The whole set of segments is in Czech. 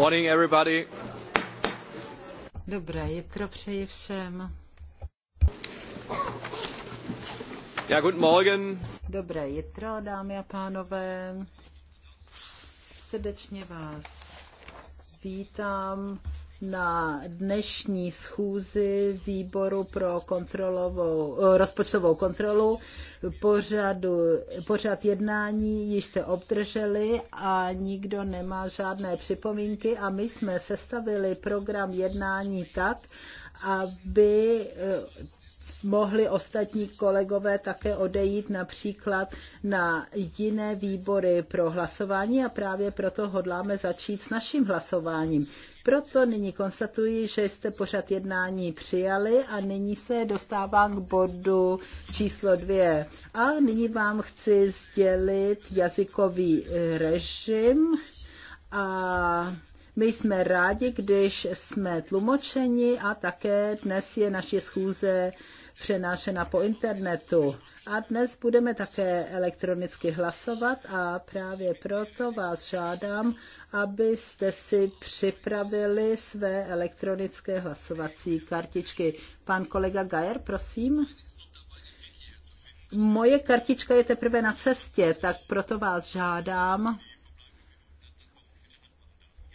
Morning everybody. Dobré jitro přeji všem. Ja, guten Morgen. Dobré jitro, dámy a pánové. Srdečně vás vítám na dnešní schůzi výboru pro kontrolovou, rozpočtovou kontrolu. Pořadu, pořad jednání již jste obdrželi a nikdo nemá žádné připomínky a my jsme sestavili program jednání tak, aby eh, mohli ostatní kolegové také odejít například na jiné výbory pro hlasování a právě proto hodláme začít s naším hlasováním. Proto nyní konstatuji, že jste pořad jednání přijali a nyní se dostávám k bodu číslo dvě. A nyní vám chci sdělit jazykový režim a my jsme rádi, když jsme tlumočeni a také dnes je naše schůze přenášena po internetu. A dnes budeme také elektronicky hlasovat a právě proto vás žádám, abyste si připravili své elektronické hlasovací kartičky. Pan kolega Gajer, prosím. Moje kartička je teprve na cestě, tak proto vás žádám,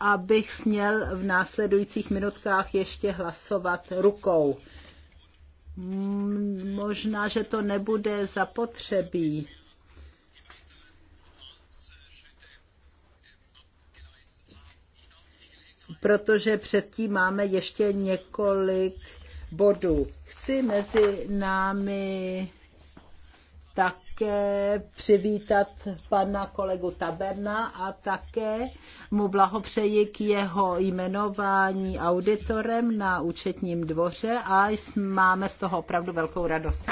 abych směl v následujících minutkách ještě hlasovat rukou. Možná, že to nebude zapotřebí. protože předtím máme ještě několik bodů. Chci mezi námi také přivítat pana kolegu Taberna a také mu blahopřeji k jeho jmenování auditorem na účetním dvoře a máme z toho opravdu velkou radost.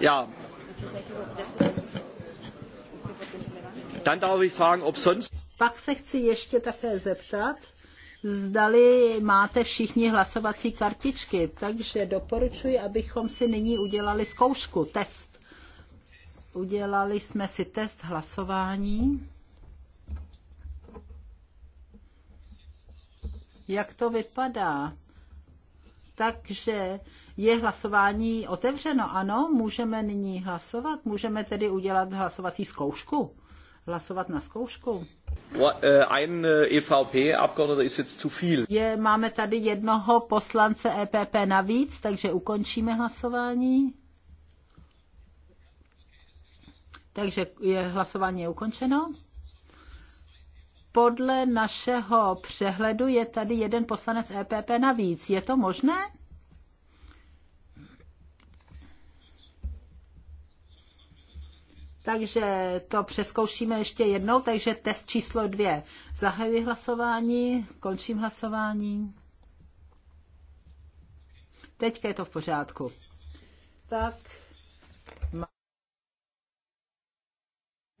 Já. Dann darf ich fragen, ob sonst... Pak se chci ještě také zeptat, zdali máte všichni hlasovací kartičky. Takže doporučuji, abychom si nyní udělali zkoušku, test. Udělali jsme si test hlasování. Jak to vypadá? Takže je hlasování otevřeno, ano, můžeme nyní hlasovat, můžeme tedy udělat hlasovací zkoušku, hlasovat na zkoušku. Uh, ein uh, EVP-Abgeordneter ist jetzt zu viel. Je, máme tady jednoho poslance EPP navíc, takže ukončíme hlasování. Takže je, hlasování je ukončeno. Podle našeho přehledu je tady jeden poslanec EPP navíc. Je to možné? Takže to přeskoušíme ještě jednou, takže test číslo dvě. Zahajuji hlasování, končím hlasování. Teď je to v pořádku. Tak,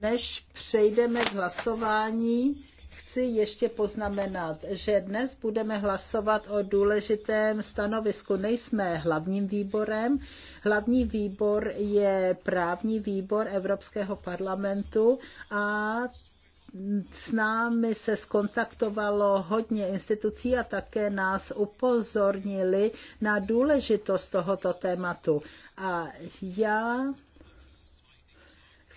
než přejdeme k hlasování, chci ještě poznamenat, že dnes budeme hlasovat o důležitém stanovisku. Nejsme hlavním výborem. Hlavní výbor je právní výbor Evropského parlamentu a s námi se skontaktovalo hodně institucí a také nás upozornili na důležitost tohoto tématu. A já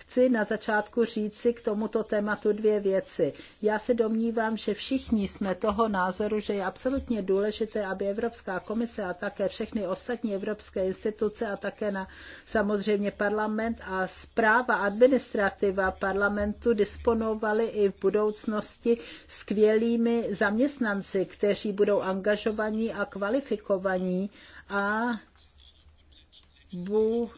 chci na začátku říci k tomuto tématu dvě věci. Já se domnívám, že všichni jsme toho názoru, že je absolutně důležité, aby Evropská komise a také všechny ostatní evropské instituce a také na samozřejmě parlament a zpráva administrativa parlamentu disponovali i v budoucnosti skvělými zaměstnanci, kteří budou angažovaní a kvalifikovaní a budou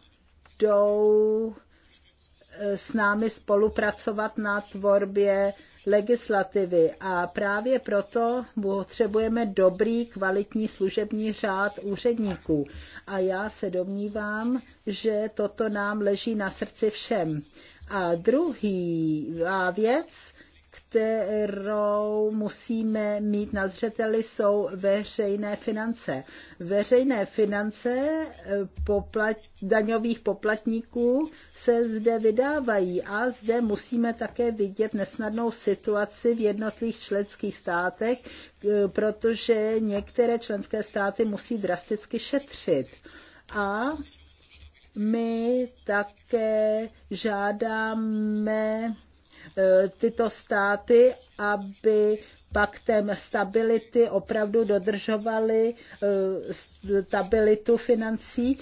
s námi spolupracovat na tvorbě legislativy a právě proto potřebujeme dobrý, kvalitní služební řád úředníků. A já se domnívám, že toto nám leží na srdci všem. A druhý a věc, kterou musíme mít na zřeteli, jsou veřejné finance. Veřejné finance eh, poplat, daňových poplatníků se zde vydávají a zde musíme také vidět nesnadnou situaci v jednotlivých členských státech, eh, protože některé členské státy musí drasticky šetřit. A my také žádáme E, tyto státy, aby paktem stability opravdu dodržovaly e, stabilitu financí.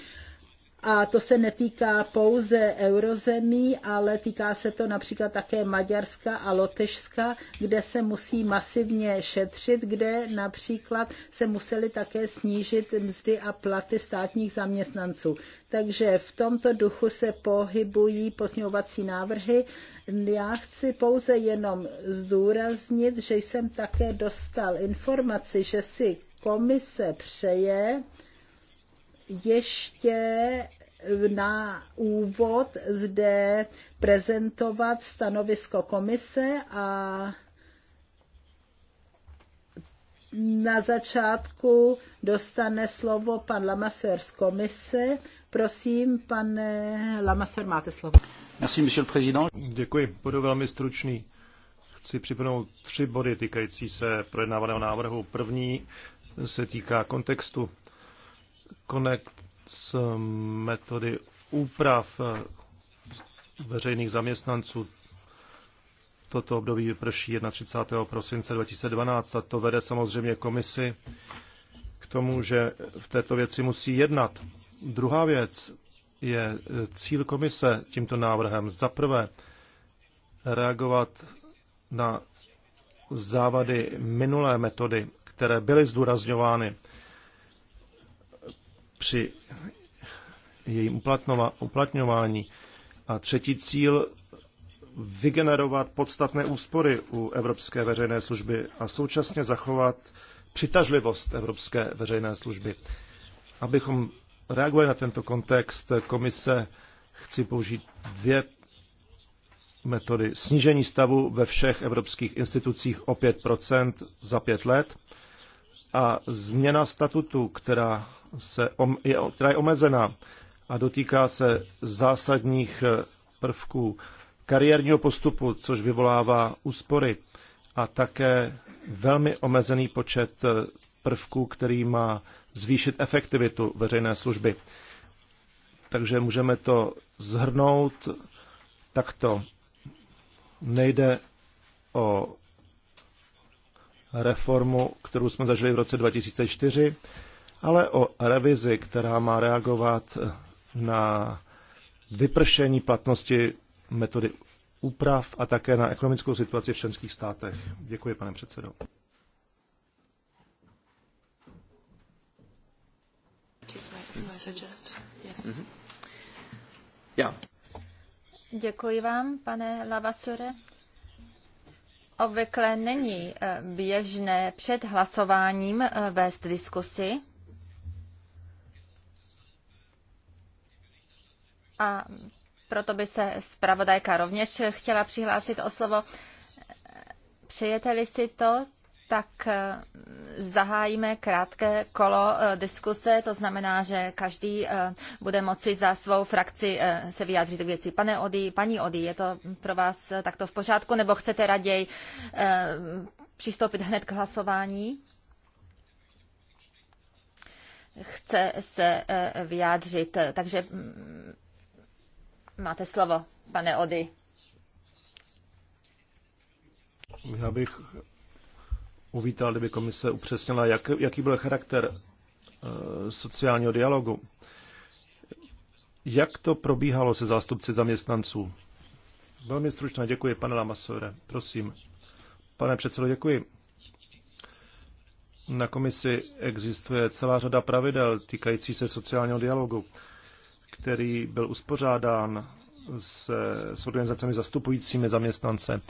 A to se netýká pouze eurozemí, ale týká se to například také Maďarska a Lotyšska, kde se musí masivně šetřit, kde například se museli také snížit mzdy a platy státních zaměstnanců. Takže v tomto duchu se pohybují posňovací návrhy já chci pouze jenom zdůraznit, že jsem také dostal informaci, že si komise přeje ještě na úvod zde prezentovat stanovisko komise a na začátku dostane slovo pan Lamasser z komise. Prosím, pane Lamasser, máte slovo. Merci, monsieur le président. Děkuji, budu velmi stručný. Chci připomenout tři body týkající se projednávaného návrhu. První se týká kontextu. Connect s metody úprav veřejných zaměstnanců. Toto období vyprší 31. prosince 2012 a to vede samozřejmě komisi k tomu, že v této věci musí jednat. Druhá věc je e, cíl komise tímto návrhem. zaprvé reagovat na závady minulé metody, které byly zdůrazňovány při jejím uplatňování. A třetí cíl vygenerovat podstatné úspory u evropské veřejné služby a současně zachovat přitažlivost evropské veřejné služby. Abychom reaguje na tento kontext komise, chci použít dvě metody. Snížení stavu ve všech evropských institucích o 5 za pět let a změna statutu, která, se, je, která je omezená a dotýká se zásadních eh, prvků kariérního postupu, což vyvolává úspory a také velmi omezený počet eh, prvků, který má zvýšit efektivitu veřejné služby. Takže můžeme to zhrnout takto. Nejde o reformu, kterou jsme zažili v roce 2004, ale o revizi, která má reagovat na vypršení platnosti metody úprav a také na ekonomickou situaci v členských státech. Děkuji, pane předsedo. Mhm. Děkuji vám, pane Lavasure. Obvykle není eh, běžné před hlasováním eh, vést diskusi. A proto by se zpravodajka rovněž chtěla přihlásit o slovo. Přejete-li si to, tak eh, zahájíme krátké kolo eh, diskuse, to znamená, že každý eh, bude moci za svou frakci se vyjádřit k věci. Pane Ody, paní Ody, je to pro vás takto v pořádku, nebo chcete raději přistoupit hned k hlasování? Chce se vyjádřit, takže mm, máte slovo, pane Ody. Já bych uvítal, kdyby komise upřesnila, jak, jaký byl charakter eh, sociálního dialogu. Jak to probíhalo se zástupci zaměstnanců? Velmi stručně děkuji, pane Lamasore. Prosím. Pane předsedo, děkuji. Na komisi existuje celá řada pravidel týkající se sociálního dialogu, který byl uspořádán s, s organizacemi zastupujícími zaměstnance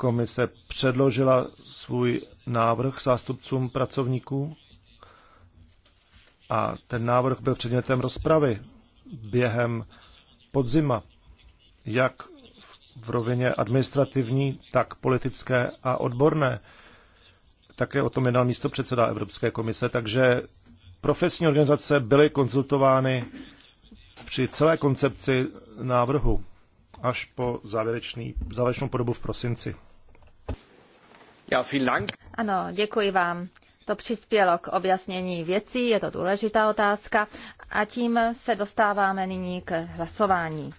komise předložila svůj návrh zástupcům pracovníků a ten návrh byl předmětem rozpravy během podzima, jak v rovině administrativní, tak politické a odborné. Také o tom jednal místo předseda Evropské komise, takže profesní organizace byly konzultovány při celé koncepci návrhu až po závěrečný, závěrečnou podobu v prosinci. Ano, děkuji vám. To přispělo k objasnění věcí, je to důležitá otázka a tím se dostáváme nyní k hlasování.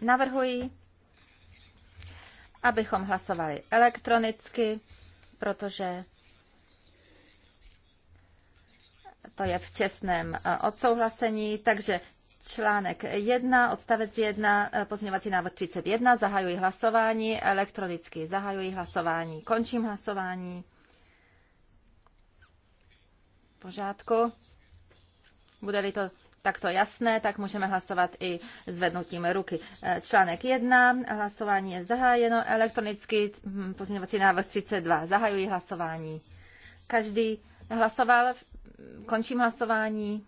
Navrhuji, abychom hlasovali elektronicky, protože to je v těsném odsouhlasení, takže Článek 1, odstavec 1, eh, pozměňovací návrh 31, zahajuji hlasování, elektronicky zahajuji hlasování, končím hlasování. Pořádku. Bude-li to takto jasné, tak můžeme hlasovat i zvednutím ruky. Eh, článek 1, hlasování je zahájeno elektronicky, hm, pozměňovací návrh 32, zahajuji hlasování. Každý hlasoval, končím hlasování.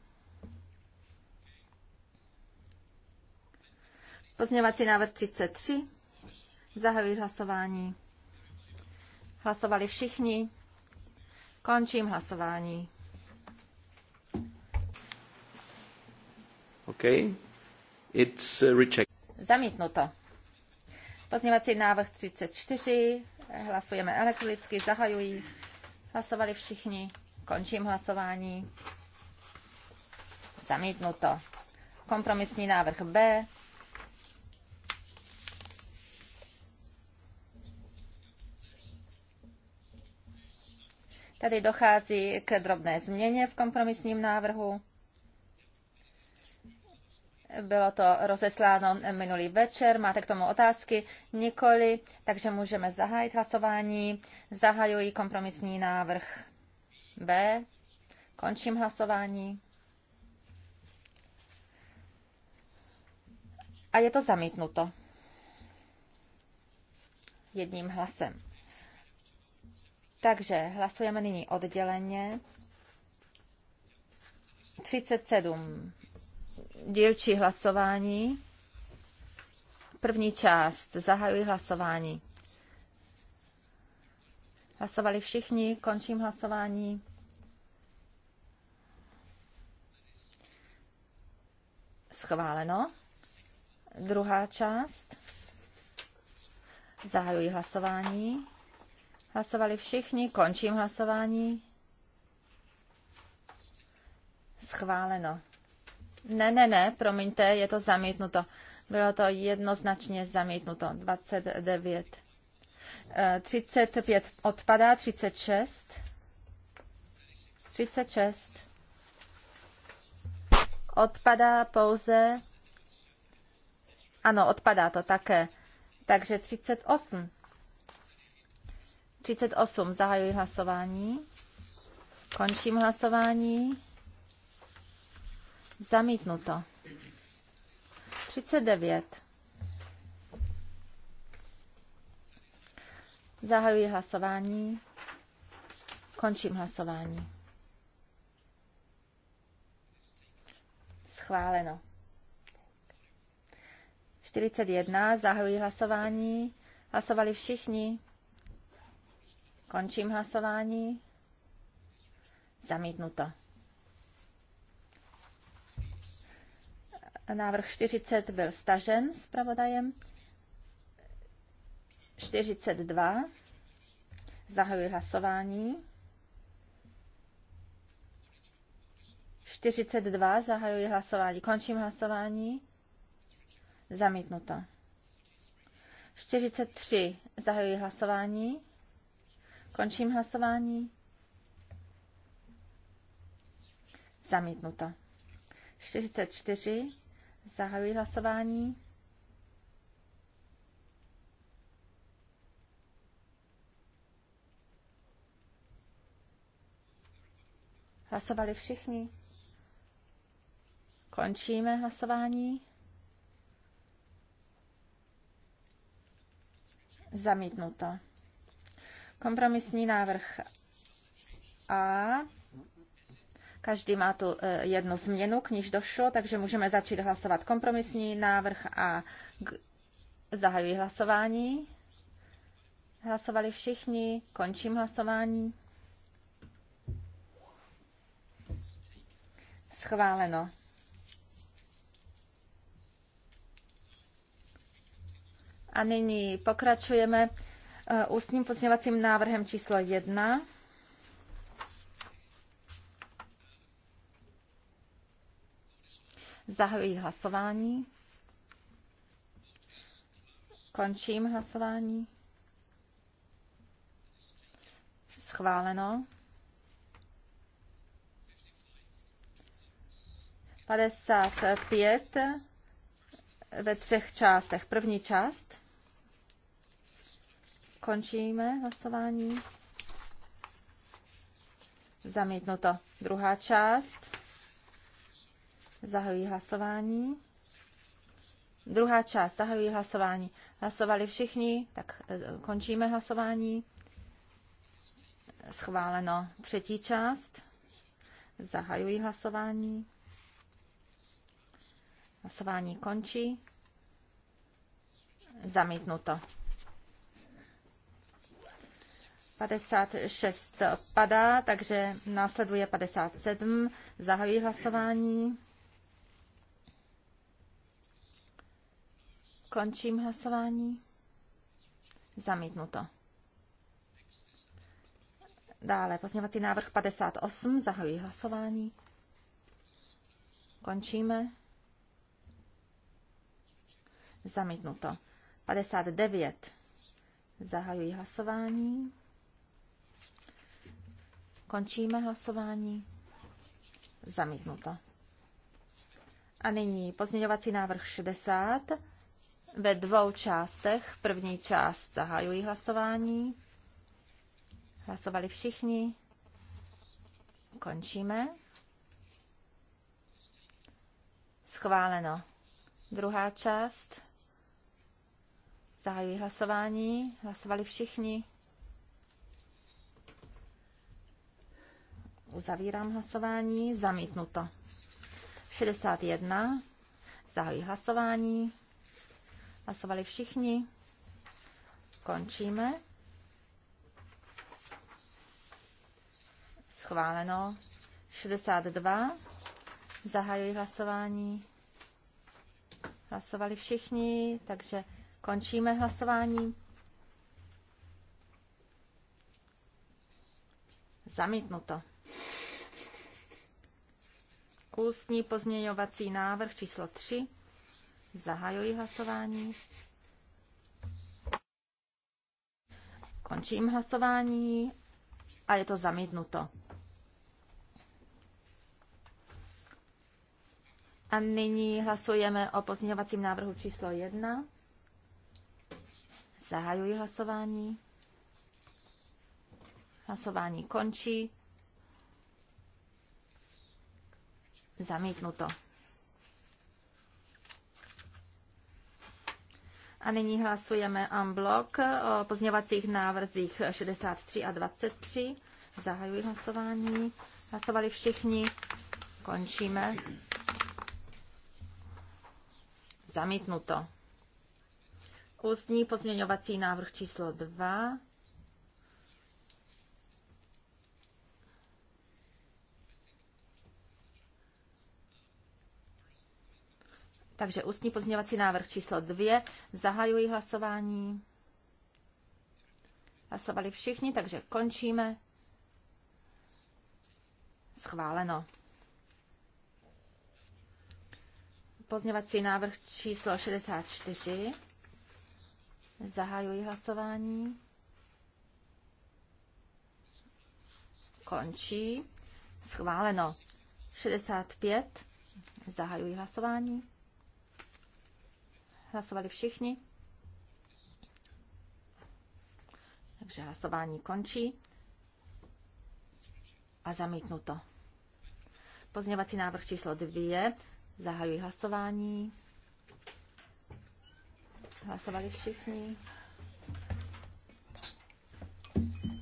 Pozměňovací návrh 33. Zahajuji hlasování. Hlasovali všichni. Končím hlasování. Okay. It's uh, rejected. Zamítnuto. Pozměňovací návrh 34. Hlasujeme elektronicky. Zahajuji. Hlasovali všichni. Končím hlasování. Zamítnuto. Kompromisní návrh B. Tady dochází k drobné změně v kompromisním návrhu. Bylo to rozesláno minulý večer. Máte k tomu otázky? Nikoli, takže můžeme zahájit hlasování. Zahajuji kompromisní návrh B. Končím hlasování. A je to zamítnuto. Jedním hlasem. Takže hlasujeme nyní odděleně. 37 dílčí hlasování. První část. Zahajuji hlasování. Hlasovali všichni, končím hlasování. Schváleno. Druhá část. Zahajuji hlasování. Hlasovali všichni, končím hlasování. Schváleno. Ne, ne, ne, promiňte, je to zamítnuto. Bylo to jednoznačně zamítnuto. 29. 35 eh, odpadá, 36. 36. Odpadá pouze. Ano, odpadá to také. Takže 38. 38. Zahajuji hlasování. Končím hlasování. Zamítnuto. 39. Zahajuji hlasování. Končím hlasování. Schváleno. 41. Zahajuji hlasování. Hlasovali všichni. Končím hlasování. Zamítnuto. Návrh 40 byl stažen s pravodajem. 42. Zahajuji hlasování. 42. Zahajuji hlasování. Končím hlasování. Zamítnuto. 43. Zahajuji hlasování. Končím hlasování. Zamítnuto. 44. Zahajuji hlasování. Hlasovali všichni. Končíme hlasování. Zamítnuto. Kompromisní návrh A. Každý má tu eh, jednu změnu, k níž došlo, takže můžeme začít hlasovat kompromisní návrh A. Zahajuji hlasování. Hlasovali všichni, končím hlasování. Schváleno. A nyní pokračujeme Uh, ústním pozměňovacím návrhem číslo 1. Zahajuji hlasování. Končím hlasování. Schváleno. 55 ve třech částech. První část. Končíme hlasování. Zamítnuto. Druhá část. Zahajuji hlasování. Druhá část. Zahajuji hlasování. Hlasovali všichni, tak eh, končíme hlasování. Schváleno. Třetí část. Zahajují hlasování. Hlasování končí. Zamítnuto. 56 padá, takže následuje 57. Zahajuji hlasování. Končím hlasování. Zamítnuto. Dále pozměňovací návrh 58. Zahajuji hlasování. Končíme. Zamítnuto. 59. Zahajuji hlasování. Končíme hlasování. Zamítnuto. A nyní pozměňovací návrh 60 ve dvou částech. První část zahajují hlasování. Hlasovali všichni. Končíme. Schváleno. Druhá část. Zahajují hlasování. Hlasovali všichni. Uzavírám hlasování. Zamítnuto. 61. Zahají hlasování. Hlasovali všichni. Končíme. Schváleno. 62. Zahajuji hlasování. Hlasovali všichni, takže končíme hlasování. Zamítnuto. Ústní pozměňovací návrh číslo 3. Zahajuji hlasování. Končím hlasování a je to zamítnuto. A nyní hlasujeme o pozměňovacím návrhu číslo 1. Zahajuji hlasování. Hlasování končí Zamítnuto. A nyní hlasujeme en bloc o pozměvacích návrzích 63 a 23. Zahajuji hlasování. Hlasovali všichni. Končíme. Zamítnuto. Ústní pozměňovací návrh číslo 2. Takže ústní pozměňovací návrh číslo 2. Zahajuji hlasování. Hlasovali všichni, takže končíme. Schváleno. Pozměňovací návrh číslo 64. Zahajuji hlasování. Končí. Schváleno. 65. Zahajuji hlasování. Hlasovali všichni? Takže hlasování končí a zamítnuto. Pozměňovací návrh číslo 2. Zahajuji hlasování. Hlasovali všichni.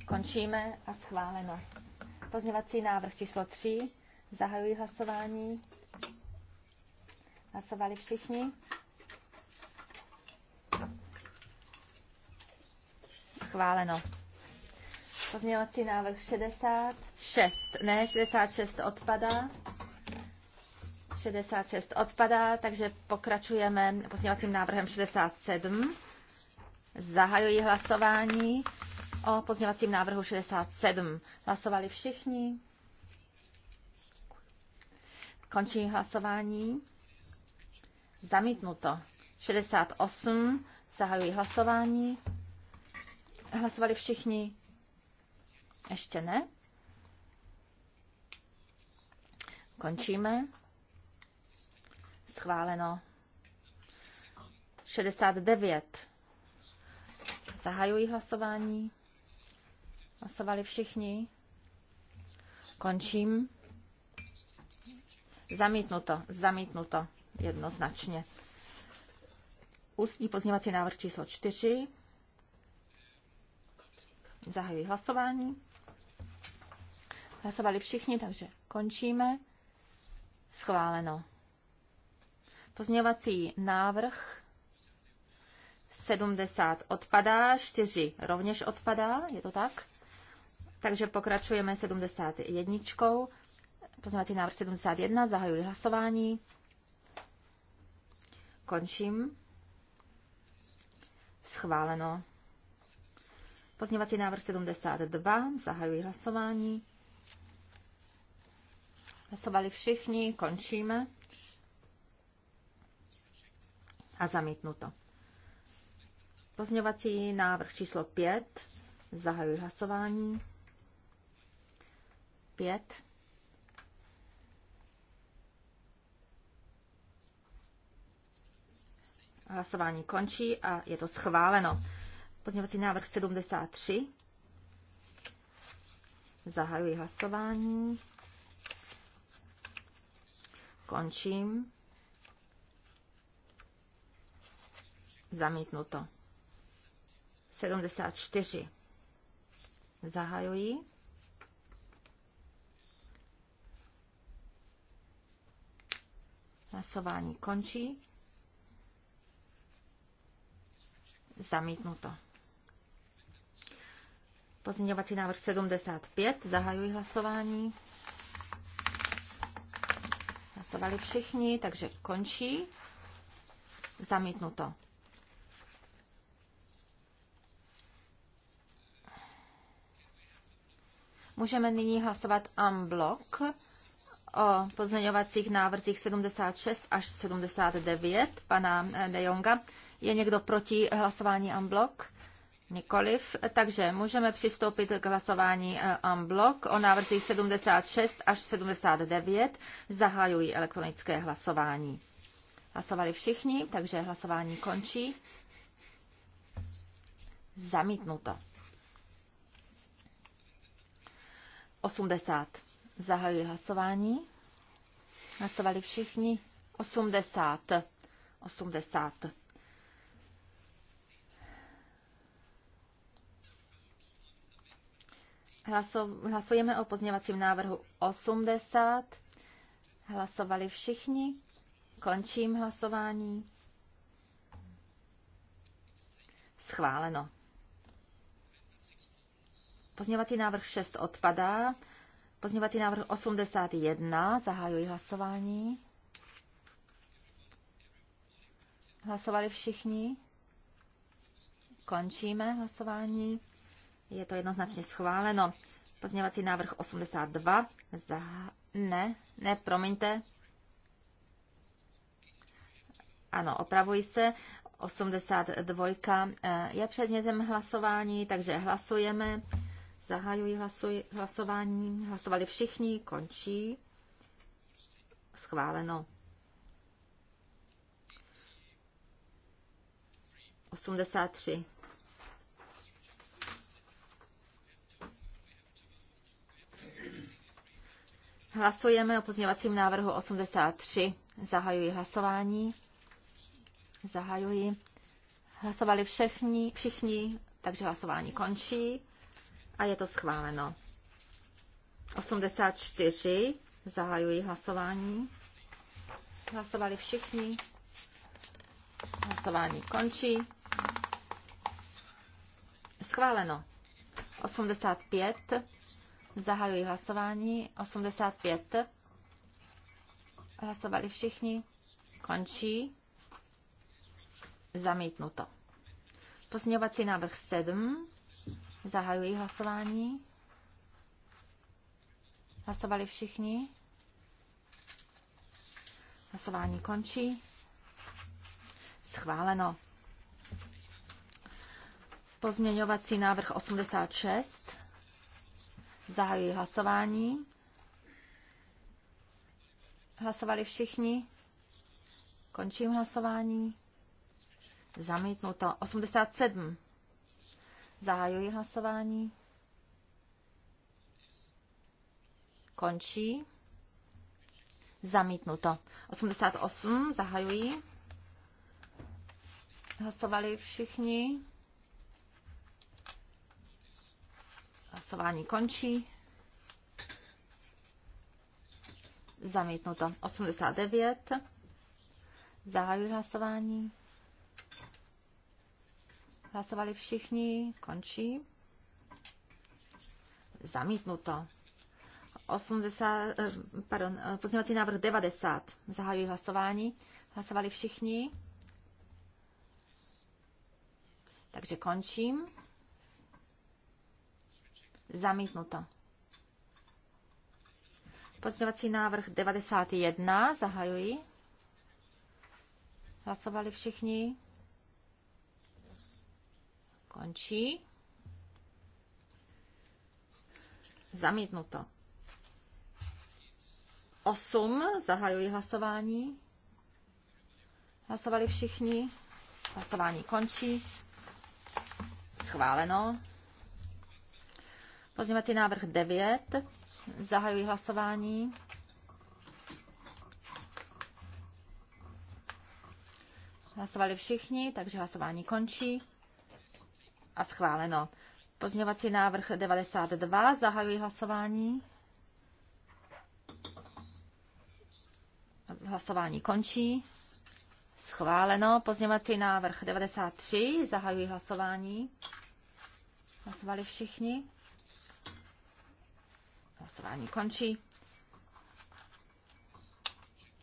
Končíme a schváleno. Pozměňovací návrh číslo 3. Zahajuji hlasování. Hlasovali všichni. schváleno. Pozměňovací návrh 66, ne, 66 odpadá. 66 odpadá, takže pokračujeme pozměňovacím návrhem 67. Zahajuji hlasování o pozměňovacím návrhu 67. Hlasovali všichni? Končí hlasování. Zamítnuto. 68. Zahajuji hlasování. Hlasovali všichni? Ještě ne? Končíme. Schváleno. 69. Zahajuji hlasování. Hlasovali všichni. Končím. Zamítnuto, zamítnuto jednoznačně. Ústní pozněvací návrh číslo 4. Zahajuji hlasování. Hlasovali všichni, takže končíme. Schváleno. Pozměňovací návrh 70 odpadá, 4 rovněž odpadá, je to tak? Takže pokračujeme 71. Pozměňovací návrh 71, zahajuji hlasování. Končím. Schváleno. Pozměňovací návrh 72. Zahajuji hlasování. Hlasovali všichni, končíme. A zamítnuto. Pozměňovací návrh číslo 5. Zahajuji hlasování. 5. Hlasování končí a je to schváleno. Pozměňovací návrh 73. Zahajuji hlasování. Končím. Zamítnuto. 74. Zahajuji. Hlasování končí. Zamítnuto. Pozměňovací návrh 75. Zahajuji hlasování. Hlasovali všichni, takže končí. Zamítnuto. Můžeme nyní hlasovat en bloc o pozměňovacích návrzích 76 až 79 pana De Jonga. Je někdo proti hlasování en bloc? Nikoliv, takže můžeme přistoupit k hlasování eh, en blok o návrzích 76 až 79. Zahajují elektronické hlasování. Hlasovali všichni, takže hlasování končí. Zamítnuto. 80. Zahajují hlasování. Hlasovali všichni. 80. 80. Hlasujeme o pozměňovacím návrhu 80. Hlasovali všichni. Končím hlasování. Schváleno. Pozměňovací návrh 6 odpadá. Pozměňovací návrh 81. Zahajuji hlasování. Hlasovali všichni? Končíme hlasování. Je to jednoznačně schváleno. Pozměňovací návrh 82. Za... Ne, ne, promiňte. Ano, opravuji se. 82 eh, je předmětem hlasování, takže hlasujeme. Zahajuji hlasuj, hlasování. Hlasovali všichni, končí. Schváleno. 83. Hlasujeme o pozměňovacím návrhu 83. Zahajuji hlasování. Zahajuji. Hlasovali všichni, všichni, takže hlasování končí a je to schváleno. 84. Zahajuji hlasování. Hlasovali všichni. Hlasování končí. Schváleno. 85. Zahajuji hlasování. 85. Hlasovali všichni. Končí. Zamítnuto. Pozměňovací návrh 7. Zahajuji hlasování. Hlasovali všichni. Hlasování končí. Schváleno. Pozměňovací návrh 86. Zahajuji hlasování. Hlasovali všichni? Končím hlasování. Zamítnuto. 87. Zahajuji hlasování. Končí. Zamítnuto. 88. Zahajuji. Hlasovali všichni. Hlasování končí. Zamítnuto. 89. Zahajuji hlasování. Hlasovali všichni. Končí. Zamítnuto. 80, eh, pardon, eh, pozměňovací návrh 90. Zahajuji hlasování. Hlasovali všichni. Takže končím. Zamítnuto. Pozměňovací návrh 91. Zahajuji. Hlasovali všichni? Končí. Zamítnuto. 8. Zahajuji hlasování. Hlasovali všichni. Hlasování končí. Schváleno. Pozměňovací návrh 9. Zahajuji hlasování. Hlasovali všichni, takže hlasování končí a schváleno. Pozměňovací návrh 92. Zahajuji hlasování. Hlasování končí. Schváleno. Pozměňovací návrh 93. Zahajuji hlasování. Hlasovali všichni. Hlasování končí.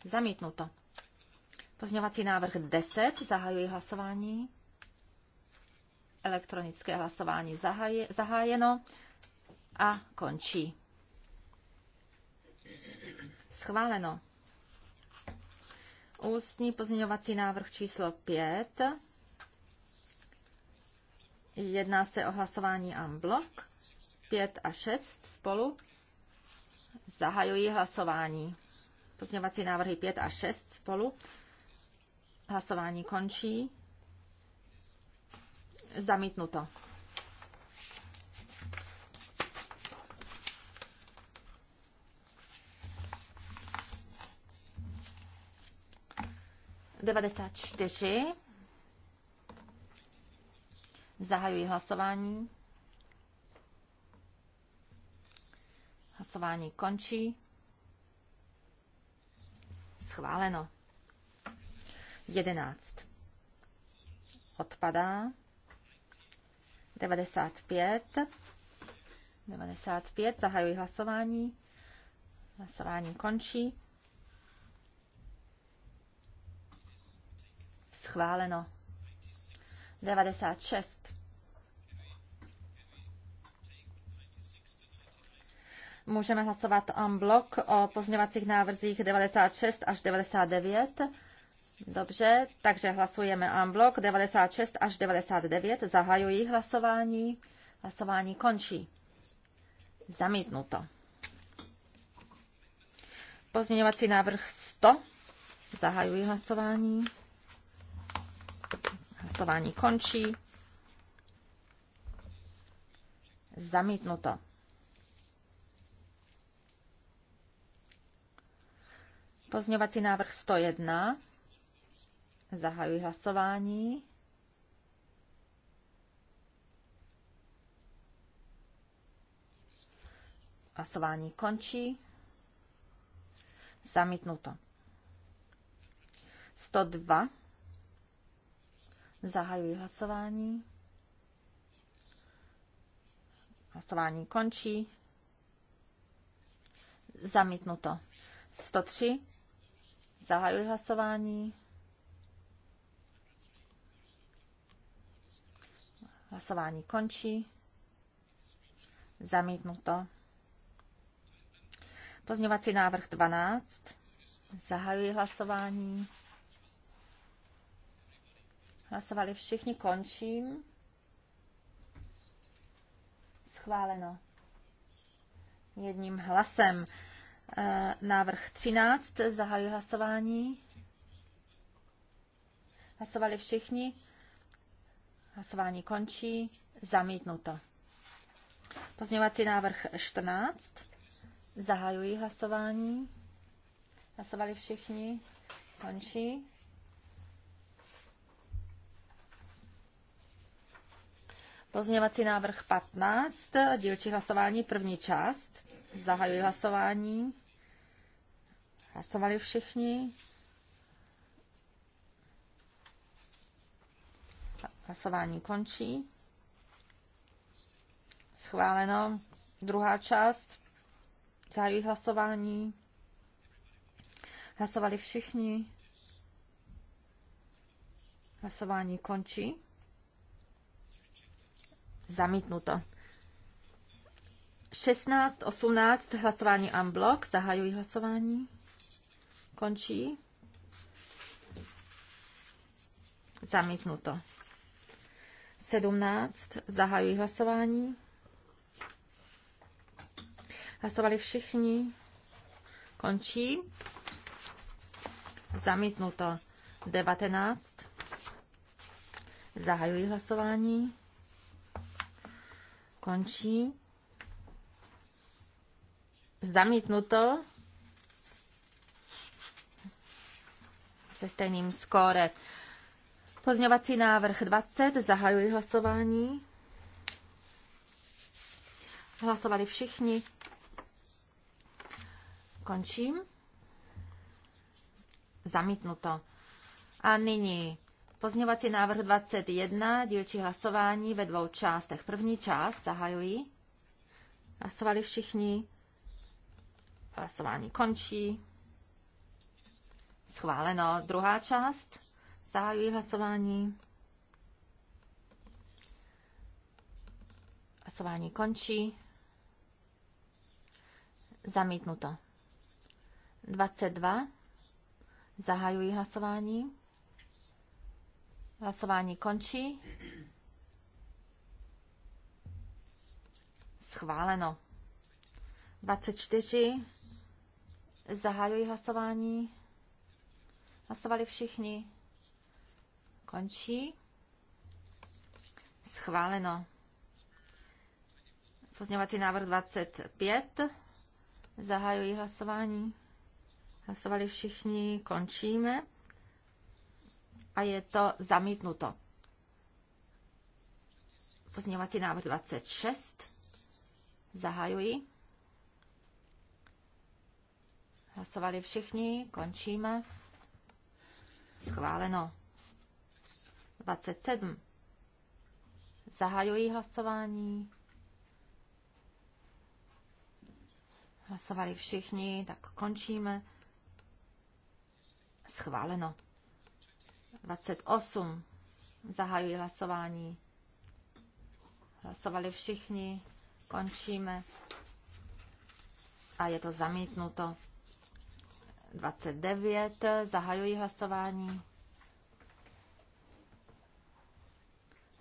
Zamítnuto. Pozměňovací návrh 10. Zahajuji hlasování. Elektronické hlasování zahaje, zahájeno a končí. Schváleno. Ústní pozměňovací návrh číslo 5. Jedná se o hlasování en bloc. 5 a 6 spolu. Zahajuji hlasování. Pozměňovací návrhy 5 a 6 spolu. Hlasování končí. Zamítnuto. Devadesát čtyři. Zahajuji hlasování. Hlasování končí. Schváleno. 11. Odpadá. 95. 95. Zahajuji hlasování. Hlasování končí. Schváleno. 96. Můžeme hlasovat en blok o pozměňovacích návrzích 96 až 99. Dobře, takže hlasujeme en blok 96 až 99. Zahajuji hlasování. Hlasování končí. Zamítnuto. Pozměňovací návrh 100. Zahajuji hlasování. Hlasování končí. Zamítnuto. Pozměňovací návrh 101. Zahajuji hlasování. Hlasování končí. Zamítnuto. 102. Zahajuji hlasování. Hlasování končí. Zamítnuto. 103. Zahajuji hlasování. Hlasování končí. Zamítnuto. Pozměňovací návrh 12. Zahajuji hlasování. Hlasovali všichni, končím. Schváleno. Jedním hlasem. Eh, návrh 13. Zahajuji hlasování. Hlasovali všichni. Hlasování končí. Zamítnuto. Pozměňovací návrh 14. Zahajuji hlasování. Hlasovali všichni. Končí. Pozměňovací návrh 15. Dílčí hlasování. První část. Zahajuji hlasování. Hlasovali všichni. Hlasování končí. Schváleno. Druhá část. Zahajuji hlasování. Hlasovali všichni. Hlasování končí. Zamítnuto. 16, 18, hlasování unblock, zahajuji hlasování, končí, zamítnuto. 17, zahajuji hlasování, hlasovali všichni, končí, zamítnuto. 19, zahajuji hlasování, končí, zamítnuto se stejným skóre. Pozňovací návrh 20, zahajuji hlasování. Hlasovali všichni. Končím. Zamítnuto. A nyní pozměňovací návrh 21, dílčí hlasování ve dvou částech. První část zahajuji. Hlasovali všichni. Hlasování končí. Schváleno. Druhá část. Zahajuji hlasování. Hlasování končí. Zamítnuto. 22. Zahajuji hlasování. Hlasování končí. Schváleno. 24. Zahajuji hlasování. Hlasovali všichni. Končí. Schváleno. Pozměňovací návrh 25. Zahajuji hlasování. Hlasovali všichni. Končíme. A je to zamítnuto. Pozměňovací návrh 26. Zahajuji. Hlasovali všichni, končíme. Schváleno. 27. Zahajují hlasování. Hlasovali všichni, tak končíme. Schváleno. 28. Zahajují hlasování. Hlasovali všichni, končíme. A je to zamítnuto. 29. Zahajuji hlasování.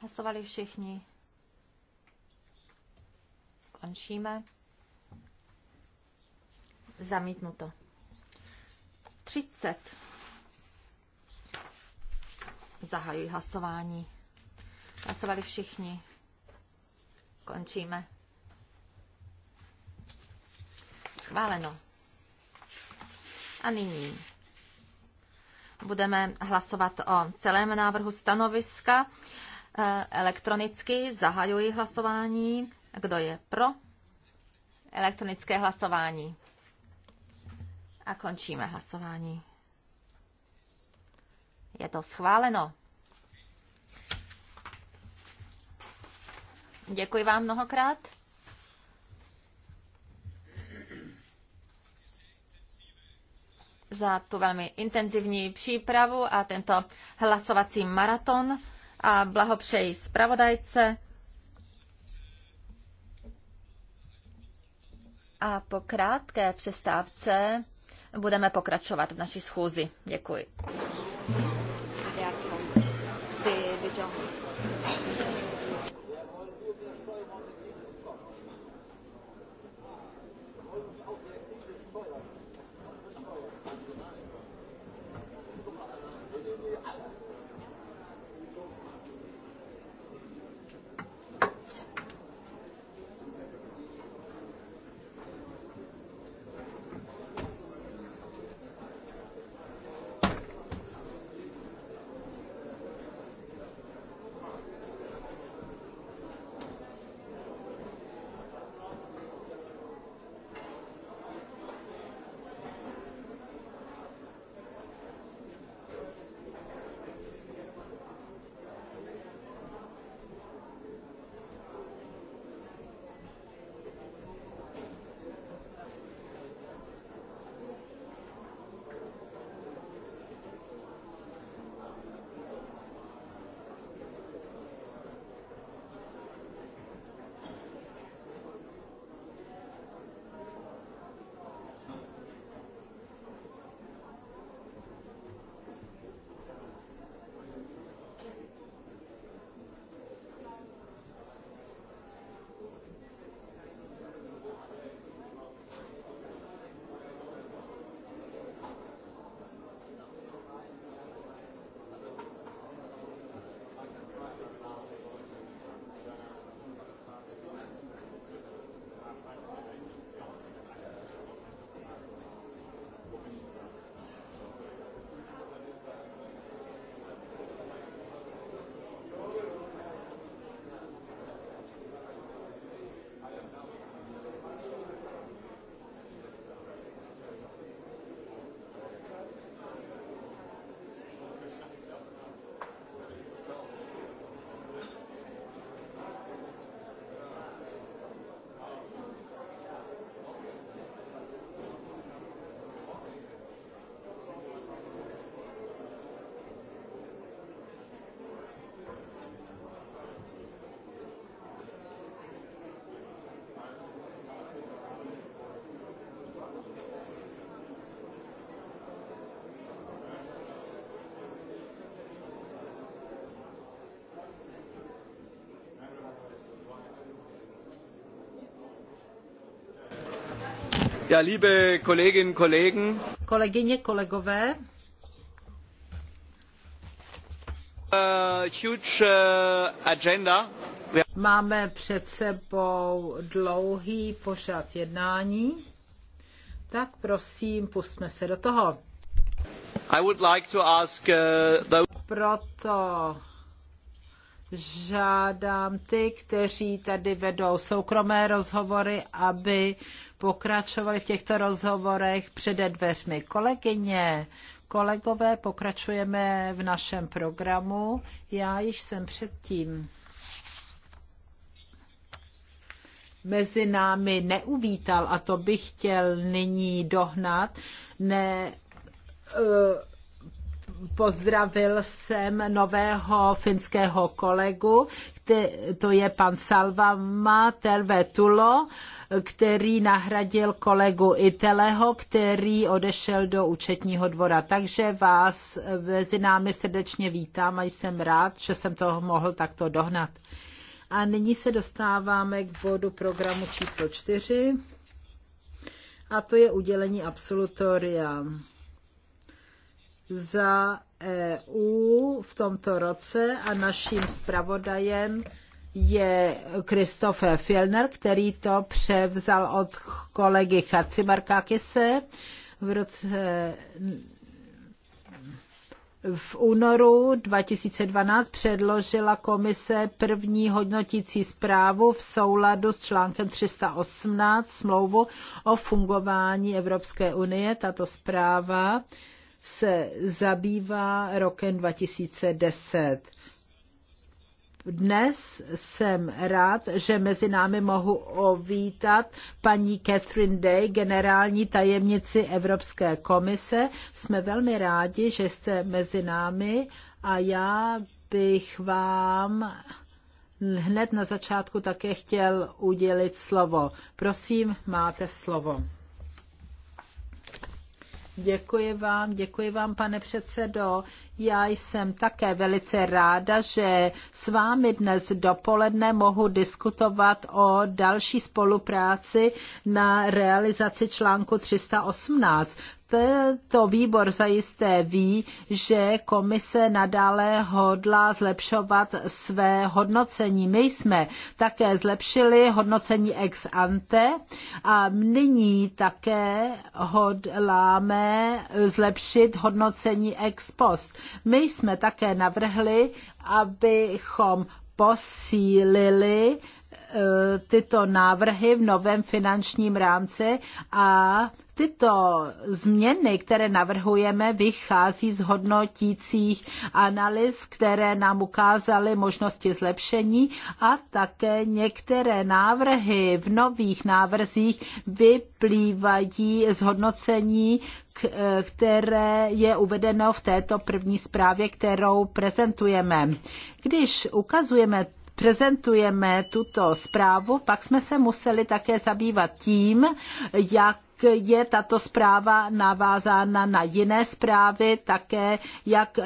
Hlasovali všichni. Končíme. Zamítnuto. 30. Zahajuji hlasování. Hlasovali všichni. Končíme. Schváleno. A nyní budeme hlasovat o celém návrhu stanoviska. E, elektronicky zahajuji hlasování. Kdo je pro? Elektronické hlasování. A končíme hlasování. Je to schváleno. Děkuji vám mnohokrát. za tu velmi intenzivní přípravu a tento hlasovací maraton a blahopřeji zpravodajce. A po krátké přestávce budeme pokračovat v naší schůzi. Děkuji. Ja, liebe Kolleginnen, und Kollegen. Kolegyně, kolegové. Uh, huge uh, agenda. Máme před sebou dlouhý pořad jednání, tak prosím, pusme se do toho. I would like to ask, uh, the... Proto žádám ty, kteří tady vedou soukromé rozhovory, aby pokračovali v těchto rozhovorech přede dveřmi. Kolegyně, kolegové, pokračujeme v našem programu. Já již jsem předtím mezi námi neuvítal, a to bych chtěl nyní dohnat, ne, uh, pozdravil jsem nového finského kolegu, to je pan Salvama Tervetulo, který nahradil kolegu Iteleho, který odešel do účetního dvora. Takže vás mezi námi srdečně vítám a jsem rád, že jsem toho mohl takto dohnat. A nyní se dostáváme k bodu programu číslo čtyři a to je udělení absolutoria za EU v tomto roce a naším zpravodajem je Christopher Fjellner, který to převzal od kolegy Chacimarkakise v roce v únoru 2012 předložila komise první hodnotící zprávu v souladu s článkem 318 smlouvu o fungování Evropské unie. Tato zpráva se zabývá rokem 2010. Dnes jsem rád, že mezi námi mohu ovítat paní Catherine Day, generální tajemnici Evropské komise. Jsme velmi rádi, že jste mezi námi a já bych vám hned na začátku také chtěl udělit slovo. Prosím, máte slovo. Děkuji vám, děkuji vám, pane předsedo. Já jsem také velice ráda, že s vámi dnes dopoledne mohu diskutovat o další spolupráci na realizaci článku 318 tento výbor zajisté ví, že komise nadále hodlá zlepšovat své hodnocení. My jsme také zlepšili hodnocení ex ante a nyní také hodláme zlepšit hodnocení ex post. My jsme také navrhli, abychom posílili Eh, tyto návrhy v novém finančním rámci a tyto změny, které navrhujeme, vychází z hodnotících analýz, které nám ukázaly možnosti zlepšení a také některé návrhy v nových návrzích vyplývají z hodnocení, eh, které je uvedeno v této první zprávě, kterou prezentujeme. Když ukazujeme prezentujeme tuto zprávu, pak jsme se museli také zabývat tím, jak je tato zpráva navázána na jiné zprávy, také jak eh,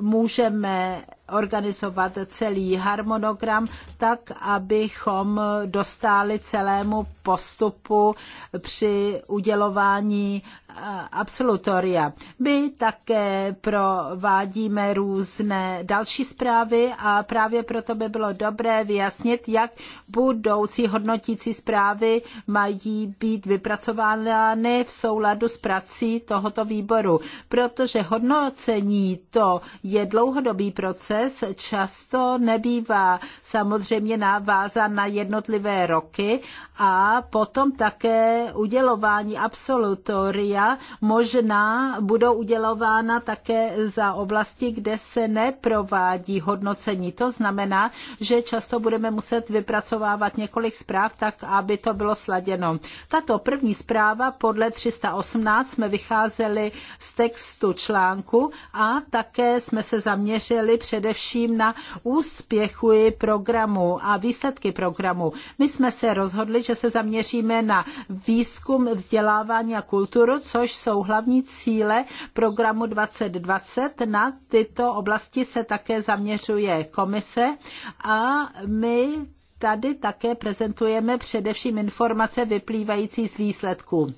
můžeme organizovat celý harmonogram tak, abychom dostali celému postupu při udělování eh, absolutoria. My také provádíme různé další zprávy a právě proto by bylo dobré vyjasnit, jak budoucí hodnotící zprávy mají být vypracovány v souladu s prací tohoto výboru, protože hodnocení to je dlouhodobý proces, pokles často nebývá samozřejmě navázan na jednotlivé roky a potom také udělování absolutoria možná budou udělována také za oblasti, kde se neprovádí hodnocení. To znamená, že často budeme muset vypracovávat několik zpráv tak, aby to bylo sladěno. Tato první zpráva podle 318 jsme vycházeli z textu článku a také jsme se zaměřili před především na úspěchy programu a výsledky programu. My jsme se rozhodli, že se zaměříme na výzkum, vzdělávání a kulturu, což jsou hlavní cíle programu 2020. Na tyto oblasti se také zaměřuje komise a my tady také prezentujeme především informace vyplývající z výsledků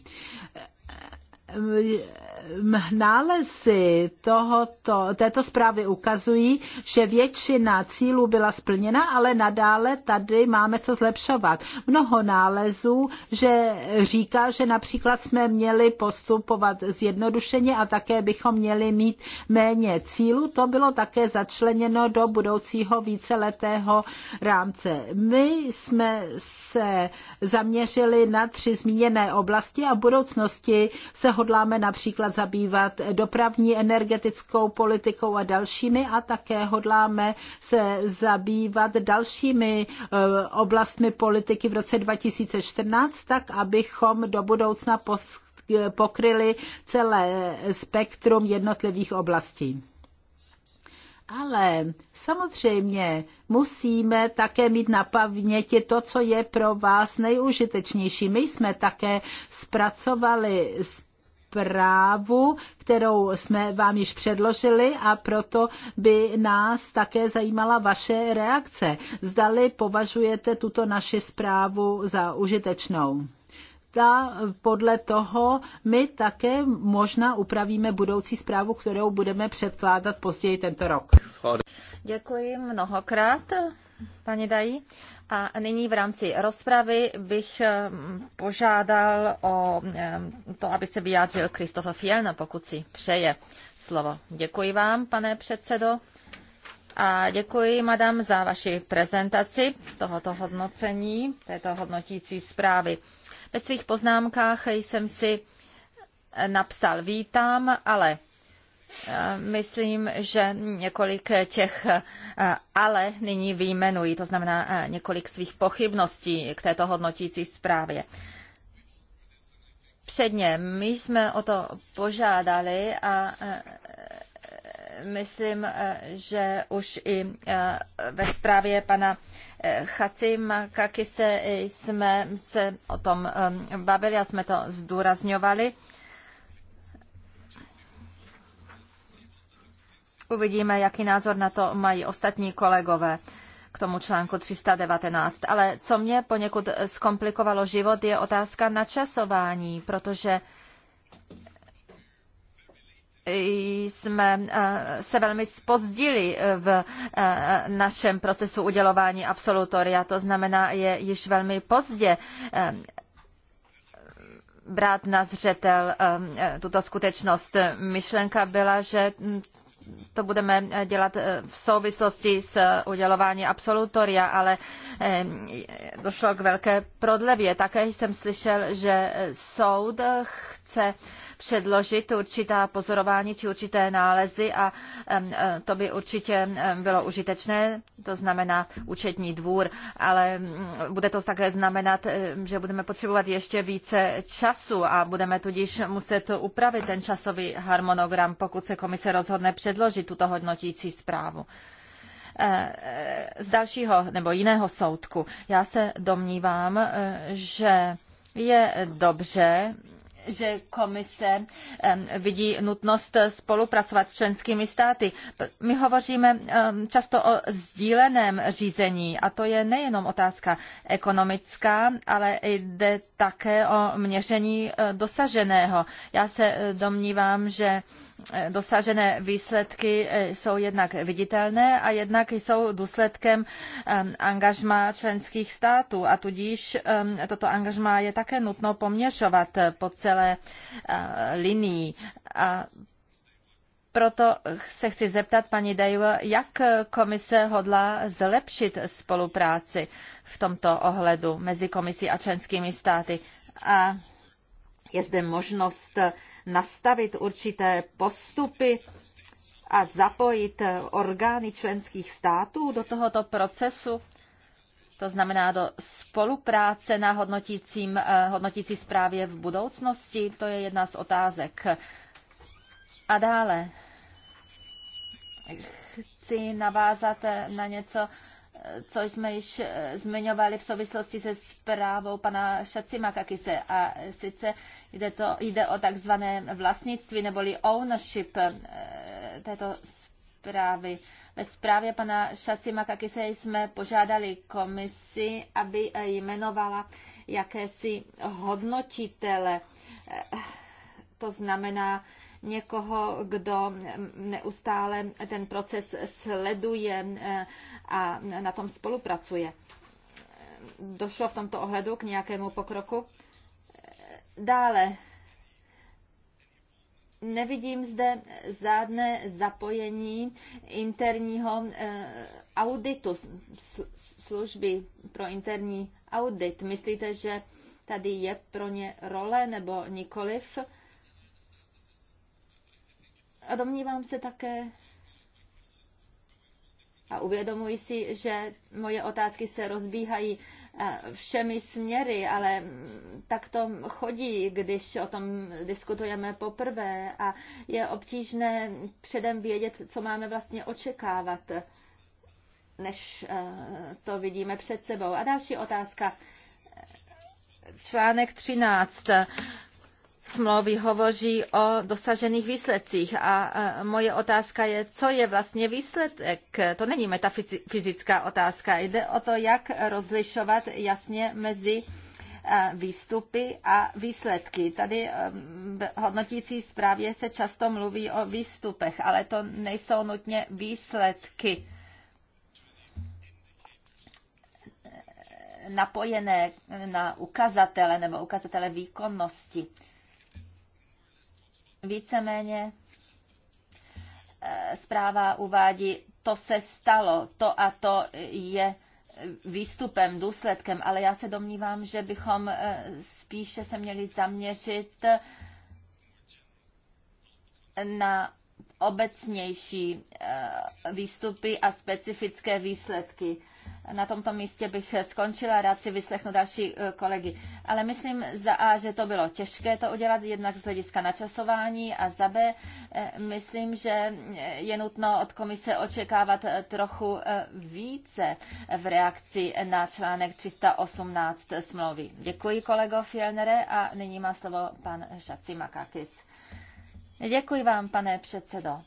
nálezy tohoto, této zprávy ukazují, že většina cílů byla splněna, ale nadále tady máme co zlepšovat. Mnoho nálezů že říká, že například jsme měli postupovat zjednodušeně a také bychom měli mít méně cílů. To bylo také začleněno do budoucího víceletého rámce. My jsme se zaměřili na tři zmíněné oblasti a v budoucnosti se hodláme například zabývat dopravní, energetickou politikou a dalšími a také hodláme se zabývat dalšími eh, oblastmi politiky v roce 2014, tak abychom do budoucna pokryli celé spektrum jednotlivých oblastí. Ale samozřejmě musíme také mít na paměti to, co je pro vás nejužitečnější. My jsme také zpracovali zprávu, kterou jsme vám již předložili a proto by nás také zajímala vaše reakce. Zdali považujete tuto naši zprávu za užitečnou. Ta, podle toho my také možná upravíme budoucí zprávu, kterou budeme předkládat později tento rok. Děkuji mnohokrát, paní Dají. A nyní v rámci rozpravy bych eh, požádal o eh, to, aby se vyjádřil Kristofa Fielna, pokud si přeje slovo. Děkuji vám, pane předsedo. A děkuji, madam, za vaši prezentaci tohoto hodnocení, této hodnotící zprávy. Ve svých poznámkách jsem si napsal vítám, ale Eh, myslím, že několik těch eh, ale nyní výjmenuji, to znamená eh, několik svých pochybností k této hodnotící zprávě předně. My jsme o to požádali a myslím, že už i ve zprávě pana Chacima Kakise jsme se o tom bavili a jsme to zdůrazňovali. Uvidíme, jaký názor na to mají ostatní kolegové k tomu článku 319. Ale co mě poněkud zkomplikovalo život, je otázka načasování, protože jsme eh, se velmi spozdili eh, v eh, našem procesu udělování absolutoria. To znamená, je již velmi pozdě brát na zřetel tuto skutečnost. Myšlenka byla, že hm, to budeme eh, dělat eh, v souvislosti s eh, udělování absolutoria, ale došlo k velké prodlevě. Také jsem slyšel, že soud chce předložit určitá pozorování či určité nálezy a e, to by určitě bylo užitečné, to znamená účetní dvůr, ale bude to také znamenat, že budeme potřebovat ještě více času a budeme tudíž muset upravit ten časový harmonogram, pokud se komise rozhodne předložit tuto hodnotící zprávu e, e, z dalšího nebo jiného soudku. Já se domnívám, že je dobře, že komise vidí nutnost spolupracovat s členskými státy. My hovoříme často o sdíleném řízení a to je nejenom otázka ekonomická, ale jde také o měření e, dosaženého. Já se e, domnívám, že Eh, dosažené výsledky eh, jsou jednak viditelné a jednak jsou důsledkem angažma členských států a tudíž toto angažma je také nutno poměřovat eh, po celé linii. A proto se chci zeptat paní Dejva, jak komise hodlá zlepšit spolupráci v tomto ohledu mezi komisí a členskými státy. A je zde možnost nastavit určité postupy a zapojit orgány členských států do tohoto procesu? To znamená do spolupráce na hodnotícím, eh, hodnotící zprávě v budoucnosti? To je jedna z otázek. A dále chci navázat na něco, co jsme již eh, zmiňovali v souvislosti se zprávou pana Šacimakakise. A sice jde, to, jde o takzvané vlastnictví neboli ownership eh, této zprávy. Ve zprávě pana Šacimakakise jsme požádali komisi, aby eh, jmenovala jakési hodnotitele. To znamená, někoho, kdo neustále ten proces sleduje eh, a na tom spolupracuje. Došlo v tomto ohledu k nějakému pokroku? Dále, nevidím zde žádné zapojení interního eh, auditu, služby pro interní audit. Myslíte, že tady je pro ně role nebo nikoliv? A domnívám se také, a uvědomuji si, že moje otázky se rozbíhají eh, všemi směry, ale mm, tak to chodí, když o tom diskutujeme poprvé a je obtížné předem vědět, co máme vlastně očekávat, než eh, to vidíme před sebou. A další otázka. Článek 13 smlouvy hovoří o dosažených výsledcích a e, moje otázka je, co je vlastně výsledek. To není metafyzická otázka, jde o to, jak rozlišovat jasně mezi e, výstupy a výsledky. Tady e, v hodnotící zprávě se často mluví o výstupech, ale to nejsou nutně výsledky. napojené na ukazatele nebo ukazatele výkonnosti. Víceméně eh, zpráva uvádí, to se stalo, to a to je eh, výstupem, důsledkem, ale já se domnívám, že bychom eh, spíše se měli zaměřit na obecnější výstupy a specifické výsledky na tomto místě bych skončila, rád si vyslechnu další eh, kolegy. Ale myslím za A, že to bylo těžké to udělat, jednak z hlediska načasování a za B, eh, myslím, že je nutno od komise očekávat eh, trochu více v reakci na článek 318 smlouvy. Děkuji kolego Fielnere a nyní má slovo pan Šaci Makakis. Děkuji vám, pane předsedo.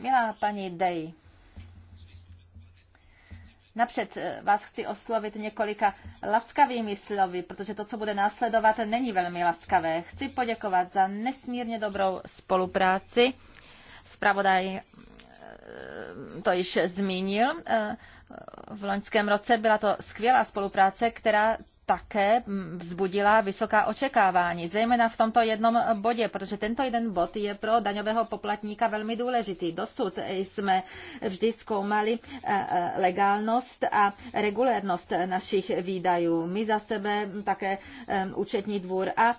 Milá paní Dej, Napřed eh, vás chci oslovit několika laskavými slovy, protože to, co bude následovat, není velmi laskavé. Chci poděkovat za nesmírně dobrou spolupráci. Spravodaj eh, to již zmínil. Eh, v loňském roce byla to skvělá spolupráce, která také mm, vzbudila vysoká očekávání, zejména v tomto jednom bodě, protože tento jeden bod je pro daňového poplatníka velmi důležitý. Dosud jsme vždy zkoumali eh, eh, legálnost a regulérnost našich výdajů. My za sebe také eh, účetní dvůr a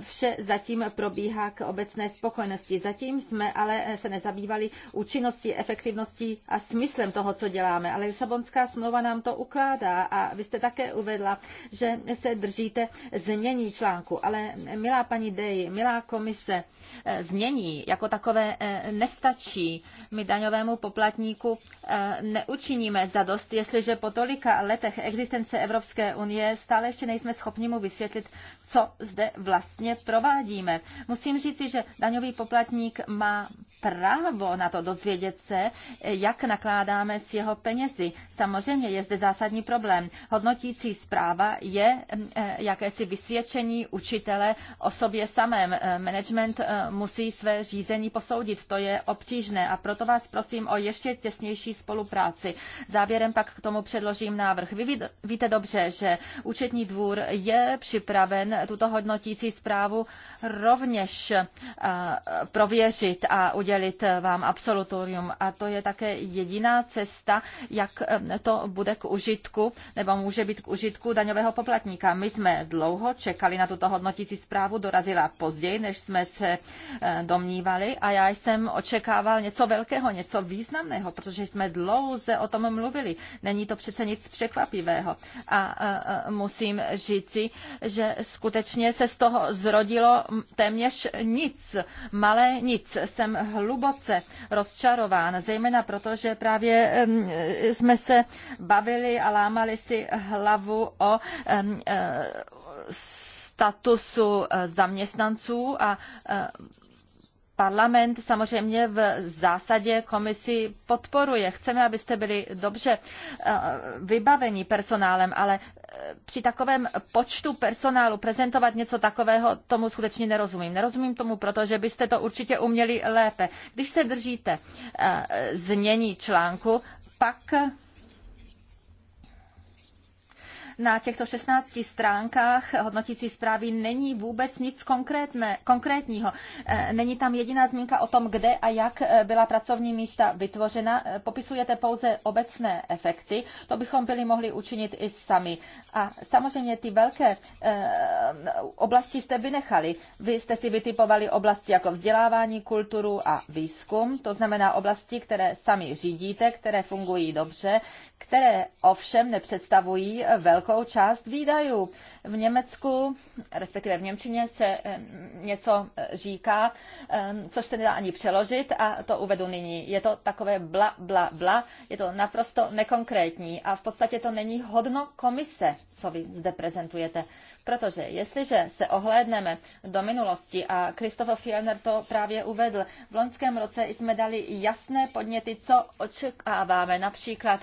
vše zatím probíhá k obecné spokojenosti. Zatím jsme ale se nezabývali účinností, efektivností a smyslem toho, co děláme. Ale Lisabonská smlouva nám to ukládá a vy jste také uvedla, že že se držíte znění článku. Ale milá paní Dej, milá komise, eh, znění jako takové eh, nestačí. My daňovému poplatníku eh, neučiníme zadost, jestliže po tolika letech existence Evropské unie stále ještě nejsme schopni mu vysvětlit, co zde vlastně provádíme. Musím říci, že daňový poplatník má právo na to dozvědět se, jak nakládáme s jeho penězi. Samozřejmě je zde zásadní problém. Hodnotící zpráva je je eh, jakési vysvědčení učitele o sobě samém. Eh, management eh, musí své řízení posoudit, to je obtížné a proto vás prosím o ještě těsnější spolupráci. Závěrem pak k tomu předložím návrh. Vy víte dobře, že účetní dvůr je připraven tuto hodnotící zprávu rovněž prověřit a udělit vám absolutorium. A to je také jediná cesta, jak to bude k užitku nebo může být k užitku daňového poplatníka poplatníka. My jsme dlouho čekali na tuto hodnotící zprávu, dorazila později, než jsme se eh, domnívali a já jsem očekával něco velkého, něco významného, protože jsme dlouze o tom mluvili. Není to přece nic překvapivého. A eh, eh, musím říci, že skutečně se z toho zrodilo téměř nic, malé nic. Jsem hluboce rozčarován, zejména proto, že právě jsme se bavili a lámali si hlavu o statusu eh, zaměstnanců a eh, parlament samozřejmě v zásadě komisi podporuje. Chceme, abyste byli dobře eh, vybaveni personálem, ale při takovém počtu personálu prezentovat něco takového, tomu skutečně nerozumím. Nerozumím tomu, protože byste to určitě uměli lépe. Když se držíte znění článku, pak na těchto 16 stránkách hodnotící zprávy není vůbec nic konkrétné, konkrétního. E, není tam jediná zmínka o tom, kde a jak e, byla pracovní místa vytvořena. E, popisujete pouze obecné efekty. To bychom byli mohli učinit i sami. A samozřejmě ty velké oblasti jste vynechali. Vy jste si vytipovali oblasti jako vzdělávání, kulturu a výzkum, to znamená oblasti, které sami řídíte, které fungují dobře, které ovšem nepředstavují velkou část výdajů. V Německu, respektive v Němčině, se eh, něco eh, říká, eh, což se nedá ani přeložit a to uvedu nyní. Je to takové bla, bla, bla, je to naprosto nekonkrétní a v podstatě to není hodno komise, co vy zde prezentujete. Protože jestliže se ohlédneme do minulosti, a Christopher Fielner to právě uvedl, v loňském roce jsme dali jasné podněty, co očekáváme, například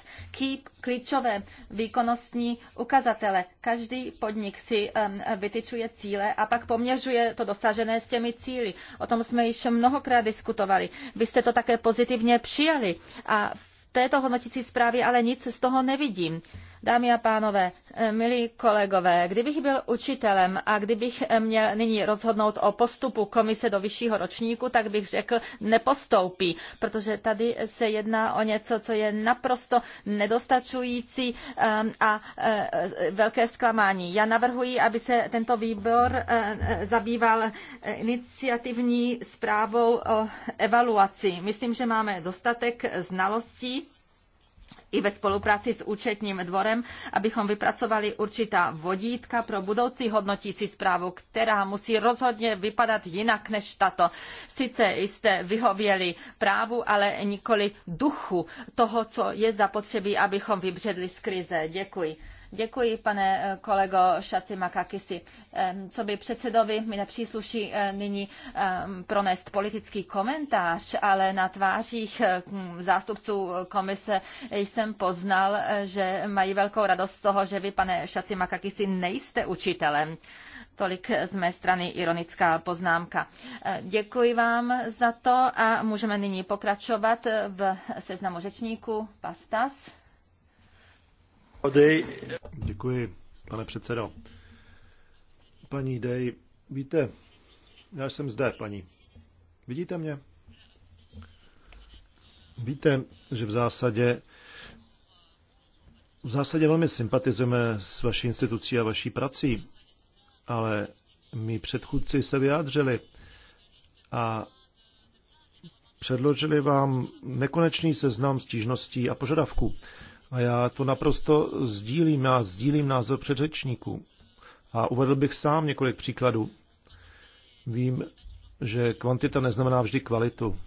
klíčové výkonnostní ukazatele. Každý podnik politik si vytyčuje cíle a pak poměřuje to dosažené s těmi cíly. O tom jsme již mnohokrát diskutovali. Vy jste to také pozitivně přijali a v této hodnotící zprávě ale nic z toho nevidím. Dámy a pánové, eh, milí kolegové, kdybych byl učitelem a kdybych eh, měl nyní rozhodnout o postupu komise do vyššího ročníku, tak bych řekl, nepostoupí, protože tady se jedná o něco, co je naprosto nedostačující ehm, a eh, velké zklamání. Já navrhuji, aby se tento výbor zabýval iniciativní zprávou o evaluaci. Myslím, že máme dostatek znalostí i ve spolupráci s účetním dvorem, abychom vypracovali určitá vodítka pro budoucí hodnotící zprávu, která musí rozhodně vypadat jinak než tato. Sice jste vyhověli právu, ale nikoli duchu toho, co je zapotřebí, abychom vybředli z krize. Děkuji. Děkuji, pane eh, kolego Šaci Makakisi. Co by předsedovi mi nepřísluší eh, nyní pronést politický komentář, ale na tvářích eh, hm, zástupců komise jsem poznal, že mají velkou radost z toho, že vy, pane Šaci Makakisi, nejste učitelem. Tolik z mé strany ironická poznámka. Děkuji vám za to a můžeme nyní pokračovat v seznamu řečníků. Pastas. Děkuji, pane předsedo. Paní Dej, víte, já jsem zde, paní. Vidíte mě? Víte, že v zásadě v zásadě velmi sympatizujeme s vaší institucí a vaší prací, ale mý předchůdci se vyjádřili a předložili vám nekonečný seznam stížností a požadavků. A já to naprosto sdílím, já sdílím názor předřečníků. A uvedl bych sám několik příkladů. Vím, že kvantita neznamená vždy kvalitu.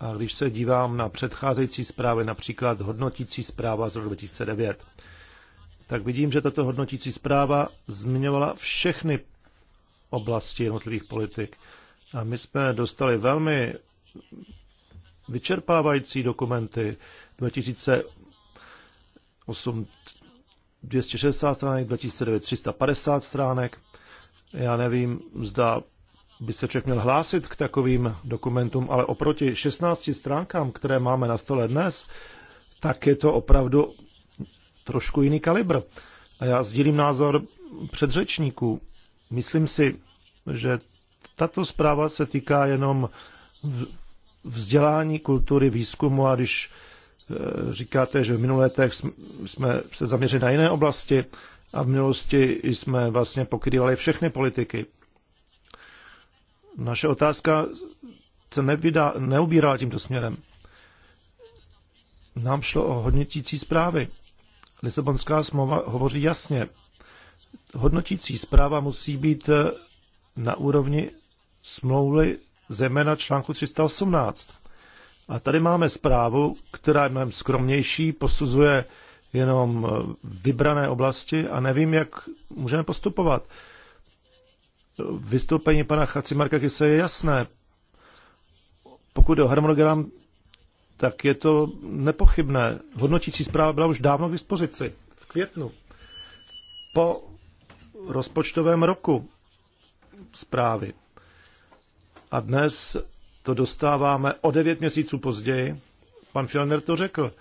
A když se dívám na předcházející zprávy, například hodnotící zpráva z roku 2009, tak vidím, že tato hodnotící zpráva zmiňovala všechny oblasti jednotlivých politik. A my jsme dostali velmi vyčerpávající dokumenty 2008, 8, 260 stránek, 2009 350 stránek. Já nevím, zda by se člověk měl hlásit k takovým dokumentům, ale oproti 16 stránkám, které máme na stole dnes, tak je to opravdu trošku jiný kalibr. A já sdílím názor předřečníků. Myslím si, že tato zpráva se týká jenom vzdělání, kultury, výzkumu a když Eh, říkáte, že v minulých letech jsme se zaměřili na jiné oblasti a v minulosti jsme vlastně pokrývali všechny politiky. Naše otázka se nevydá, neubírá tímto směrem. Nám šlo o hodnotící zprávy. Lisabonská smlouva hovoří jasně. Hodnotící zpráva musí být eh, na úrovni smlouvy zejména článku 318. A tady máme zprávu, která je mnohem skromnější, posuzuje jenom eh, vybrané oblasti a nevím, jak můžeme postupovat. Vystoupení pana Marka Kise je jasné. Pokud je o harmonogram, tak je to nepochybné. Hodnotící zpráva byla už dávno k dispozici, v květnu. Po rozpočtovém roku zprávy. A dnes to dostáváme o devět měsíců později. Pan Fjellner to řekl.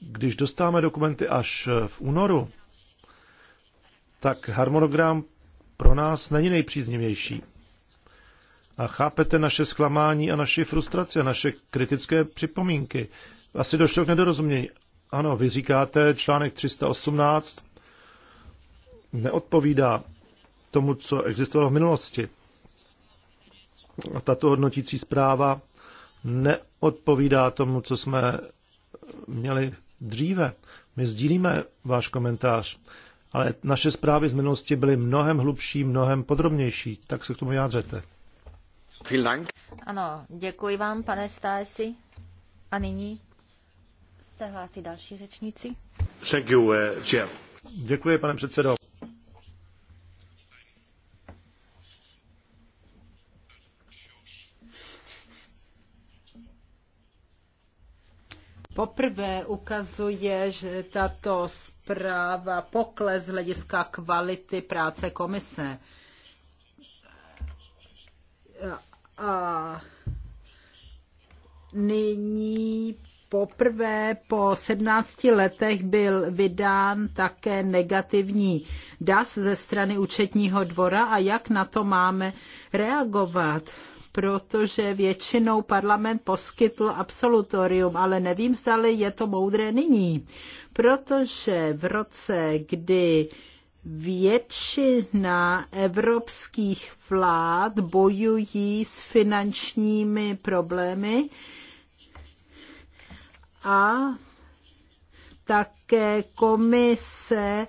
Když dostáváme dokumenty až eh, v únoru, tak harmonogram pro nás není nejpříznivější. A chápete naše zklamání a naše frustrace, naše kritické připomínky. Asi došlo k nedorozumění. Ano, vy říkáte, článek 318 neodpovídá tomu, co existovalo v minulosti. A tato hodnotící zpráva neodpovídá tomu, co jsme měli dříve. My sdílíme váš komentář, ale naše zprávy z minulosti byly mnohem hlubší, mnohem podrobnější. Tak se k tomu jádřete. Ano, děkuji vám, pane Stajsi. A nyní se hlásí další řečníci. Eh, děkuji, pane předsedo. poprvé ukazuje, že tato zpráva pokles z hlediska kvality práce komise. A nyní poprvé po 17 letech byl vydán také negativní DAS ze strany účetního dvora a jak na to máme reagovat protože většinou parlament poskytl absolutorium, ale nevím, zdali je to moudré nyní, protože v roce, kdy většina evropských vlád bojují s finančními problémy a také komise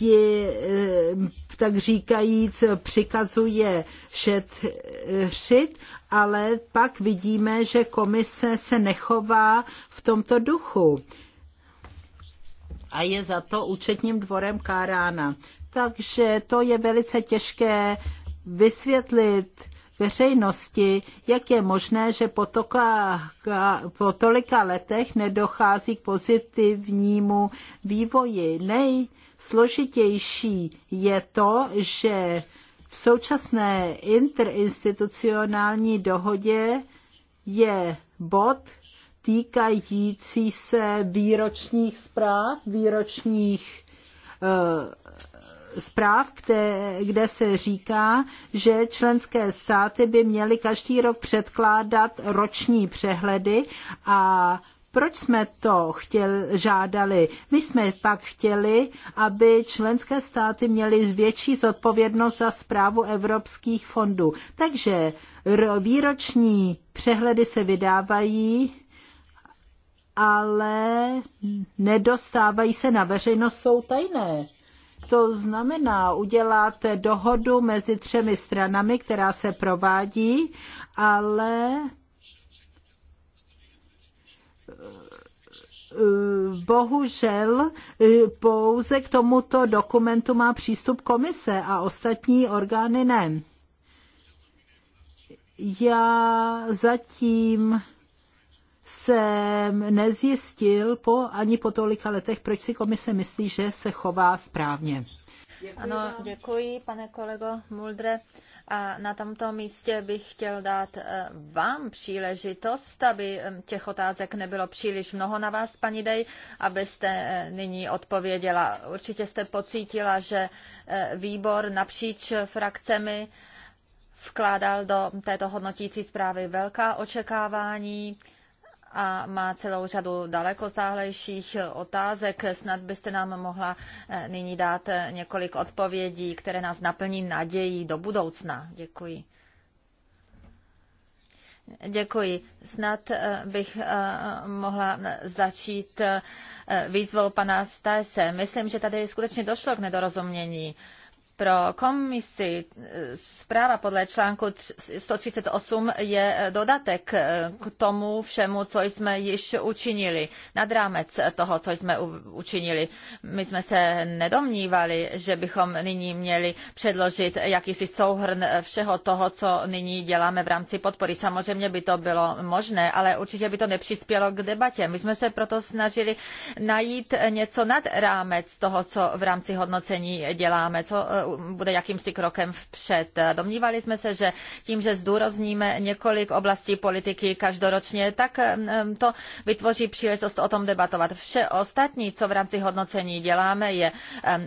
je tak říkajíc přikazuje šetřit, ale pak vidíme, že komise se nechová v tomto duchu. A je za to účetním dvorem kárána. Takže to je velice těžké vysvětlit veřejnosti, jak je možné, že po, toka, po tolika letech nedochází k pozitivnímu vývoji. Nej, Složitější je to, že v současné interinstitucionální dohodě je bod týkající se výročních zpráv, výročních eh, zpráv, kde, kde se říká, že členské státy by měly každý rok předkládat roční přehledy a proč jsme to chtěl, žádali? My jsme pak chtěli, aby členské státy měly větší zodpovědnost za zprávu evropských fondů. Takže výroční přehledy se vydávají ale nedostávají se na veřejnost, jsou tajné. To znamená, uděláte dohodu mezi třemi stranami, která se provádí, ale Eh, bohužel eh, pouze k tomuto dokumentu má přístup komise a ostatní orgány ne. Já zatím jsem nezjistil po, ani po tolika letech, proč si komise myslí, že se chová správně. Děkuji. Ano, děkuji, pane kolego Muldre. A na tomto místě bych chtěl dát eh, vám příležitost, aby eh, těch otázek nebylo příliš mnoho na vás, paní Dej, abyste eh, nyní odpověděla. Určitě jste pocítila, že výbor napříč frakcemi vkládal do této hodnotící zprávy velká očekávání a má celou řadu daleko záhlejších otázek. Snad byste nám mohla eh, nyní dát eh, několik odpovědí, které nás naplní nadějí do budoucna. Děkuji. Děkuji. Snad eh, bych mohla začít výzvou pana Stajse. Myslím, že tady skutečně došlo k nedorozumění. Pro komisi e, zpráva podle článku 138 je e, dodatek e, k tomu všemu, co jsme již učinili. Nad rámec toho, co jsme učinili. My jsme se nedomnívali, že bychom nyní měli předložit jakýsi souhrn všeho toho, co nyní děláme v rámci podpory. Samozřejmě by to bylo možné, ale určitě by to nepřispělo k debatě. My jsme se proto snažili najít něco nad rámec toho, co v rámci hodnocení děláme, co bude jakýmsi krokem vpřed. Domnívali jsme se, že tím, že zdůrazníme několik oblastí politiky každoročně, tak to vytvoří příležitost o tom debatovat. Vše ostatní, co v rámci hodnocení děláme, je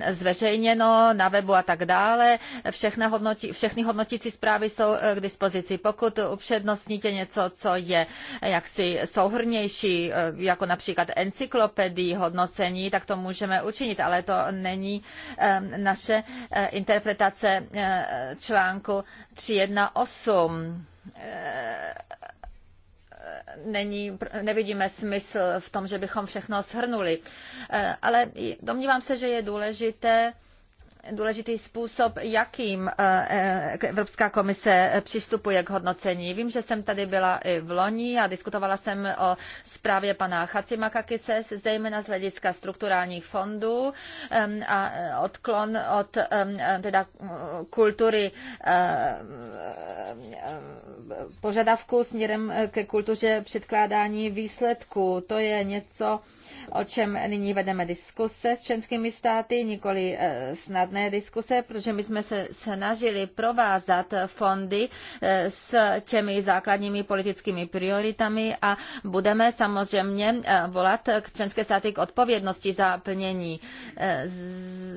zveřejněno na webu a tak dále. Všechny, hodnotí, všechny hodnotící zprávy jsou eh, k dispozici. Pokud upřednostníte něco, co je eh, jaksi souhrnější, eh, jako například encyklopedii hodnocení, tak to můžeme učinit, ale to není naše interpretace eh, článku 318 eh, není, nevidíme smysl v tom, že bychom všechno shrnuli. Eh, ale domnívám se, že je důležité důležitý způsob, jakým eh, eh, Evropská komise přistupuje k hodnocení. Vím, že jsem tady byla i v loni a diskutovala jsem o zprávě pana Chacimakakise, zejména z hlediska strukturálních fondů a eh, odklon od teda kultury požadavků směrem ke kultuře předkládání výsledků. To je něco, o čem nyní vedeme diskuse s členskými státy, nikoli snad řádné diskuse, protože my jsme se snažili provázat fondy eh, s těmi základními politickými prioritami a budeme samozřejmě eh, volat k členské státy k odpovědnosti za plnění. Eh,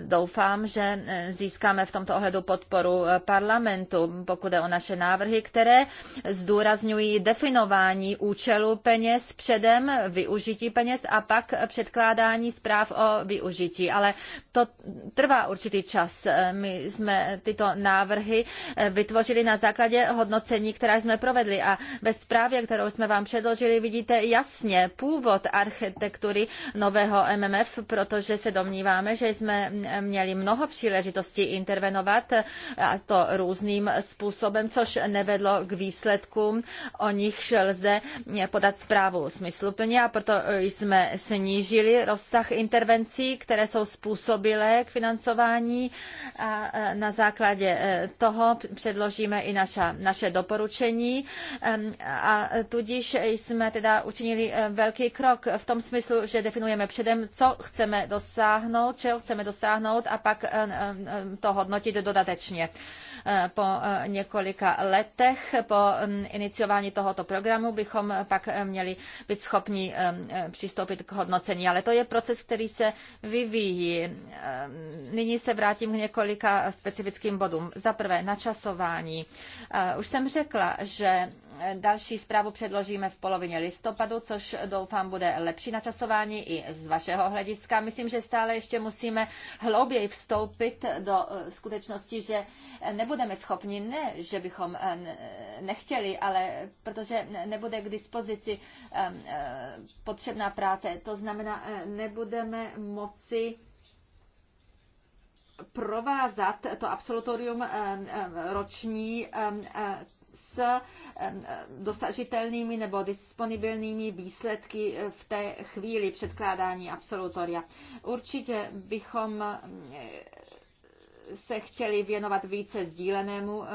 doufám, že získáme v tomto ohledu podporu parlamentu, pokud je o naše návrhy, které zdůrazňují definování účelu peněz předem, využití peněz a pak předkládání zpráv o využití. Ale to trvá určitý čas. E, my jsme tyto návrhy e, vytvořili na základě hodnocení, která jsme provedli a ve zprávě, kterou jsme vám předložili, vidíte jasně původ architektury nového MMF, protože se domníváme, že jsme měli mnoho příležitostí intervenovat e, a to různým způsobem, což nevedlo k výsledkům, o nichž lze podat zprávu smysluplně a proto jsme snížili rozsah intervencí, které jsou způsobilé k financování usnesení a e, na základě e, toho předložíme i naša, naše doporučení a tudíž jsme teda učinili e, velký krok v tom smyslu, že definujeme předem, co chceme dosáhnout, čeho chceme dosáhnout a pak to hodnotit dodatečně. Po několika letech po iniciování tohoto programu bychom pak měli být schopni přistoupit k hodnocení, ale to je proces, který se vyvíjí. Nyní se vrátím k několika specifickým bodům. Za prvé, načasování. Eh, už jsem řekla, že eh, další zprávu předložíme v polovině listopadu, což doufám bude lepší načasování i z vašeho hlediska. Myslím, že stále ještě musíme hlouběji vstoupit do eh, skutečnosti, že nebudeme schopni, ne, že bychom nechtěli, ale protože nebude k dispozici potřebná práce. To znamená, nebudeme moci provázat to absolutorium eh, eh, roční eh, s dosažitelnými nebo disponibilními výsledky v té chvíli předkládání absolutoria. Určitě bychom se chtěli věnovat více sdílenému e,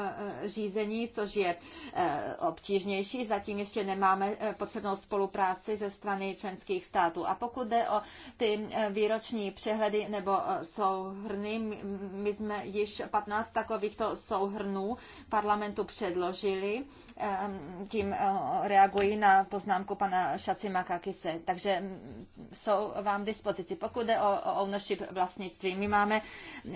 e, řízení, což je e, obtížnější. Zatím ještě nemáme potřebnou spolupráci ze strany členských států. A pokud jde o ty výroční přehledy nebo souhrny, my jsme již 15 takovýchto souhrnů parlamentu předložili. Tím reagují na poznámku pana Šaci Makakise. Takže jsou vám dispozici. Pokud jde o ownership vlastnictví, my máme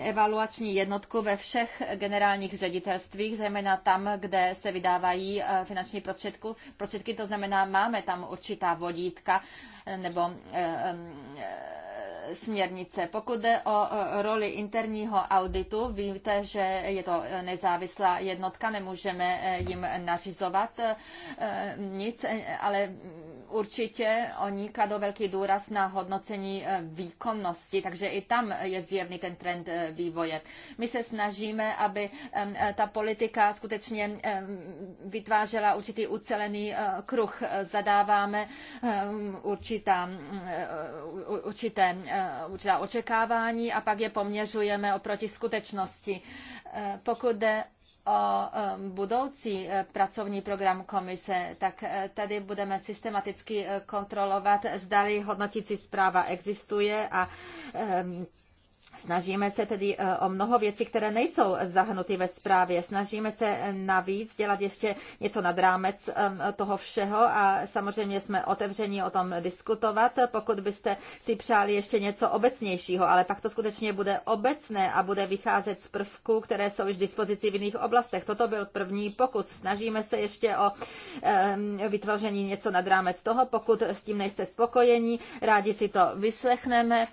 evaluační jednotku ve všech generálních ředitelstvích, zejména tam, kde se vydávají eh, finanční prostředky. prostředky to znamená, máme tam určitá vodítka eh, nebo eh, směrnice. Pokud jde o roli interního auditu, víte, že je to nezávislá jednotka, nemůžeme jim nařizovat nic, ale Určitě oni kladou velký důraz na hodnocení eh, výkonnosti, takže i tam je zjevný ten trend eh, vývoje. My se snažíme, aby eh, ta politika skutečně vytvářela určitý ucelený kruh. Zadáváme určitá, určité, určitá očekávání a pak je poměřujeme oproti skutečnosti. Pokud jde o e, budoucí e, pracovní program komise, tak e, tady budeme systematicky kontrolovat, zdali hodnotící zpráva existuje a Snažíme se tedy eh, o mnoho věcí, které nejsou zahrnuty ve zprávě. Snažíme se navíc dělat ještě něco nad rámec ehm, toho všeho a samozřejmě jsme otevření o tom diskutovat, pokud byste si přáli ještě něco obecnějšího, ale pak to skutečně bude obecné a bude vycházet z prvků, které jsou již dispozici v jiných oblastech. Toto byl první pokus. Snažíme se ještě o ehm, vytvoření něco nad rámec toho, pokud s tím nejste spokojeni, rádi si to vyslechneme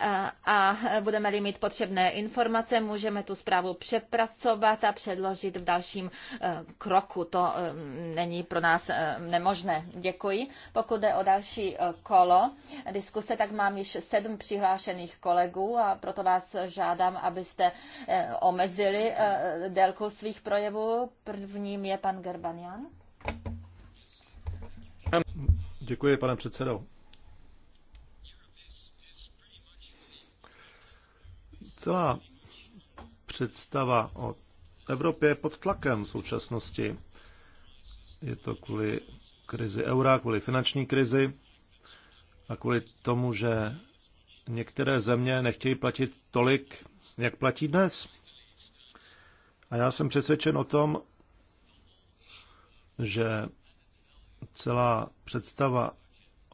eh, a bude budeme-li mít potřebné informace, můžeme tu zprávu přepracovat a předložit v dalším eh, kroku. To eh, není pro nás eh, nemožné. Děkuji. Pokud jde o další kolo diskuse, tak mám již sedm přihlášených kolegů a proto vás žádám, abyste omezili délku svých projevů. Prvním je pan Gerbanian. Děkuji, pane předsedo. Celá představa o Evropě pod tlakem v současnosti. Je to kvůli krizi eura, kvůli finanční krizi a kvůli tomu, že některé země nechtějí platit tolik, jak platí dnes. A já jsem přesvědčen o tom, že celá představa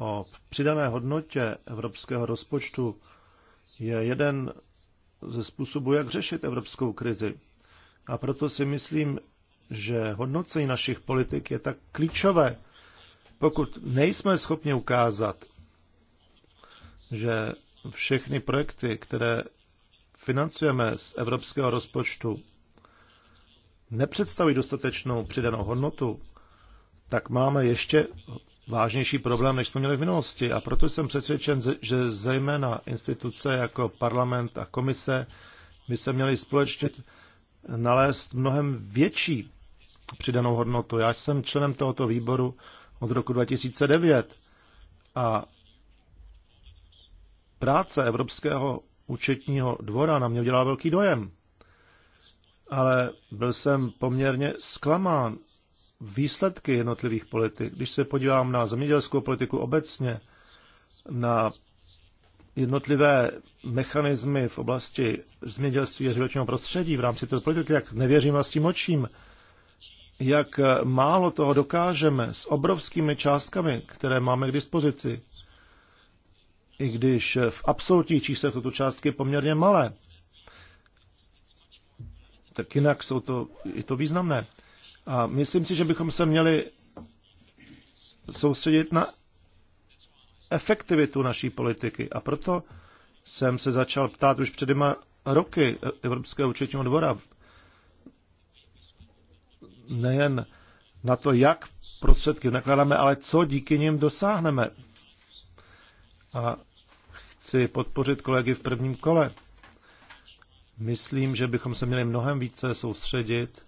o přidané hodnotě evropského rozpočtu je jeden ze způsobu, jak řešit evropskou krizi. A proto si myslím, že hodnocení našich politik je tak klíčové. Pokud nejsme schopni ukázat, že všechny projekty, které financujeme z evropského rozpočtu, nepředstavují dostatečnou přidanou hodnotu, tak máme ještě vážnější problém, než jsme měli v minulosti. A proto jsem přesvědčen, že zejména instituce jako parlament a komise by se měly společně nalézt mnohem větší přidanou hodnotu. Já jsem členem tohoto výboru od roku 2009 a práce Evropského účetního dvora na mě udělala velký dojem. Ale byl jsem poměrně zklamán výsledky jednotlivých politik. Když se podívám na zemědělskou politiku obecně, na jednotlivé mechanismy v oblasti zemědělství a životního prostředí v rámci této politiky, jak nevěřím vlastním očím, jak málo toho dokážeme s obrovskými částkami, které máme k dispozici, i když v absolutních číslech toto částky je poměrně malé, tak jinak jsou to, je to významné. A myslím si, že bychom se měli soustředit na efektivitu naší politiky. A proto jsem se začal ptát už před dvěma roky Evropského účetního dvora nejen na to, jak prostředky nakládáme, ale co díky nim dosáhneme. A chci podpořit kolegy v prvním kole. Myslím, že bychom se měli mnohem více soustředit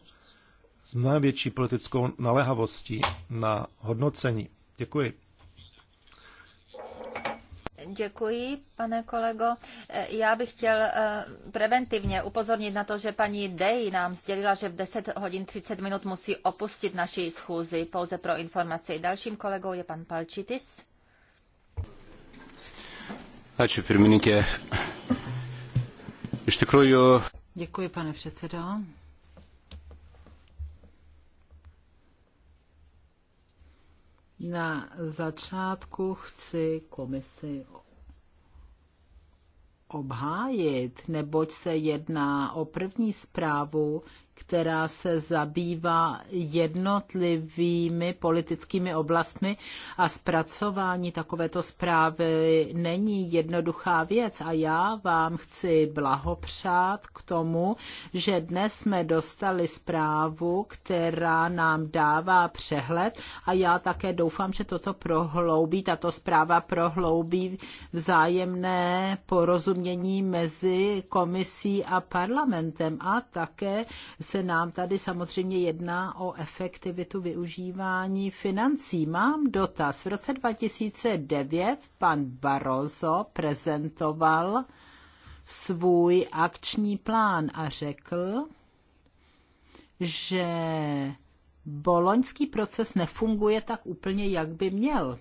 s mnohem větší politickou naléhavostí na hodnocení. Děkuji. Děkuji, pane kolego. Já bych chtěl eh, preventivně upozornit na to, že paní Dej nám sdělila, že v 10 hodin 30 minut musí opustit naši schůzi pouze pro informaci. Dalším kolegou je pan Palčitis. Děkuji, pane předsedo. Na začátku chci komisi obhájit, neboť se jedná o první zprávu, která se zabývá jednotlivými politickými oblastmi a zpracování takovéto zprávy není jednoduchá věc a já vám chci blahopřát k tomu, že dnes jsme dostali zprávu, která nám dává přehled a já také doufám, že toto prohloubí, tato zpráva prohloubí vzájemné porozumění mezi komisí a parlamentem a také se nám tady samozřejmě jedná o efektivitu využívání financí. Mám dotaz. V roce 2009 pan Barroso prezentoval svůj akční plán a řekl, že boloňský proces nefunguje tak úplně, jak by měl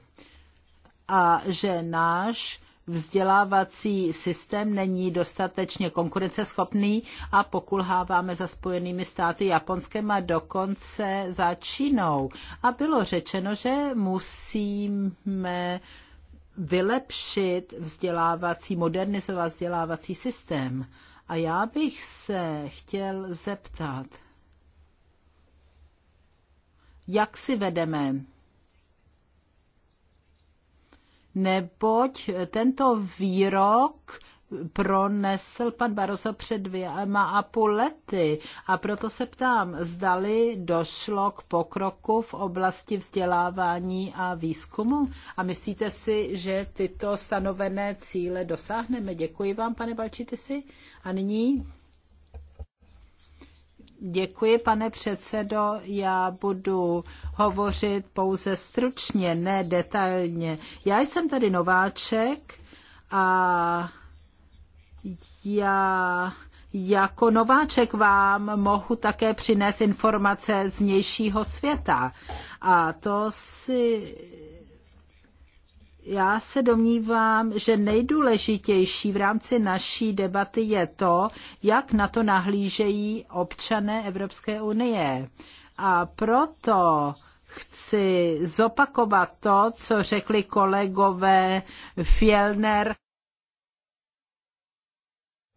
a že náš vzdělávací systém není dostatečně konkurenceschopný a pokulháváme za spojenými státy Japonskem a dokonce za Čínou. A bylo řečeno, že musíme vylepšit vzdělávací, modernizovat vzdělávací systém. A já bych se chtěl zeptat, jak si vedeme neboť tento výrok pronesl pan Baroso před dvěma a půl lety. A proto se ptám, zdali došlo k pokroku v oblasti vzdělávání a výzkumu? A myslíte si, že tyto stanovené cíle dosáhneme? Děkuji vám, pane Balčitisi. A nyní Děkuji, pane předsedo. Já budu hovořit pouze stručně, ne detailně. Já jsem tady nováček a já jako nováček vám mohu také přinést informace z vnějšího světa. A to si já se domnívám, že nejdůležitější v rámci naší debaty je to, jak na to nahlížejí občané Evropské unie. A proto chci zopakovat to, co řekli kolegové Fielner,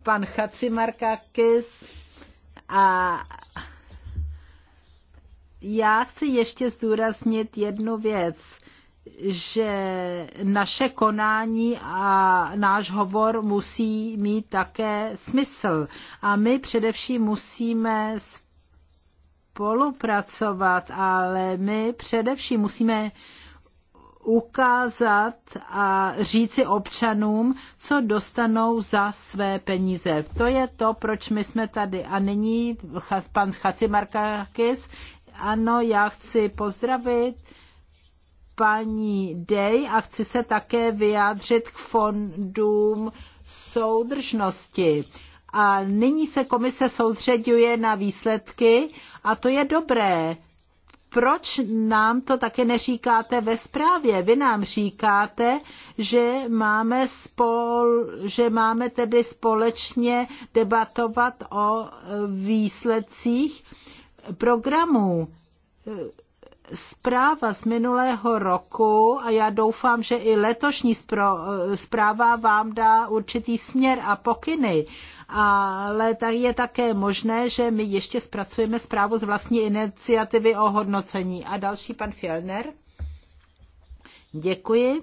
pan Chacimarkakis a já chci ještě zdůraznit jednu věc že naše konání a náš hovor musí mít také smysl. A my především musíme spolupracovat, ale my především musíme ukázat a říci občanům, co dostanou za své peníze. To je to, proč my jsme tady. A nyní pan Chacimarkakis. Ano, já chci pozdravit paní Dej a chci se také vyjádřit k fondům soudržnosti. A nyní se komise soustředuje na výsledky a to je dobré. Proč nám to také neříkáte ve zprávě? Vy nám říkáte, že máme, spol, že máme tedy společně debatovat o e, výsledcích programů Zpráva z minulého roku a já doufám, že i letošní zpráva vám dá určitý směr a pokyny, ale je také možné, že my ještě zpracujeme zprávu z vlastní iniciativy o hodnocení. A další pan Fielner. Děkuji.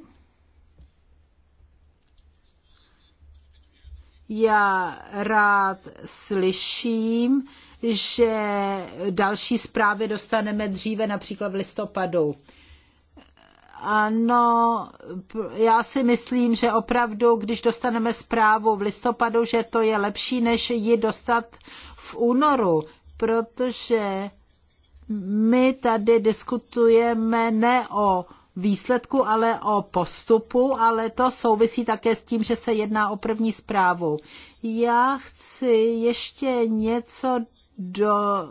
Já rád slyším, že další zprávy dostaneme dříve, například v listopadu. Ano, já si myslím, že opravdu, když dostaneme zprávu v listopadu, že to je lepší, než ji dostat v únoru, protože my tady diskutujeme ne o výsledku, ale o postupu, ale to souvisí také s tím, že se jedná o první zprávu. Já chci ještě něco dodat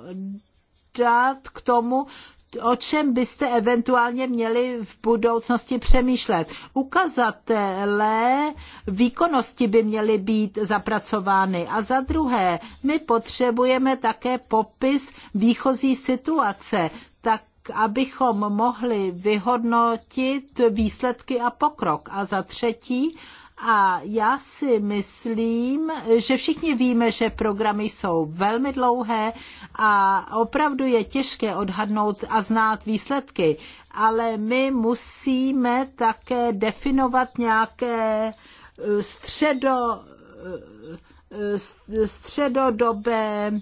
k tomu, o čem byste eventuálně měli v budoucnosti přemýšlet. Ukazatele výkonnosti by měly být zapracovány. A za druhé, my potřebujeme také popis výchozí situace, tak abychom mohli vyhodnotit výsledky a pokrok. A za třetí, a já si myslím, že všichni víme, že programy jsou velmi dlouhé a opravdu je těžké odhadnout a znát výsledky, ale my musíme také definovat nějaké eh, středo, eh, eh, středodobé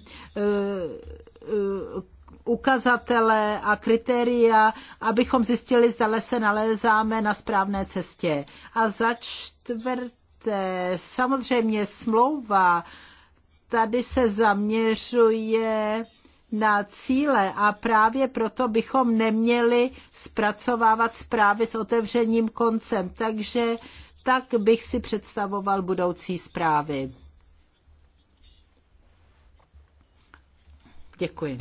ukazatele a kritéria, abychom zjistili, zda se nalézáme na správné cestě. A za čtvrté, samozřejmě smlouva tady se zaměřuje na cíle a právě proto bychom neměli zpracovávat zprávy s otevřeným koncem. Takže tak bych si představoval budoucí zprávy. Děkuji.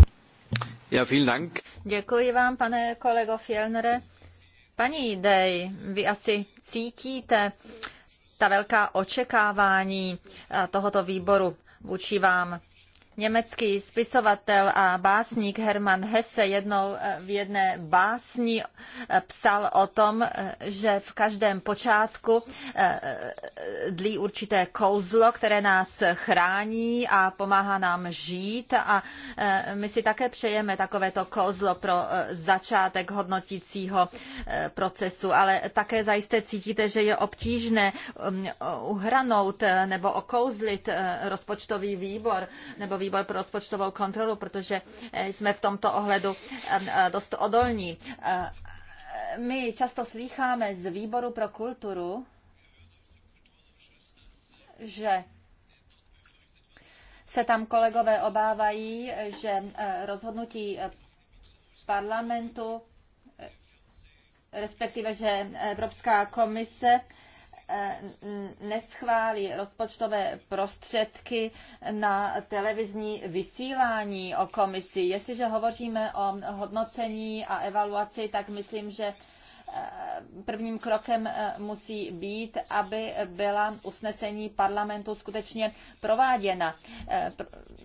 Děkuji vám, pane kolego Fjellnere. Paní Dej, vy asi cítíte ta velká očekávání eh, tohoto výboru vůči vám. Německý spisovatel a básník Hermann Hesse jednou eh, v jedné básni eh, psal o tom, eh, že v každém počátku dlí určité kouzlo, které nás chrání a pomáhá nám žít a my si také přejeme takovéto kouzlo pro začátek hodnotícího procesu, ale také zajisté cítíte, že je obtížné um, uhranout nebo okouzlit rozpočtový výbor nebo výbor výbor pro rozpočtovou kontrolu, protože eh, jsme v tomto ohledu eh, eh, dost odolní. My často slýcháme z výboru pro kulturu, že se tam kolegové obávají, že rozhodnutí parlamentu, respektive, že Evropská komise Eh, neschválí rozpočtové prostředky na televizní vysílání o komisi. Jestliže hovoříme o hodnocení a evaluaci, tak myslím, že prvním krokem eh, musí být, aby byla usnesení parlamentu skutečně prováděna. Eh,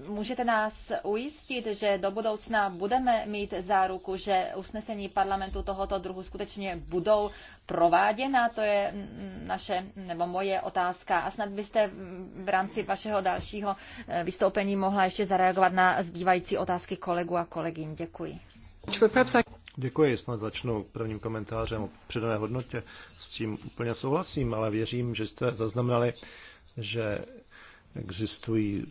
můžete nás ujistit, že do budoucna budeme mít záruku, že usnesení parlamentu tohoto druhu skutečně budou prováděna? To je mm, mm, naše nebo moje otázka. A snad byste v rámci vašeho dalšího eh, vystoupení mohla ještě zareagovat na zbývající otázky kolegů a kolegyň. Děkuji. Děkuji, snad začnu prvním komentářem o předané hodnotě. S tím úplně souhlasím, ale věřím, že jste zaznamenali, že existují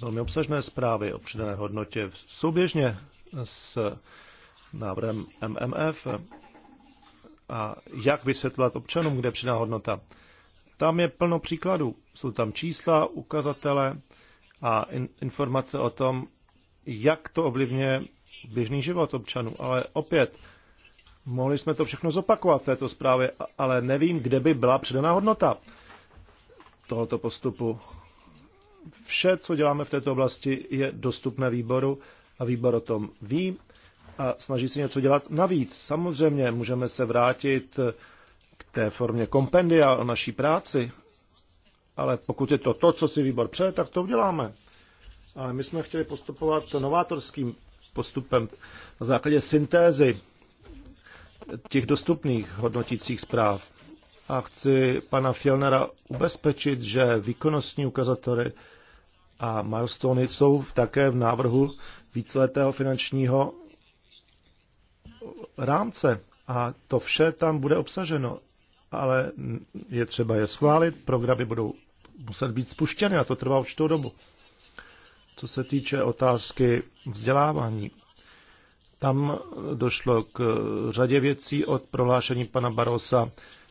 velmi obsažné zprávy o předané hodnotě souběžně s návrhem MMF a jak vysvětlovat občanům, kde je přidaná hodnota. Tam je plno příkladů. Jsou tam čísla, ukazatele a in, informace o tom, jak to ovlivňuje běžný život občanů. Ale opět, mohli jsme to všechno zopakovat v této zprávě, ale nevím, kde by byla přidaná hodnota tohoto postupu. Vše, co děláme v této oblasti, je dostupné výboru a výbor o tom ví a snaží se něco dělat navíc. Samozřejmě můžeme se vrátit k té formě kompendia o naší práci, ale pokud je to to, co si výbor přeje, tak to uděláme. Ale my jsme chtěli postupovat novátorským postupem na základě syntézy těch dostupných hodnotících zpráv. A chci pana Fjellnera ubezpečit, že výkonnostní ukazatory a milestony jsou také v návrhu víceletého finančního rámce. A to vše tam bude obsaženo, ale je třeba je schválit, programy budou muset být spuštěny a to trvá určitou dobu. Co se týče otázky vzdělávání, tam došlo k řadě věcí od prohlášení pana Barosa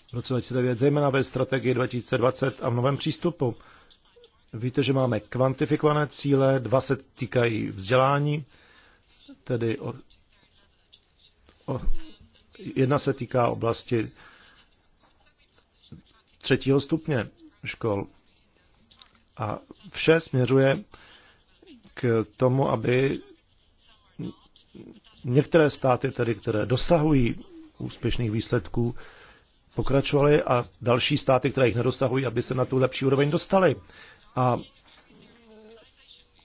v roce 2009, zejména ve strategii 2020 a v novém přístupu. Víte, že máme kvantifikované cíle, dva se týkají vzdělání, tedy o, o, jedna se týká oblasti třetího stupně škol. A vše směřuje k tomu, aby některé státy, tedy, které dosahují úspěšných výsledků, pokračovaly a další státy, které jich nedosahují, aby se na tu lepší úroveň dostaly. A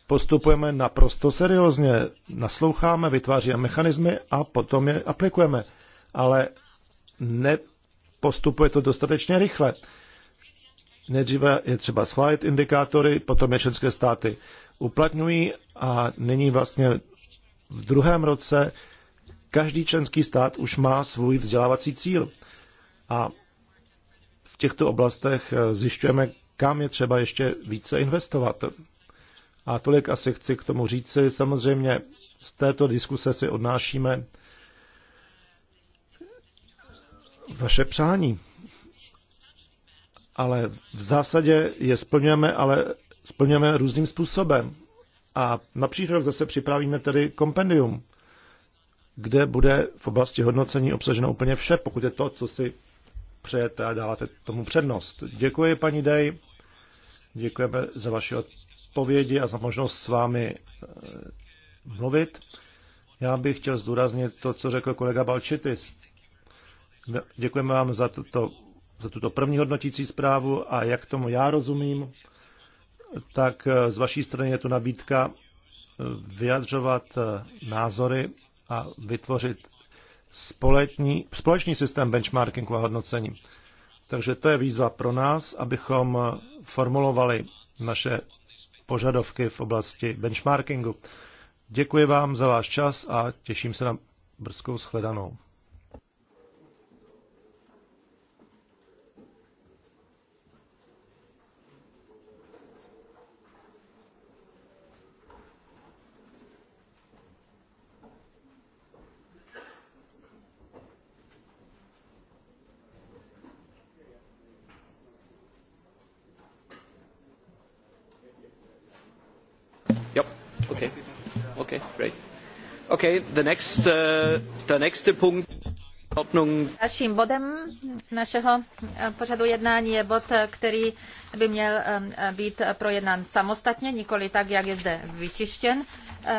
postupujeme naprosto seriózně, nasloucháme, vytváříme mechanismy a potom je aplikujeme. Ale nepostupuje to dostatečně rychle. Nejdříve je třeba schválit indikátory, potom je členské státy uplatňují a nyní vlastně v druhém roce každý členský stát už má svůj vzdělávací cíl. A v těchto oblastech eh, zjišťujeme, kam je třeba ještě více investovat. A tolik asi chci k tomu říci. Samozřejmě z této diskuse si odnášíme vaše přání ale v zásadě je splňujeme, ale splňujeme různým způsobem. A na příští rok zase připravíme tedy kompendium, kde bude v oblasti hodnocení obsaženo úplně vše, pokud je to, co si přejete a dáváte tomu přednost. Děkuji, paní Dej. Děkujeme za vaše odpovědi a za možnost s vámi eh, mluvit. Já bych chtěl zdůraznit to, co řekl kolega Balčitis. Děkujeme vám za tuto za tuto první hodnotící zprávu a jak tomu já rozumím, tak eh, z vaší strany je tu nabídka eh, vyjadřovat eh, názory a vytvořit společný, společný systém benchmarkingu a hodnocení. Takže to je výzva pro nás, abychom formulovali naše požadovky v oblasti benchmarkingu. Děkuji vám za váš čas a těším se na brzkou shledanou. Okay. Okay, great. Okay, the next, uh, the next punkt. Dalším bodem našeho eh, pořadu jednání je bod, eh, který by měl eh, být projednán samostatně, nikoli tak, jak je zde vyčištěn.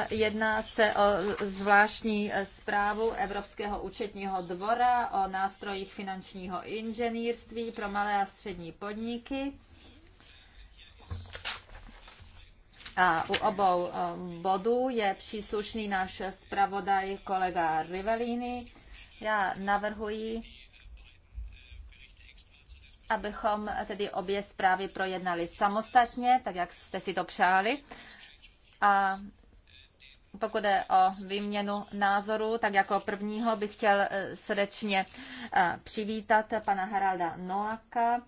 Jedná se o zvláštní zprávu Evropského účetního dvora o nástrojích finančního inženýrství pro malé a střední podniky. A u obou um, bodů je příslušný náš zpravodaj kolega Rivelini. Já navrhuji, abychom tedy obě zprávy projednali samostatně, tak jak jste si to přáli. A pokud je o výměnu názoru, tak jako prvního bych chtěl eh, srdečně eh, přivítat pana Haralda Noaka,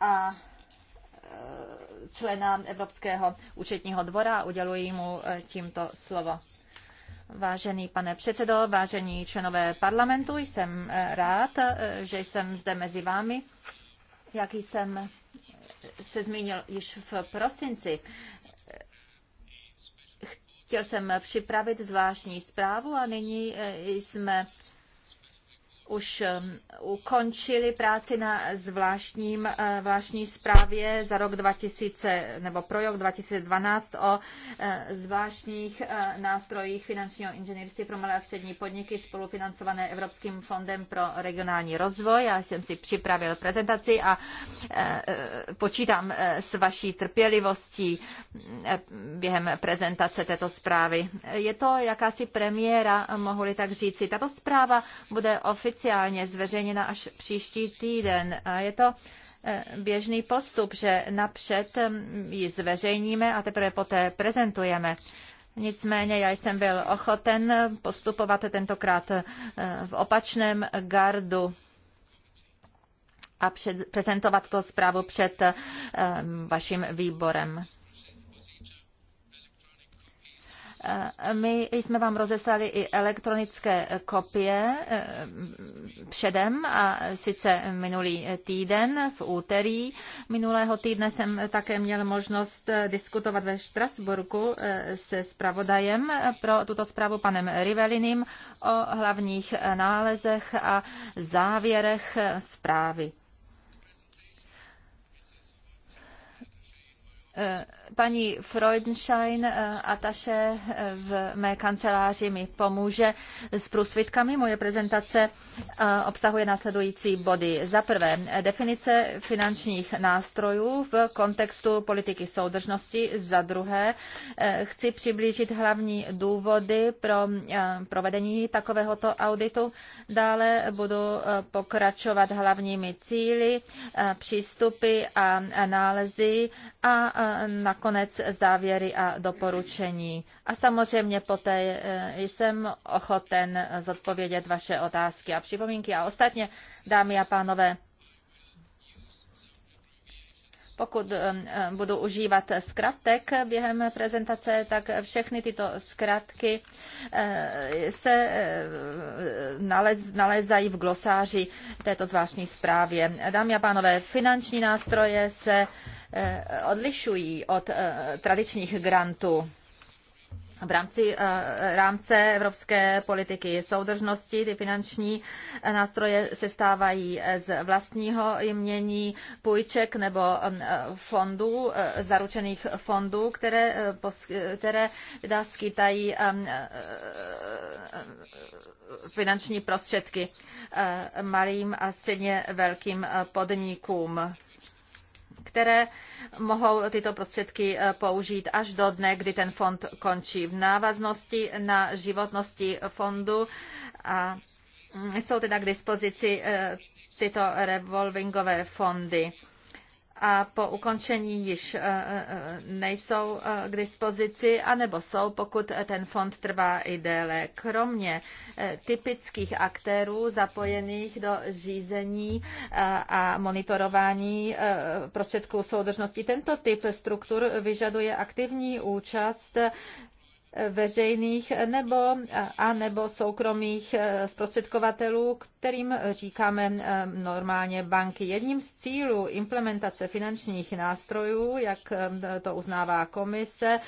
a e, člena Evropského účetního dvora. Uděluji mu e, tímto slovo. Vážený pane předsedo, vážení členové parlamentu, jsem e, rád, že jsem zde mezi vámi. Jak jsem se zmínil již v prosinci, chtěl jsem připravit zvláštní zprávu a nyní jsme už um, ukončili práci na zvláštním, uh, zvláštní zprávě za rok 2000 nebo pro rok 2012 o uh, zvláštních uh, nástrojích finančního inženýrství pro malé a střední podniky spolufinancované Evropským fondem pro regionální rozvoj. Já jsem si připravil prezentaci a počítám s vaší trpělivostí během prezentace této zprávy. Je to jakási premiéra, mohu-li tak říci. Tato zpráva bude oficiální oficiálně zveřejněna až příští týden. A je to eh, běžný postup, že napřed eh, ji zveřejníme a teprve poté prezentujeme. Nicméně já jsem byl ochoten postupovat tentokrát eh, v opačném gardu a před, prezentovat to zprávu před vaším výborem. Eh, my jsme vám rozeslali i elektronické kopie eh, předem, a sice minulý týden, v úterý. Minulého týdne jsem také měl možnost eh, diskutovat ve Štrasburku se zpravodajem pro tuto zprávu panem Rivelinem o hlavních nálezech a závěrech zprávy paní Freudenschein eh, a eh, v mé kanceláři mi pomůže s průsvitkami. Moje prezentace eh, obsahuje následující body. Za prvé, definice finančních nástrojů v kontextu politiky soudržnosti. Za druhé, chci přiblížit hlavní důvody pro provedení takovéhoto auditu. Dále budu pokračovat hlavními cíly, přístupy a nálezy a na nakonec závěry a doporučení. A samozřejmě poté eh, jsem ochoten zodpovědět vaše otázky a připomínky. A ostatně, dámy a pánové, pokud eh, eh, budu užívat zkratek během prezentace, tak všechny tyto zkratky se nalezají v glosáři této zvláštní zprávě. Dámy a pánové, finanční nástroje se Eh, odlišují od eh, tradičních grantů. V rámci eh, rámce evropské politiky soudržnosti ty finanční nástroje se stávají z vlastního jmění půjček nebo fondů, zaručených fondů, které, které teda skýtají finanční prostředky malým a středně velkým podnikům které mohou tyto prostředky eh, použít až do dne, kdy ten fond končí. V návaznosti na životnosti fondu a jsou teda k dispozici eh, tyto revolvingové fondy a po ukončení již eh, eh, nejsou eh, k dispozici, anebo jsou, pokud ten fond trvá i déle. Kromě typických aktérů zapojených do řízení a monitorování prostředků soudržnosti, tento typ struktur vyžaduje aktivní účast veřejných nebo, a nebo soukromých zprostředkovatelů, kterým říkáme eh, normálně banky. Jedním z cílů implementace finančních nástrojů, jak eh, to uznává komise,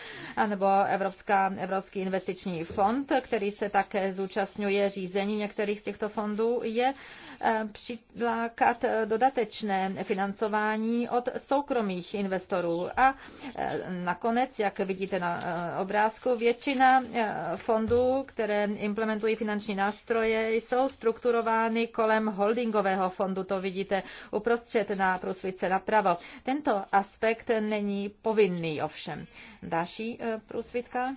nebo Evropská, Evropský investiční fond, který se také zúčastňuje řízení některých z těchto fondů, je eh, přilákat dodatečné financování od soukromých investorů. A nakonec, jak vidíte na obrázku, většinou Většina eh, fondů, které implementují finanční nástroje, jsou strukturovány kolem holdingového fondu. To vidíte uprostřed na průsvice napravo. Tento aspekt není povinný ovšem. Další eh, průsvitka.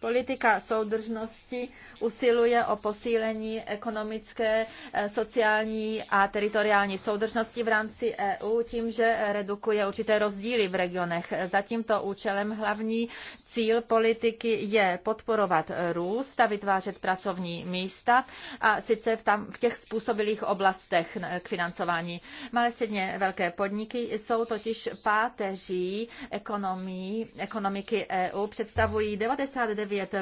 Politika soudržnosti usiluje o posílení ekonomické, eh, sociální a teritoriální soudržnosti v rámci EU tím, že redukuje určité rozdíly v regionech. Za tímto účelem hlavní cíl politiky je podporovat růst a vytvářet pracovní místa a sice v, tam, v těch způsobilých oblastech k financování. Malé středně velké podniky jsou totiž páteří ekonomii, ekonomiky EU, představují 99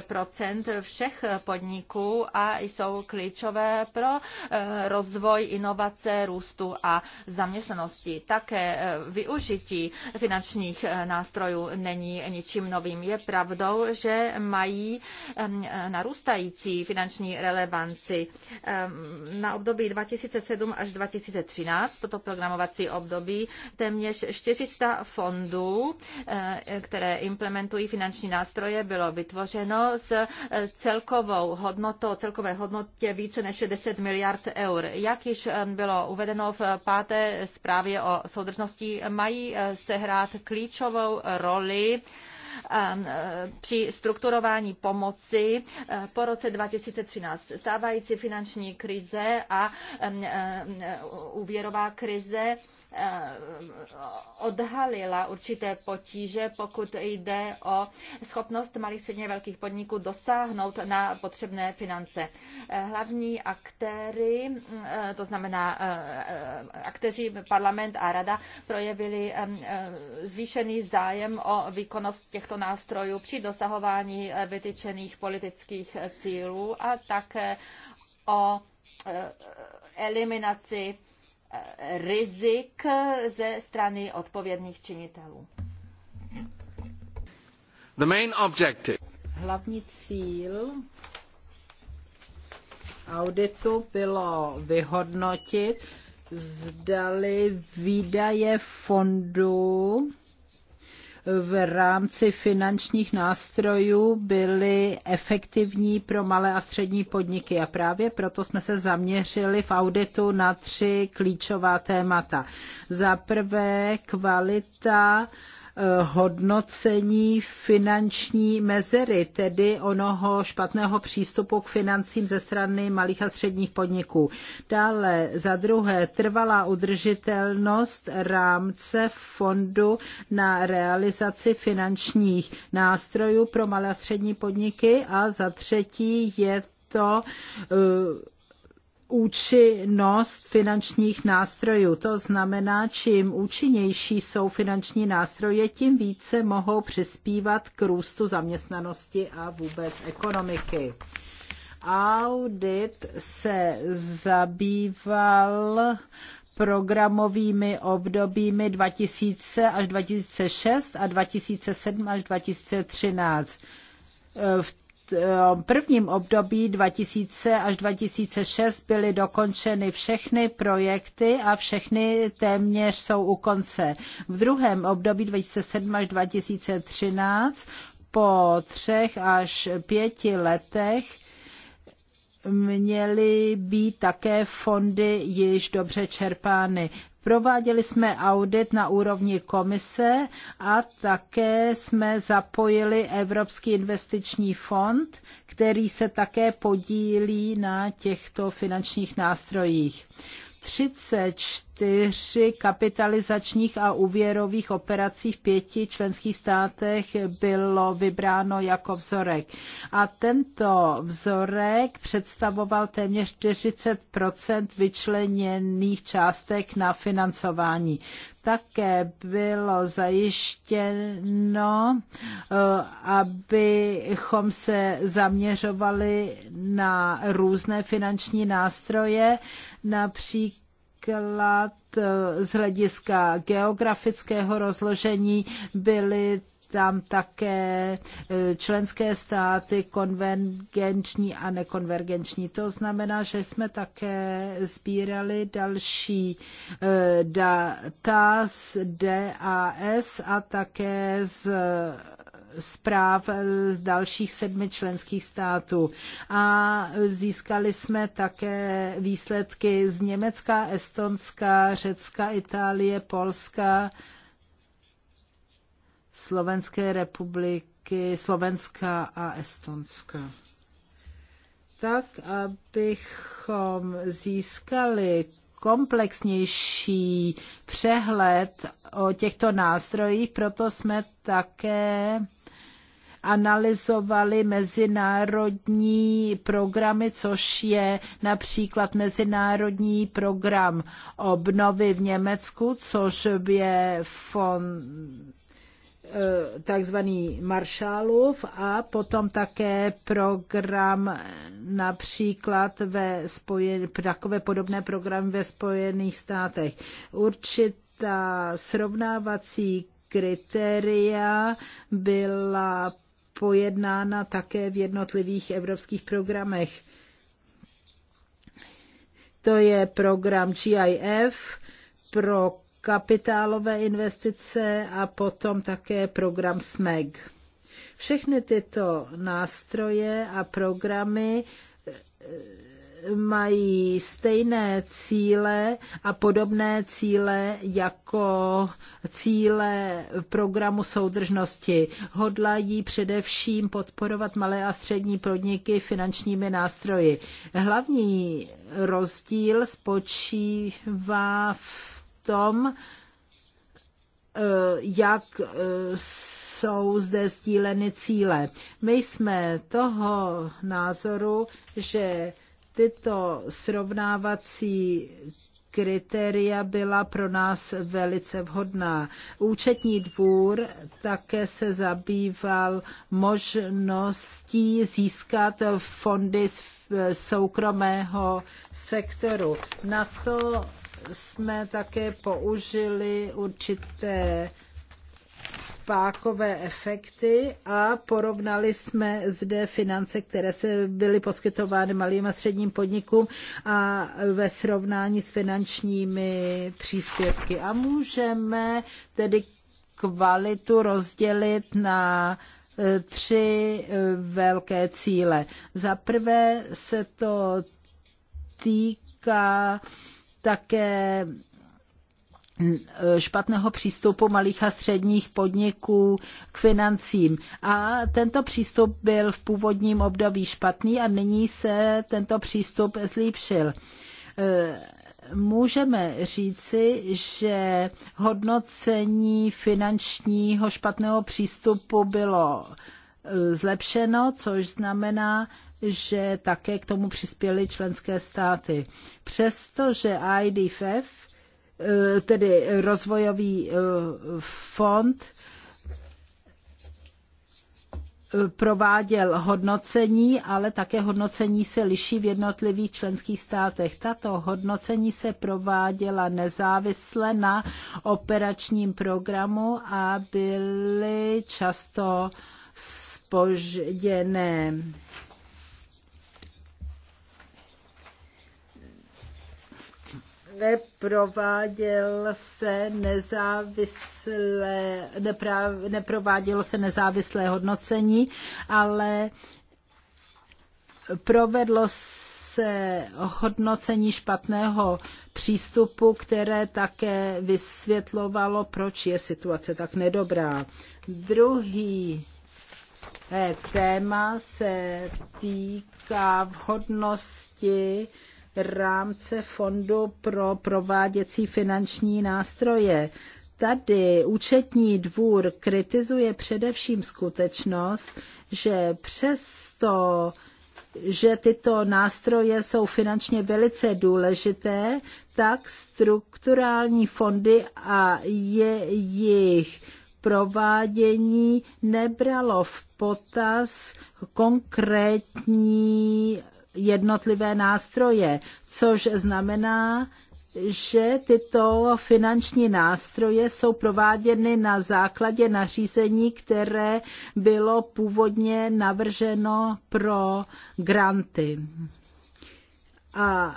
všech podniků a jsou klíčové pro e, rozvoj inovace, růstu a zaměstnanosti. Také e, využití finančních e, nástrojů není ničím novým. Je pravdou, že mají narůstající finanční relevanci. Na období 2007 až 2013, toto programovací období, téměř 400 fondů, eh, které implementují finanční nástroje, bylo vytvořeno s eh, celkovou hodnotou, celkové hodnotě více než 60 miliard eur. Jak již bylo uvedeno v páté zprávě o soudržnosti, mají eh, sehrát klíčovou roli Ehm, eh, při strukturování pomoci eh, po roce 2013. Stávající finanční krize a ehm, eh, úvěrová krize ehm, odhalila určité potíže, pokud jde o schopnost malých středně velkých podniků dosáhnout na potřebné finance. Hlavní aktéry, to znamená aktéři parlament a rada, projevili zvýšený zájem o výkonnost těch těchto nástrojů při dosahování eh, vytyčených politických eh, cílů a také o eh, eliminaci rizik ze strany odpovědných činitelů. The main objective. Hlavní cíl auditu bylo vyhodnotit, zdali výdaje fondu v rámci finančních nástrojů byly efektivní pro malé a střední podniky a právě proto jsme se zaměřili v auditu na tři klíčová témata. Za prvé kvalita Eh, hodnocení finanční mezery, tedy onoho špatného přístupu k financím ze strany malých a středních podniků. Dále za druhé trvalá udržitelnost rámce fondu na realizaci finančních nástrojů pro malé a střední podniky a za třetí je to eh, účinnost finančních nástrojů. To znamená, čím účinnější jsou finanční nástroje, tím více mohou přispívat k růstu zaměstnanosti a vůbec ekonomiky. Audit se zabýval programovými obdobími 2000 až 2006 a 2007 až 2013. V prvním období 2000 až 2006 byly dokončeny všechny projekty a všechny téměř jsou u konce. V druhém období 2007 až 2013 po třech až pěti letech měly být také fondy již dobře čerpány. Prováděli jsme audit na úrovni komise a také jsme zapojili Evropský investiční fond, který se také podílí na těchto finančních nástrojích. 34 čtyři kapitalizačních a úvěrových operací v pěti členských státech bylo vybráno jako vzorek. A tento vzorek představoval téměř 40 vyčleněných částek na financování. Také bylo zajištěno, eh, abychom se zaměřovali na různé finanční nástroje, například například eh, z hlediska geografického rozložení byly tam také eh, členské státy konvergenční a nekonvergenční. To znamená, že jsme také sbírali další eh, data z DAS a také z zpráv eh, z dalších sedmi členských států. A získali jsme také výsledky z Německa, Estonska, Řecka, Itálie, Polska, Slovenské republiky, Slovenska a Estonska tak, abychom získali komplexnější přehled o těchto nástrojích, proto jsme také analyzovali mezinárodní programy, což je například mezinárodní program obnovy v Německu, což je fond eh, takzvaný Marshallův a potom také program například ve spojení, takové podobné programy ve Spojených státech. Určitá srovnávací kritéria byla pojednána také v jednotlivých evropských programech. To je program GIF pro kapitálové investice a potom také program SMEG. Všechny tyto nástroje a programy mají stejné cíle a podobné cíle jako cíle programu soudržnosti. Hodlají především podporovat malé a střední podniky finančními nástroji. Hlavní rozdíl spočívá v tom, eh, jak eh, jsou zde sdíleny cíle. My jsme toho názoru, že Tyto srovnávací kritéria byla pro nás velice vhodná. Účetní dvůr také se zabýval možností získat fondy z soukromého sektoru. Na to jsme také použili určité pákové efekty a porovnali jsme zde finance, které se byly poskytovány malým a středním podnikům a ve srovnání s finančními příspěvky. A můžeme tedy kvalitu rozdělit na e, tři e, velké cíle. Za prvé se to týká také špatného přístupu malých a středních podniků k financím. A tento přístup byl v původním období špatný a nyní se tento přístup zlepšil můžeme říci, že hodnocení finančního špatného přístupu bylo e, zlepšeno, což znamená, že také k tomu přispěly členské státy. Přestože IDFF Eh, tedy rozvojový eh, fond eh, prováděl hodnocení, ale také hodnocení se liší v jednotlivých členských státech. Tato hodnocení se prováděla nezávisle na operačním programu a byly často spožděné. neprováděl se nezávislé, nepra, neprovádělo se nezávislé hodnocení, ale provedlo se hodnocení špatného přístupu, které také vysvětlovalo, proč je situace tak nedobrá. Druhý eh, téma se týká vhodnosti rámce fondu pro prováděcí finanční nástroje. Tady účetní dvůr kritizuje především skutečnost, že přesto že tyto nástroje jsou finančně velice důležité, tak strukturální fondy a jejich provádění nebralo v potaz konkrétní jednotlivé nástroje, což znamená, že tyto finanční nástroje jsou prováděny na základě nařízení, které bylo původně navrženo pro granty. A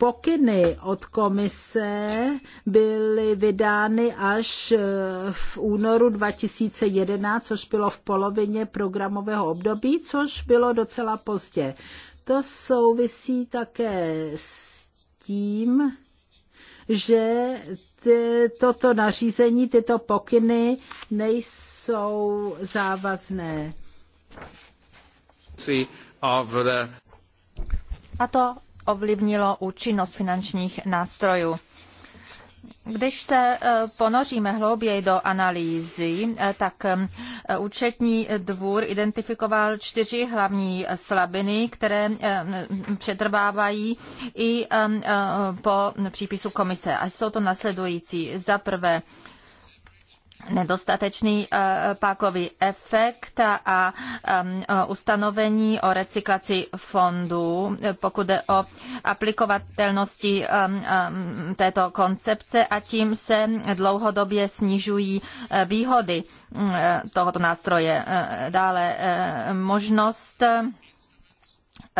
Pokyny od komise byly vydány až eh, v únoru 2011, což bylo v polovině programového období, což bylo docela pozdě. To souvisí také s tím, že ty, toto nařízení, tyto pokyny nejsou závazné. A to ovlivnilo účinnost finančních nástrojů. Když se e, ponoříme hlouběji do analýzy, e, tak e, účetní dvůr identifikoval čtyři hlavní slabiny, které přetrvávají i po přípisu komise. A jsou to nasledující. Za prvé, nedostatečný eh, pákový efekt a eh, ustanovení o recyklaci fondů, pokud jde o aplikovatelnosti eh, této koncepce a tím se dlouhodobě snižují výhody tohoto nástroje. Dále možnost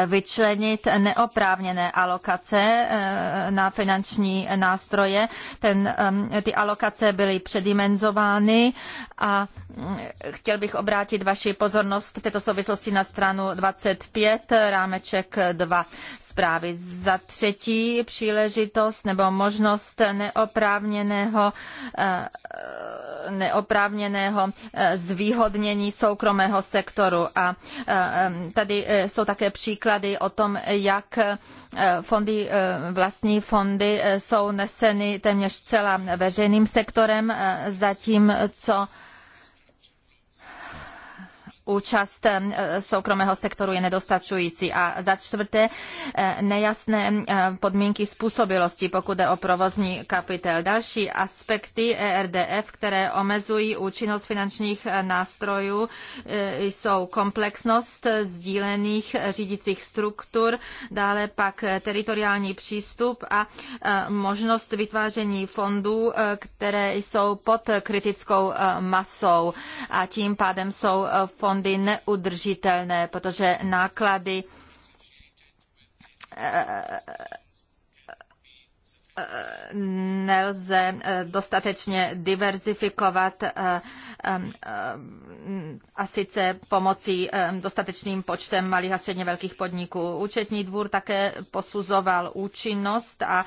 vyčlenit neoprávněné alokace eh, na finanční nástroje. Ten, ehm, ty alokace byly předimenzovány a mm, chtěl bych obrátit vaši pozornost v této souvislosti na stranu 25, eh, rámeček 2 zprávy. Za třetí příležitost nebo možnost neoprávněného, eh, neoprávněného eh, zvýhodnění soukromého sektoru. A eh, tady jsou také příklady o tom, jak fondy, vlastní fondy jsou neseny téměř celá veřejným sektorem, zatímco účast eh, soukromého sektoru je nedostačující. A za čtvrté, eh, nejasné eh, podmínky způsobilosti, pokud jde o provozní kapitál. Další aspekty ERDF, které omezují účinnost finančních nástrojů, jsou komplexnost sdílených řídicích struktur, dále pak teritoriální přístup a možnost vytváření fondů, které jsou pod kritickou masou a tím pádem jsou fondy fondy neudržitelné, protože náklady eh, Eh, nelze eh, dostatečně diverzifikovat eh, a sice pomocí dostatečným počtem malých a středně velkých podniků. Účetní dvůr také posuzoval účinnost a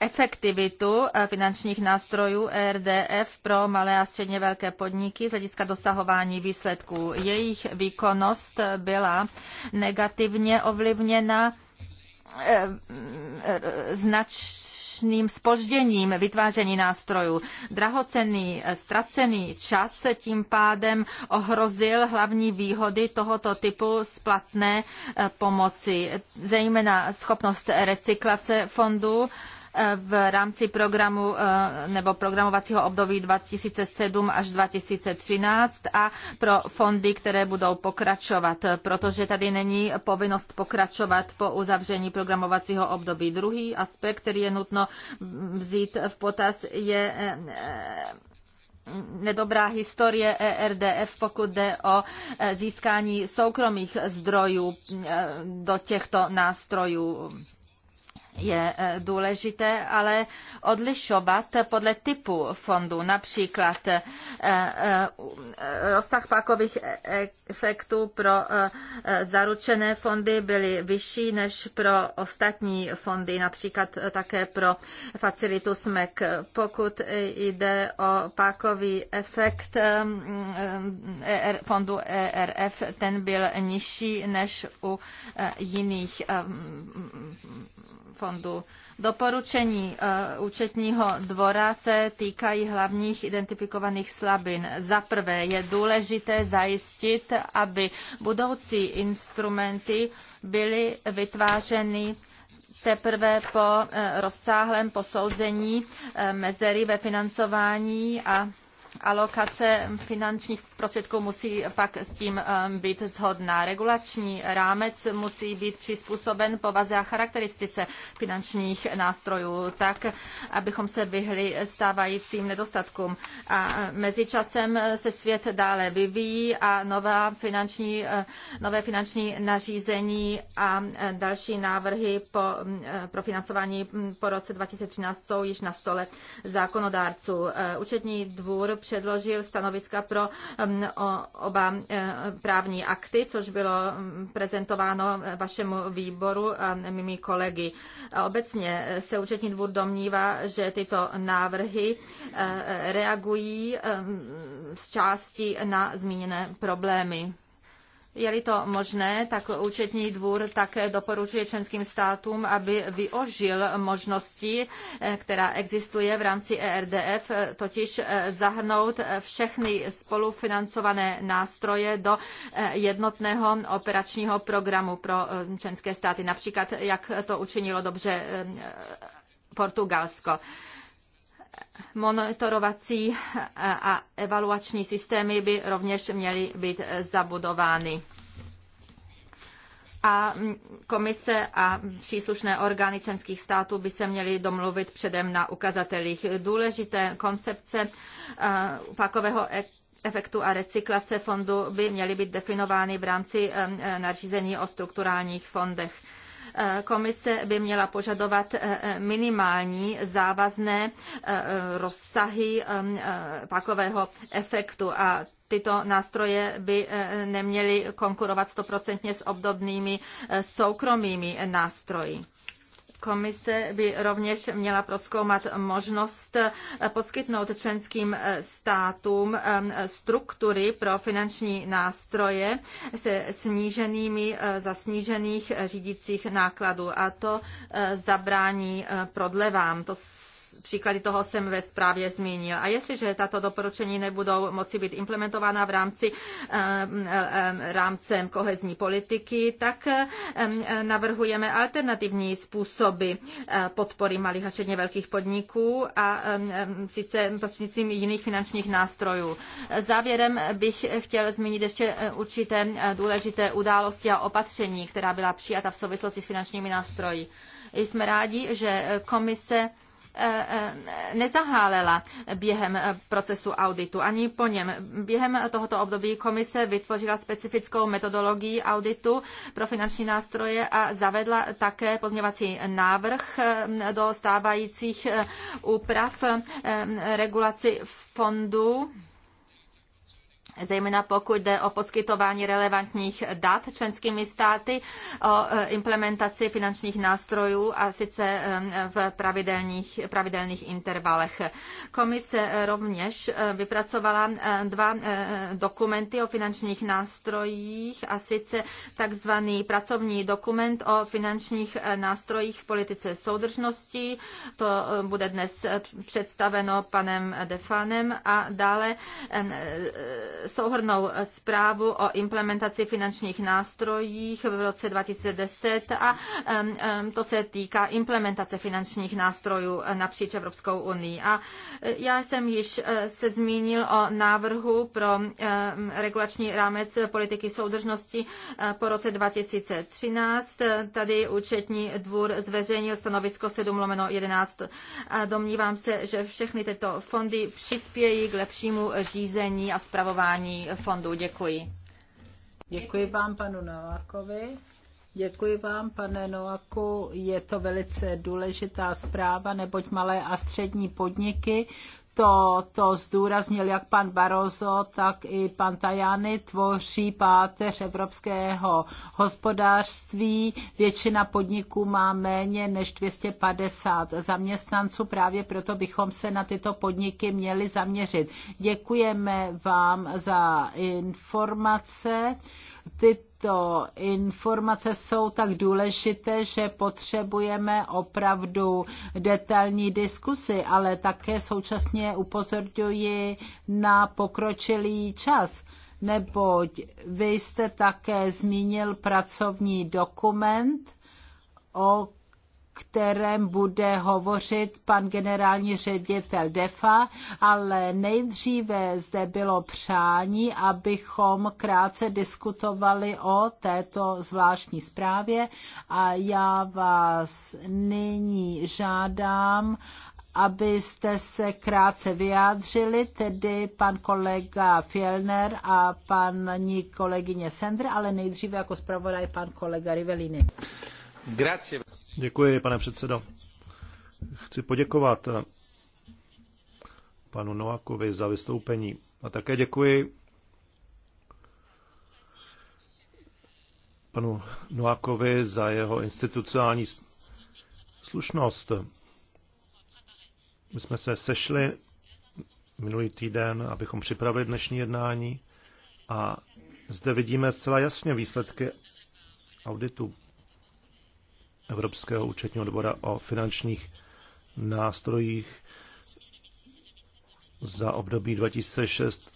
efektivitu finančních nástrojů e RDF pro malé a středně velké podniky z hlediska dosahování výsledků. Jejich výkonnost byla negativně ovlivněna Eh, značným spožděním vytváření nástrojů. Drahocený, eh, ztracený čas tím pádem ohrozil hlavní výhody tohoto typu splatné eh, pomoci, zejména schopnost recyklace fondů, v rámci programu eh, nebo programovacího období 2007 až 2013 a pro fondy, které budou pokračovat, protože tady není povinnost pokračovat po uzavření programovacího období. Druhý aspekt, který je nutno vzít v potaz, je eh, nedobrá historie ERDF, pokud jde o eh, získání soukromých zdrojů do těchto nástrojů je eh, důležité ale odlišovat podle typu fondu, například eh, eh, rozsah pakových e, efektů pro zaručené fondy byly vyšší než pro ostatní fondy, například také pro facilitu SMEC. Pokud jde o pákový efekt mm, fondu ERF, ten byl nižší než u jiných fondů mm, mm, fondu. Doporučení eh, účetního dvora se týkají hlavních identifikovaných slabin. Za prvé je důležité zajistit, aby budoucí instrumenty byly vytvářeny teprve po eh, rozsáhlém posouzení eh, mezery ve financování a alokace finančních prostředků musí pak s tím um, být zhodná. Regulační rámec musí být přizpůsoben povaze a charakteristice finančních nástrojů, tak, abychom se vyhli stávajícím nedostatkům. A e, mezičasem se svět dále vyvíjí a nová finanční, e, nové finanční nařízení a e, další návrhy po, pro financování po roce 2013 jsou již na stole zákonodárců. Účetní dvůr předložil stanoviska pro um, oba uh, právní akty, což bylo um, prezentováno vašemu výboru a mými kolegy. Obecně se účetní dvůr domnívá, že tyto návrhy uh, reagují um, z části na zmíněné problémy. Je-li to možné, tak účetní dvůr také doporučuje členským státům, aby využil možnosti, eh, která existuje v rámci ERDF, totiž eh, zahrnout eh, všechny spolufinancované nástroje do jednotného operačního programu pro členské státy. Například, jak to učinilo dobře Portugalsko monitorovací a evaluační systémy by rovněž měly být zabudovány. A komise a příslušné orgány členských států by se měly domluvit předem na ukazatelích. Důležité koncepce eh, pakového e- efektu a recyklace fondu by měly být definovány v rámci eh, nařízení o strukturálních fondech. Komise by měla požadovat eh, minimální závazné eh, rozsahy eh, pakového efektu a tyto nástroje by neměly konkurovat stoprocentně s obdobnými soukromými nástroji. Komise by rovněž měla proskoumat možnost poskytnout členským eh, státům ehm, struktury pro finanční nástroje se sníženými eh, za snížených řídících nákladů a to eh, zabrání prodlevám. To Příklady toho jsem ve zprávě zmínil. A jestliže tato doporučení nebudou moci být implementována v rámci rámcem kohezní politiky, tak navrhujeme alternativní způsoby eh, podpory malých a středně velkých podniků a sice prostřednictvím jiných finančních nástrojů. Závěrem bych chtěl zmínit ještě eh, určité eh, důležité události a opatření, která byla přijata v souvislosti s finančními nástroji. Jsme rádi, že komise Eh, eh, nezahálela během eh, procesu auditu, ani po něm. Během tohoto období komise vytvořila specifickou metodologii auditu pro finanční nástroje a zavedla také pozměvací návrh do stávajících úprav regulaci fondů zejména pokud jde o poskytování relevantních dat členskými státy, o e, implementaci finančních nástrojů a sice e, v pravidelných, pravidelných intervalech. Komise e, rovněž vypracovala dva dokumenty o finančních nástrojích a sice takzvaný pracovní dokument o finančních nástrojích v politice soudržnosti. To bude dnes představeno panem Defanem a dále souhrnou zprávu o implementaci finančních nástrojích v roce 2010 a to se týká implementace finančních nástrojů napříč Evropskou unii. A e, já jsem již e, se zmínil o návrhu pro regulační rámec politiky soudržnosti e, po roce 2013. Tady účetní dvůr zveřejnil stanovisko 7 lomeno 11. A domnívám se, že všechny tyto fondy přispějí k lepšímu řízení a zpravování fungování fondu. Děkuji. Děkuji vám, panu Novákovi. Děkuji vám, pane Noaku. Je to velice důležitá zpráva, neboť malé a střední podniky to, to zdůraznil jak pan Barroso, tak i pan Tajany, tvoří páteř evropského hospodářství. Většina podniků má méně než 250 zaměstnanců, právě proto bychom se na tyto podniky měli zaměřit. Děkujeme vám za informace. Ty tyto informace jsou tak důležité, že potřebujeme opravdu detailní diskusy, ale také současně upozorňuji na pokročilý čas neboť vy jste také zmínil pracovní dokument, o kterém bude hovořit pan generální ředitel DEFA, ale nejdříve zde bylo přání, abychom krátce diskutovali o této zvláštní zprávě a já vás nyní žádám, abyste se krátce vyjádřili, tedy pan kolega Fielner a paní kolegyně Sender, ale nejdříve jako zpravodaj pan kolega Rivelini. Grazie. Děkuji, pane předsedo. Chci poděkovat eh, panu Noakovi za vystoupení a také děkuji panu Noakovi za jeho institucionální slušnost. My jsme se sešli minulý týden, abychom připravili dnešní jednání a zde vidíme zcela jasně výsledky auditu Evropského účetního dvora o finančních nástrojích za období 2006,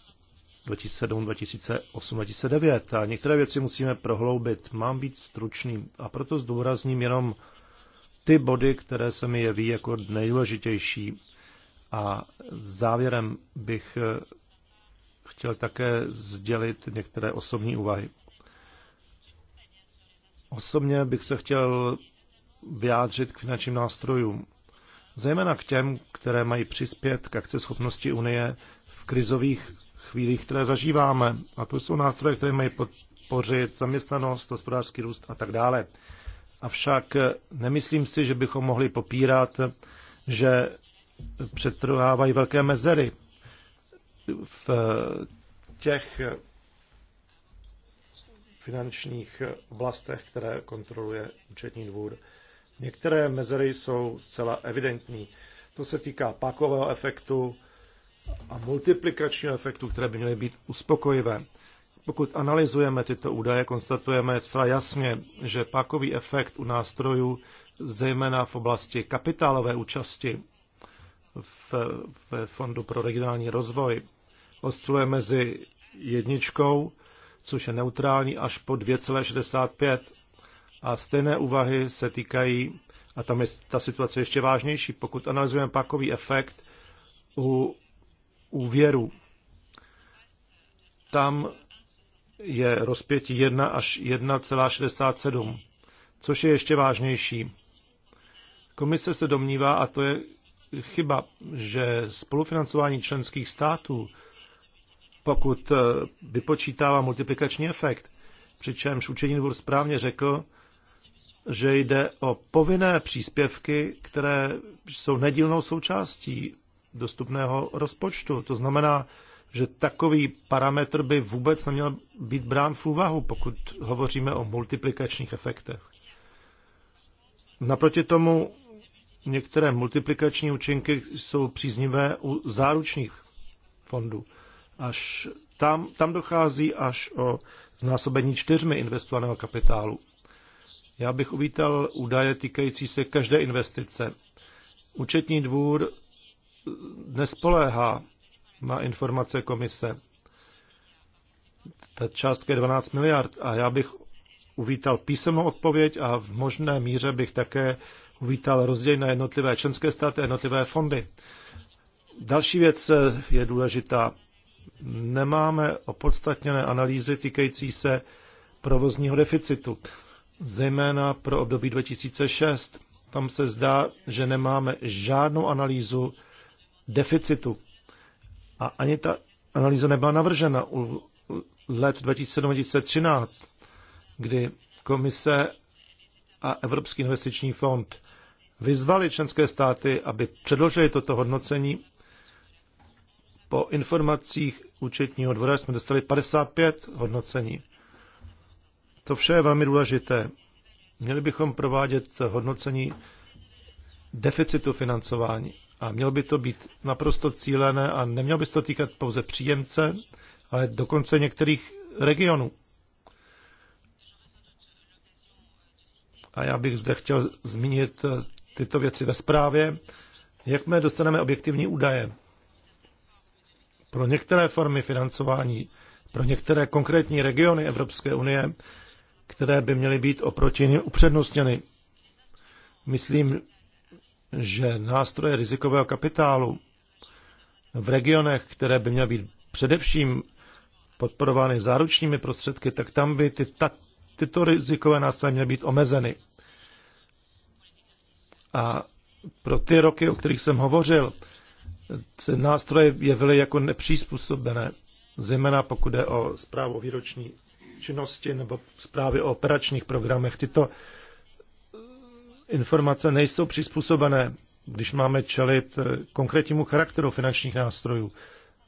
2007, 2008, 2009. A některé věci musíme prohloubit. Mám být stručný a proto zdůrazním jenom ty body, které se mi jeví jako nejdůležitější. A závěrem bych eh, chtěl také sdělit některé osobní úvahy. Osobně bych se chtěl vyjádřit k finančním nástrojům, zejména k těm, které mají přispět k akceschopnosti Unie v krizových chvílích, které zažíváme. A to jsou nástroje, které mají podpořit zaměstnanost, hospodářský růst a tak dále. Avšak nemyslím si, že bychom mohli popírat, že přetrvávají velké mezery v těch finančních oblastech, které kontroluje účetní dvůr. Některé mezery jsou zcela evidentní. To se týká pakového efektu a multiplikačního efektu, které by měly být uspokojivé. Pokud analyzujeme tyto údaje, konstatujeme zcela jasně, že pakový efekt u nástrojů, zejména v oblasti kapitálové účasti v, Fondu pro regionální rozvoj, osciluje mezi jedničkou, což je neutrální, až po 2,65 a stejné úvahy se týkají, a tam je ta situace ještě vážnější, pokud analyzujeme pakový efekt u úvěru. Tam je rozpětí 1 až 1,67, což je ještě vážnější. Komise se domnívá, a to je chyba, že spolufinancování členských států, pokud eh, vypočítává multiplikační efekt, přičemž učení dvůr správně řekl, že jde o povinné příspěvky, které jsou nedílnou součástí dostupného rozpočtu. To znamená, že takový parametr by vůbec neměl být brán v úvahu, pokud hovoříme o multiplikačních efektech. Naproti tomu některé multiplikační účinky jsou příznivé u záručních fondů. Až tam, tam dochází až o znásobení čtyřmi investovaného kapitálu. Já bych uvítal údaje týkající se každé investice. Účetní dvůr nespoléhá na informace komise. Ta částka je 12 miliard a já bych uvítal písemnou odpověď a v možné míře bych také uvítal rozděl na jednotlivé členské státy a jednotlivé fondy. Další věc eh, je důležitá. Nemáme opodstatněné analýzy týkající se provozního deficitu zejména pro období 2006. Tam se zdá, že nemáme žádnou analýzu deficitu. A ani ta analýza nebyla navržena u let 2007-2013, kdy komise a Evropský investiční fond vyzvali členské státy, aby předložili toto hodnocení. Po informacích účetního dvora jsme dostali 55 hodnocení. To vše je velmi důležité. Měli bychom provádět hodnocení deficitu financování a mělo by to být naprosto cílené a nemělo by se to týkat pouze příjemce, ale dokonce některých regionů. A já bych zde chtěl zmínit tyto věci ve zprávě. my dostaneme objektivní údaje pro některé formy financování, pro některé konkrétní regiony Evropské unie, které by měly být oproti jiným upřednostněny. Myslím, že nástroje rizikového kapitálu v regionech, které by měly být především podporovány záručními prostředky, tak tam by ty, ta, tyto rizikové nástroje měly být omezeny. A pro ty roky, o kterých jsem hovořil, se nástroje jevily jako nepřizpůsobené, zejména pokud jde o zprávu výroční činnosti nebo zprávy o operačních programech. Tyto informace nejsou přizpůsobené, když máme čelit eh, konkrétnímu charakteru finančních nástrojů.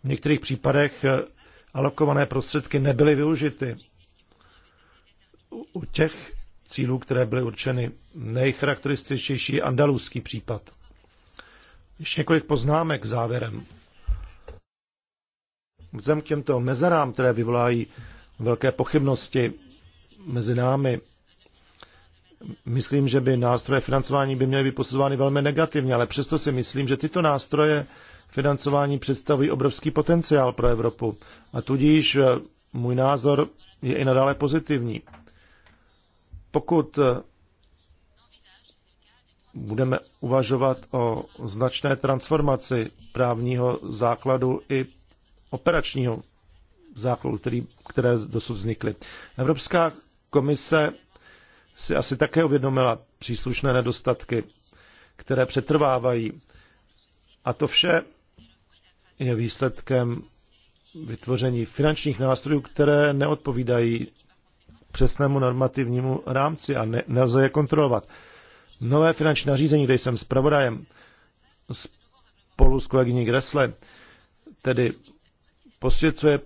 V některých případech eh, alokované prostředky nebyly využity. U těch cílů, které byly určeny, nejcharakterističtější je andaluský případ. Ještě několik poznámek závěrem. Vzem k těmto mezerám, které vyvolají velké pochybnosti mezi námi. Myslím, že by nástroje financování by měly být posuzovány velmi negativně, ale přesto si myslím, že tyto nástroje financování představují obrovský potenciál pro Evropu. A tudíž eh, můj názor je i nadále pozitivní. Pokud eh, budeme uvažovat o značné transformaci právního základu i operačního zákonů, který, které dosud vznikly. Evropská komise si asi také uvědomila příslušné nedostatky, které přetrvávají. A to vše je výsledkem vytvoření finančních nástrojů, které neodpovídají přesnému normativnímu rámci a ne, nelze je kontrolovat. Nové finanční nařízení, kde jsem zpravodajem spolu s kolegyní Gressle, tedy posvěcuje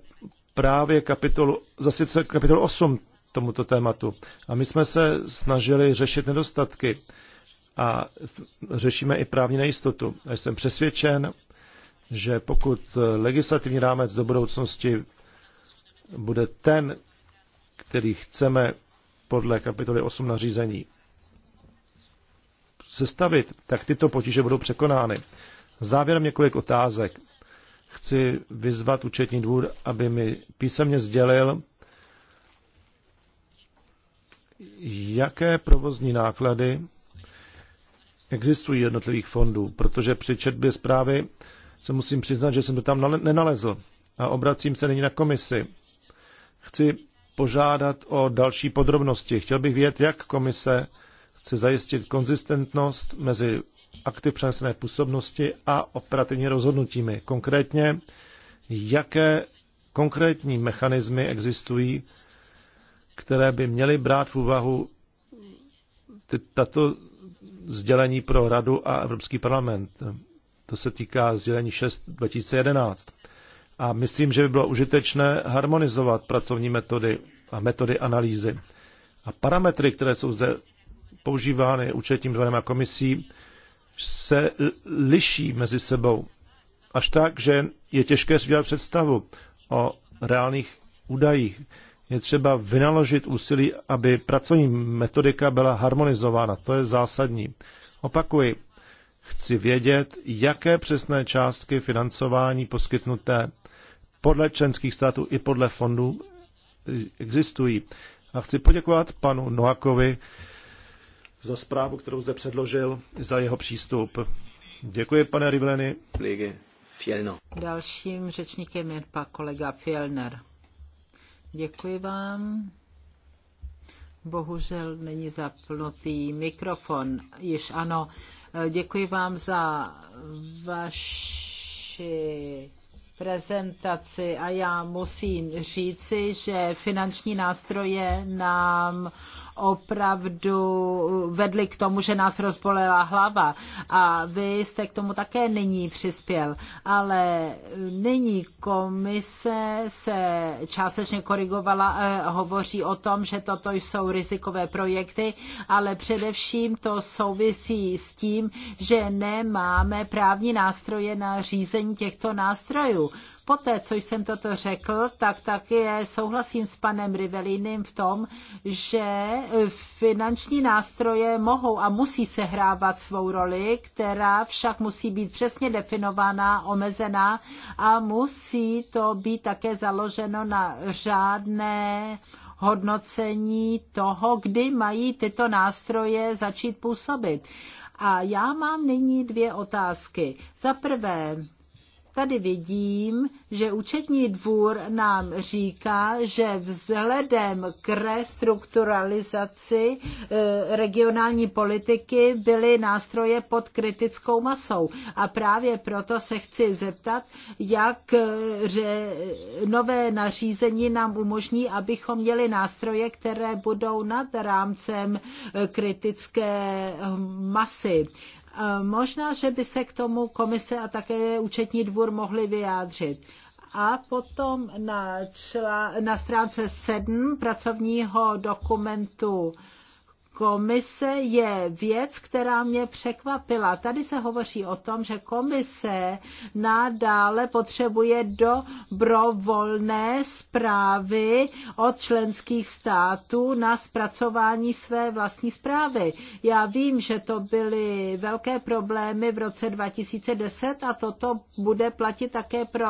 právě kapitolu, zase kapitolu 8 tomuto tématu. A my jsme se snažili řešit nedostatky a řešíme i právní nejistotu. A jsem přesvědčen, že pokud legislativní rámec do budoucnosti bude ten, který chceme podle kapitoly 8 nařízení sestavit, tak tyto potíže budou překonány. Závěrem několik otázek chci vyzvat účetní dvůr, aby mi písemně sdělil, jaké provozní náklady existují jednotlivých fondů, protože při četbě zprávy se musím přiznat, že jsem to tam nenalezl a obracím se nyní na komisi. Chci požádat o další podrobnosti. Chtěl bych vědět, jak komise chce zajistit konzistentnost mezi aktiv přenesené působnosti a operativní rozhodnutími. Konkrétně, jaké konkrétní mechanismy existují, které by měly brát v úvahu tato sdělení pro Radu a Evropský parlament. To se týká sdělení 6 2011. A myslím, že by bylo užitečné harmonizovat pracovní metody a metody analýzy. A parametry, které jsou zde používány účetním dvorem a komisí, se liší mezi sebou. Až tak, že je těžké si udělat představu o reálných údajích. Je třeba vynaložit úsilí, aby pracovní metodika byla harmonizována. To je zásadní. Opakuji, chci vědět, jaké přesné částky financování poskytnuté podle členských států i podle fondů existují. A chci poděkovat panu Noakovi za zprávu, kterou zde předložil, za jeho přístup. Děkuji, pane Rivleny. Dalším řečníkem je pak kolega Fjellner. Děkuji vám. Bohužel není zapnutý mikrofon. Již ano. Děkuji vám za vaši prezentaci a já musím říci, že finanční nástroje nám opravdu vedly k tomu, že nás rozbolela hlava. A vy jste k tomu také nyní přispěl. Ale nyní komise se částečně korigovala, eh, hovoří o tom, že toto jsou rizikové projekty, ale především to souvisí s tím, že nemáme právní nástroje na řízení těchto nástrojů. Poté, co jsem toto řekl, tak také souhlasím s panem Rivelinem v tom, že finanční nástroje mohou a musí sehrávat svou roli, která však musí být přesně definována, omezená a musí to být také založeno na řádné hodnocení toho, kdy mají tyto nástroje začít působit. A já mám nyní dvě otázky. Za prvé, Tady vidím, že účetní dvůr nám říká, že vzhledem k restrukturalizaci e, regionální politiky byly nástroje pod kritickou masou. A právě proto se chci zeptat, jak e, nové nařízení nám umožní, abychom měli nástroje, které budou nad rámcem e, kritické hm, masy. Eh, možná, že by se k tomu komise a také účetní dvůr mohli vyjádřit a potom na, čla, na stránce 7 pracovního dokumentu komise je věc, která mě překvapila. Tady se hovoří o tom, že komise nadále potřebuje dobrovolné zprávy od členských států na zpracování své vlastní zprávy. Já vím, že to byly velké problémy v roce 2010 a toto bude platit také pro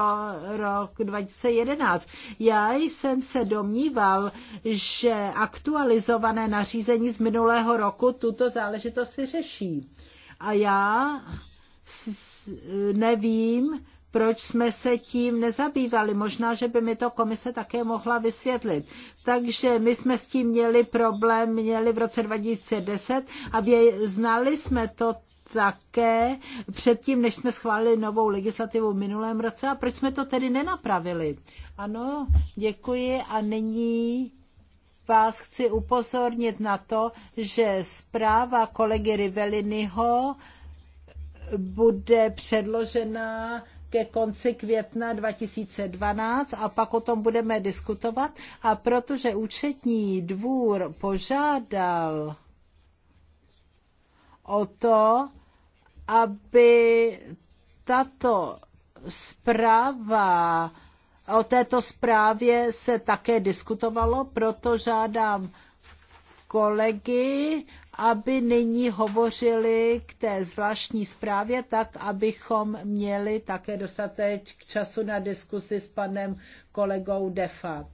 rok 2011. Já jsem se domníval, že aktualizované nařízení z minulého minulého roku tuto záležitost vyřeší. A já nevím, proč jsme se tím nezabývali. Možná, že by mi to komise také mohla vysvětlit. Takže my jsme s tím měli problém, měli v roce 2010 a vě, znali jsme to také předtím, než jsme schválili novou legislativu v minulém roce. A proč jsme to tedy nenapravili? Ano, děkuji a nyní vás chci upozornit na to, že zpráva kolegy Riveliniho bude předložena ke konci května 2012 a pak o tom budeme diskutovat. A protože účetní dvůr požádal o to, aby tato zpráva O této zprávě se také diskutovalo, proto žádám kolegy, aby nyní hovořili k té zvláštní zprávě, tak abychom měli také dostatek času na diskusi s panem kolegou Defa.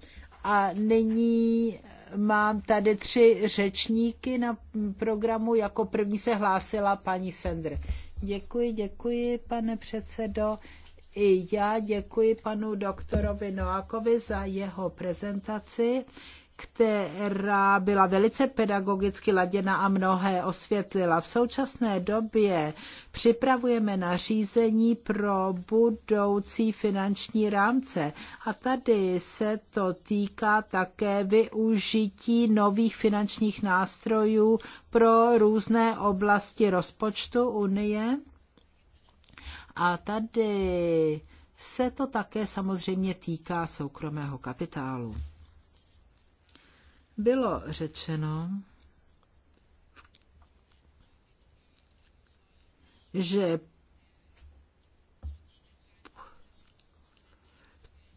A nyní mám tady tři řečníky na programu. Jako první se hlásila paní Sender. Děkuji, děkuji, pane předsedo. I já děkuji panu doktorovi Noákovi za jeho prezentaci, která byla velice pedagogicky laděna a mnohé osvětlila. V současné době připravujeme nařízení pro budoucí finanční rámce a tady se to týká také využití nových finančních nástrojů pro různé oblasti rozpočtu Unie a tady se to také samozřejmě týká soukromého kapitálu. Bylo řečeno, že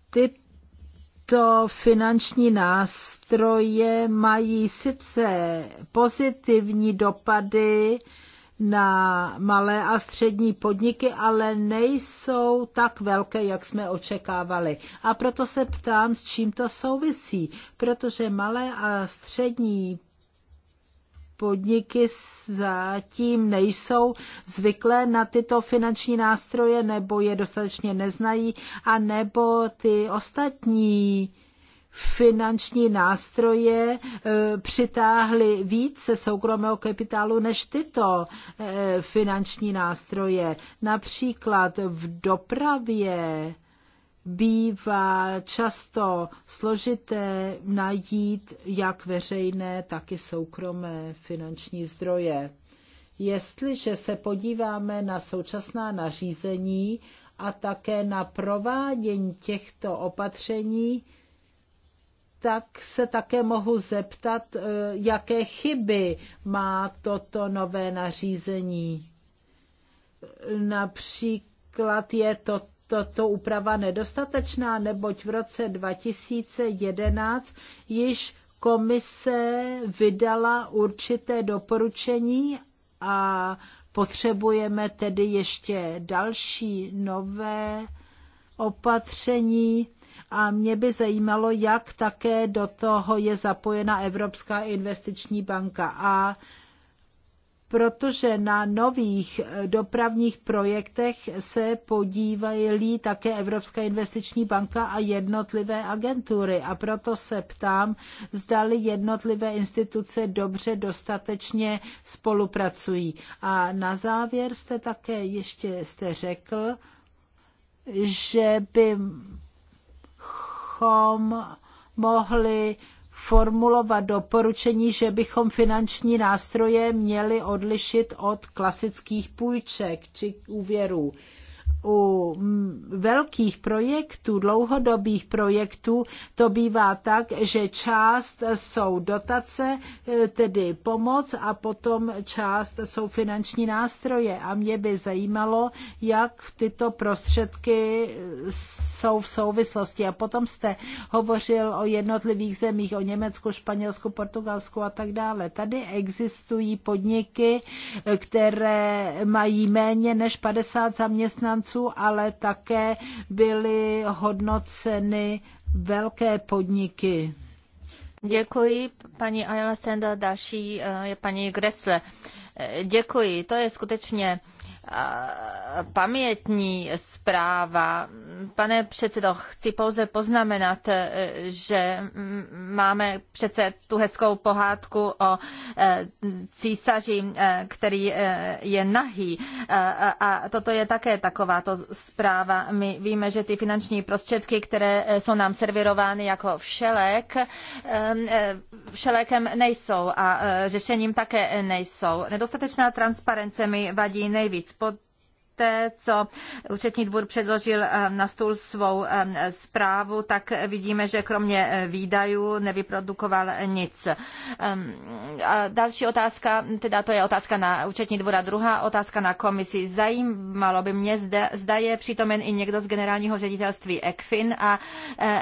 tyto finanční nástroje mají sice pozitivní dopady, na malé a střední podniky, ale nejsou tak velké, jak jsme očekávali. A proto se ptám, s čím to souvisí, protože malé a střední podniky zatím nejsou zvyklé na tyto finanční nástroje, nebo je dostatečně neznají, a nebo ty ostatní finanční nástroje eh, přitáhly více soukromého kapitálu než tyto eh, finanční nástroje. Například v dopravě bývá často složité najít jak veřejné, tak i soukromé finanční zdroje. Jestliže se podíváme na současná nařízení a také na provádění těchto opatření, tak se také mohu zeptat, eh, jaké chyby má toto nové nařízení. Například je to tato úprava nedostatečná, neboť v roce 2011 již komise vydala určité doporučení a potřebujeme tedy ještě další nové opatření a mě by zajímalo, jak také do toho je zapojena Evropská investiční banka. A protože na nových eh, dopravních projektech se podívají také Evropská investiční banka a jednotlivé agentury. A proto se ptám, zdali jednotlivé instituce dobře dostatečně spolupracují. A na závěr jste také ještě jste řekl, že by bychom mohli formulovat doporučení, že bychom finanční nástroje měli odlišit od klasických půjček či úvěrů u mm, velkých projektů, dlouhodobých projektů, to bývá tak, že část jsou dotace, e, tedy pomoc a potom část jsou finanční nástroje. A mě by zajímalo, jak tyto prostředky e, jsou v souvislosti. A potom jste hovořil o jednotlivých zemích, o Německu, Španělsku, Portugalsku a tak dále. Tady existují podniky, e, které mají méně než 50 zaměstnanců zaměstnanců, ale také byly hodnoceny velké podniky. Děkuji, paní Ayala Senda, další eh, je paní Gressle. Eh, děkuji, to je skutečně pamětní zpráva. Pane předsedo, chci pouze poznamenat, e, že máme přece tu hezkou pohádku o e, císaři, e, který je nahý. A toto je také takováto zpráva. My víme, že ty finanční prostředky, které jsou nám servirovány jako všelek, všelekem nejsou a řešením také nejsou. Nedostatečná transparence mi vadí nejvíc spod poté, co účetní dvůr předložil eh, na stůl svou eh, zprávu, tak vidíme, že kromě eh, výdajů nevyprodukoval nic. Ehm, a další otázka, teda to je otázka na účetní dvora, druhá otázka na komisi. Zajímalo by mě, zda, zda je přítomen i někdo z generálního ředitelství ECFIN a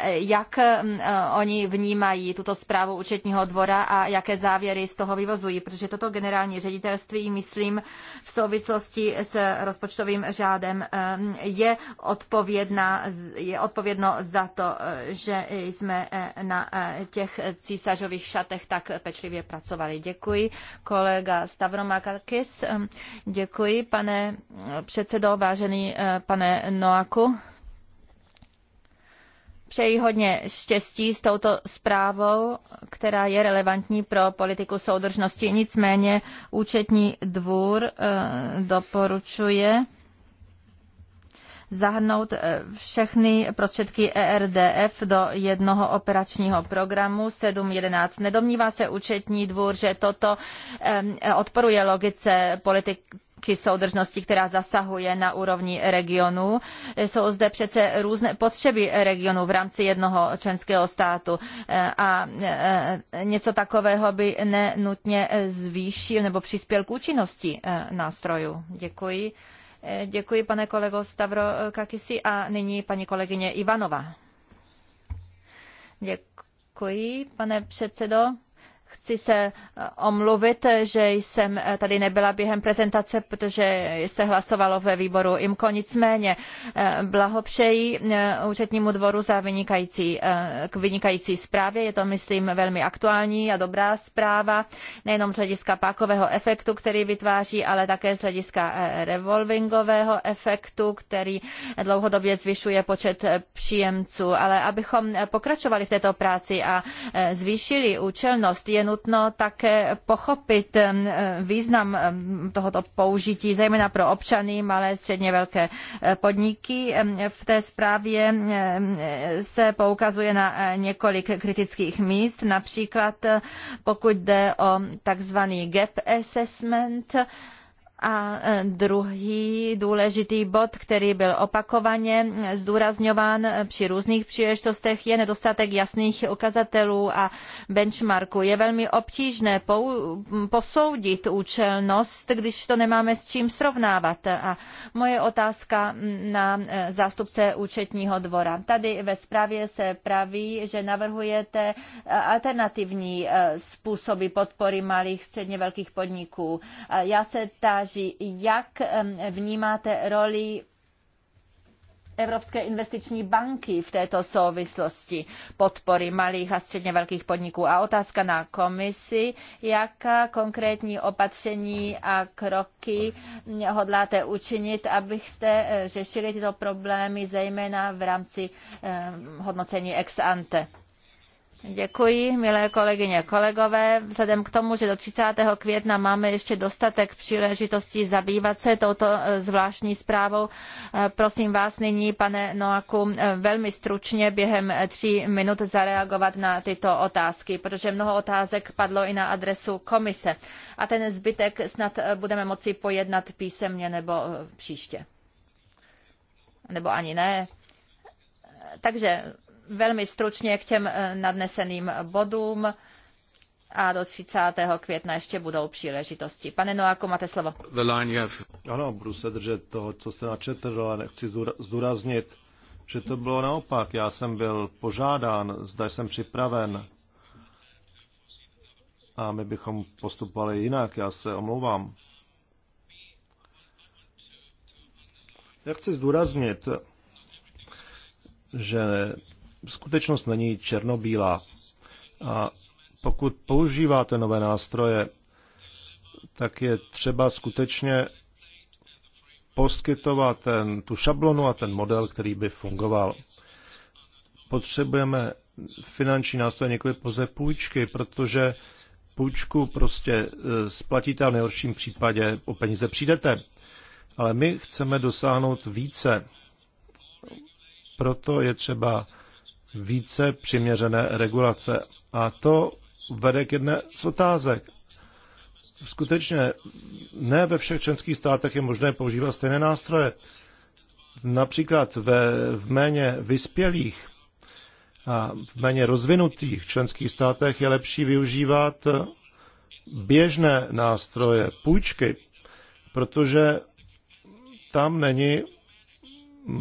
jak mm, oni vnímají tuto zprávu účetního dvora a jaké závěry z toho vyvozují, protože toto generální ředitelství, myslím, v souvislosti s rozpočtovým časovým řádem eh, je, odpovědná, je odpovědno za to, eh, že jsme eh, na těch císařových šatech tak pečlivě pracovali. Děkuji kolega Stavromakakis. Děkuji pane předsedo, vážený pane Noaku. Přeji hodně štěstí s touto zprávou, která je relevantní pro politiku soudržnosti. Nicméně účetní dvůr eh, doporučuje zahrnout eh, všechny prostředky ERDF do jednoho operačního programu 7.11. Nedomnívá se účetní dvůr, že toto eh, odporuje logice politik politiky soudržnosti, která zasahuje na úrovni regionu. Jsou zde přece různé potřeby regionu v rámci jednoho členského státu a e, něco takového by nenutně zvýšil nebo přispěl k účinnosti e, nástrojů. Děkuji. E, děkuji, pane kolego Stavro Kakisi a nyní paní kolegyně Ivanova. Děkuji, pane předsedo. Chci se eh, omluvit, že jsem eh, tady nebyla během prezentace, protože se hlasovalo ve výboru IMCO. Nicméně eh, blahopřeji účetnímu dvoru za vynikající, k vynikající zprávě. Je to, myslím, velmi aktuální a dobrá zpráva, nejenom z hlediska pákového efektu, který vytváří, ale také z hlediska revolvingového efektu, který dlouhodobě zvyšuje počet příjemců. Ale abychom pokračovali v této práci a zvýšili účelnost, je nutno také pochopit eh, význam eh, tohoto použití, zejména pro občany, malé, středně velké eh, podniky. V té zprávě se poukazuje na několik kritických míst, například pokud jde o takzvaný gap assessment, a e, druhý důležitý bod, který byl opakovaně zdůrazňován při různých příležitostech, je nedostatek jasných ukazatelů a benchmarku. Je velmi obtížné posoudit účelnost, když to nemáme s čím srovnávat. A moje otázka na e, zástupce účetního dvora. Tady ve zprávě se praví, že navrhujete e, alternativní způsoby podpory malých, středně velkých podniků. Já se táži, stáří. Jak vnímáte roli Evropské investiční banky v této souvislosti podpory malých a středně velkých podniků. A otázka na komisi, jaká konkrétní opatření a kroky hodláte učinit, abyste eh, řešili tyto problémy, zejména v rámci eh, hodnocení ex ante. Děkuji, milé kolegyně, kolegové. Vzhledem k tomu, že do 30. května máme ještě dostatek příležitostí zabývat se touto eh, zvláštní zprávou, eh, prosím vás nyní, pane Noaku, eh, velmi stručně během tří minut zareagovat na tyto otázky, protože mnoho otázek padlo i na adresu komise. A ten zbytek snad budeme moci pojednat písemně nebo příště. Nebo ani ne. Takže Velmi stručně k těm eh, nadneseným bodům a do 30. května ještě budou příležitosti. Pane Noáku, máte slovo. Ano, budu se držet toho, co jste načetl, ale nechci zdůraznit, že to bylo naopak. Já jsem byl požádán, zda jsem připraven a my bychom postupovali jinak, já se omlouvám. Já chci zdůraznit, že skutečnost není černobílá. A pokud používáte nové nástroje, tak je třeba skutečně poskytovat ten, tu šablonu a ten model, který by fungoval. Potřebujeme finanční nástroje, nikoli pouze půjčky, protože půjčku prostě e, splatíte a v nejhorším případě o peníze přijdete. Ale my chceme dosáhnout více. Proto je třeba více přiměřené regulace. A to vede k jedné z otázek. Skutečně ne ve všech členských státech je možné používat stejné nástroje. Například ve, v méně vyspělých a v méně rozvinutých členských státech je lepší využívat běžné nástroje, půjčky, protože tam není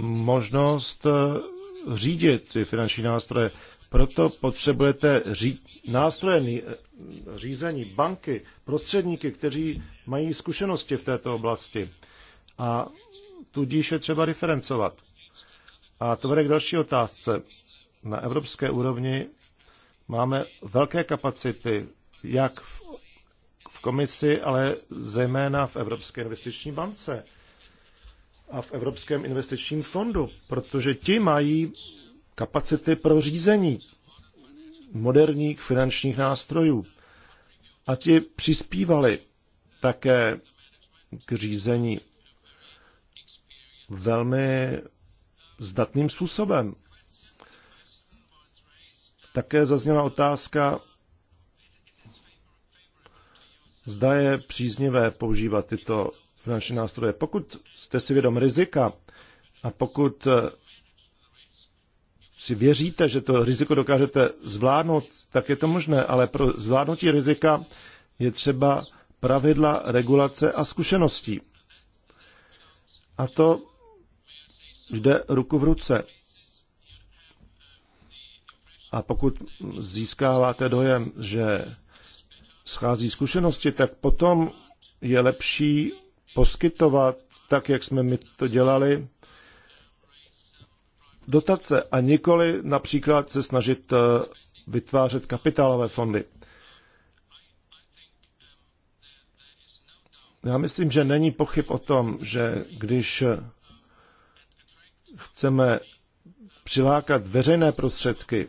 možnost řídit ty finanční nástroje. Proto potřebujete ří, nástroje řízení banky, prostředníky, kteří mají zkušenosti v této oblasti. A tudíž je třeba diferencovat. A to vede k další otázce. Na evropské úrovni máme velké kapacity, jak v, v komisi, ale zejména v Evropské investiční bance a v Evropském investičním fondu, protože ti mají kapacity pro řízení moderních finančních nástrojů. A ti přispívali také k řízení velmi zdatným způsobem. Také zazněla otázka, zda je příznivé používat tyto finanční nástroje. Pokud jste si vědom rizika a pokud eh, si věříte, že to riziko dokážete zvládnout, tak je to možné, ale pro zvládnutí rizika je třeba pravidla, regulace a zkušeností. A to jde ruku v ruce. A pokud získáváte dojem, že schází zkušenosti, tak potom je lepší poskytovat, tak jak jsme my to dělali, dotace a nikoli například se snažit eh, vytvářet kapitálové fondy. Já myslím, že není pochyb o tom, že když eh, chceme přilákat veřejné prostředky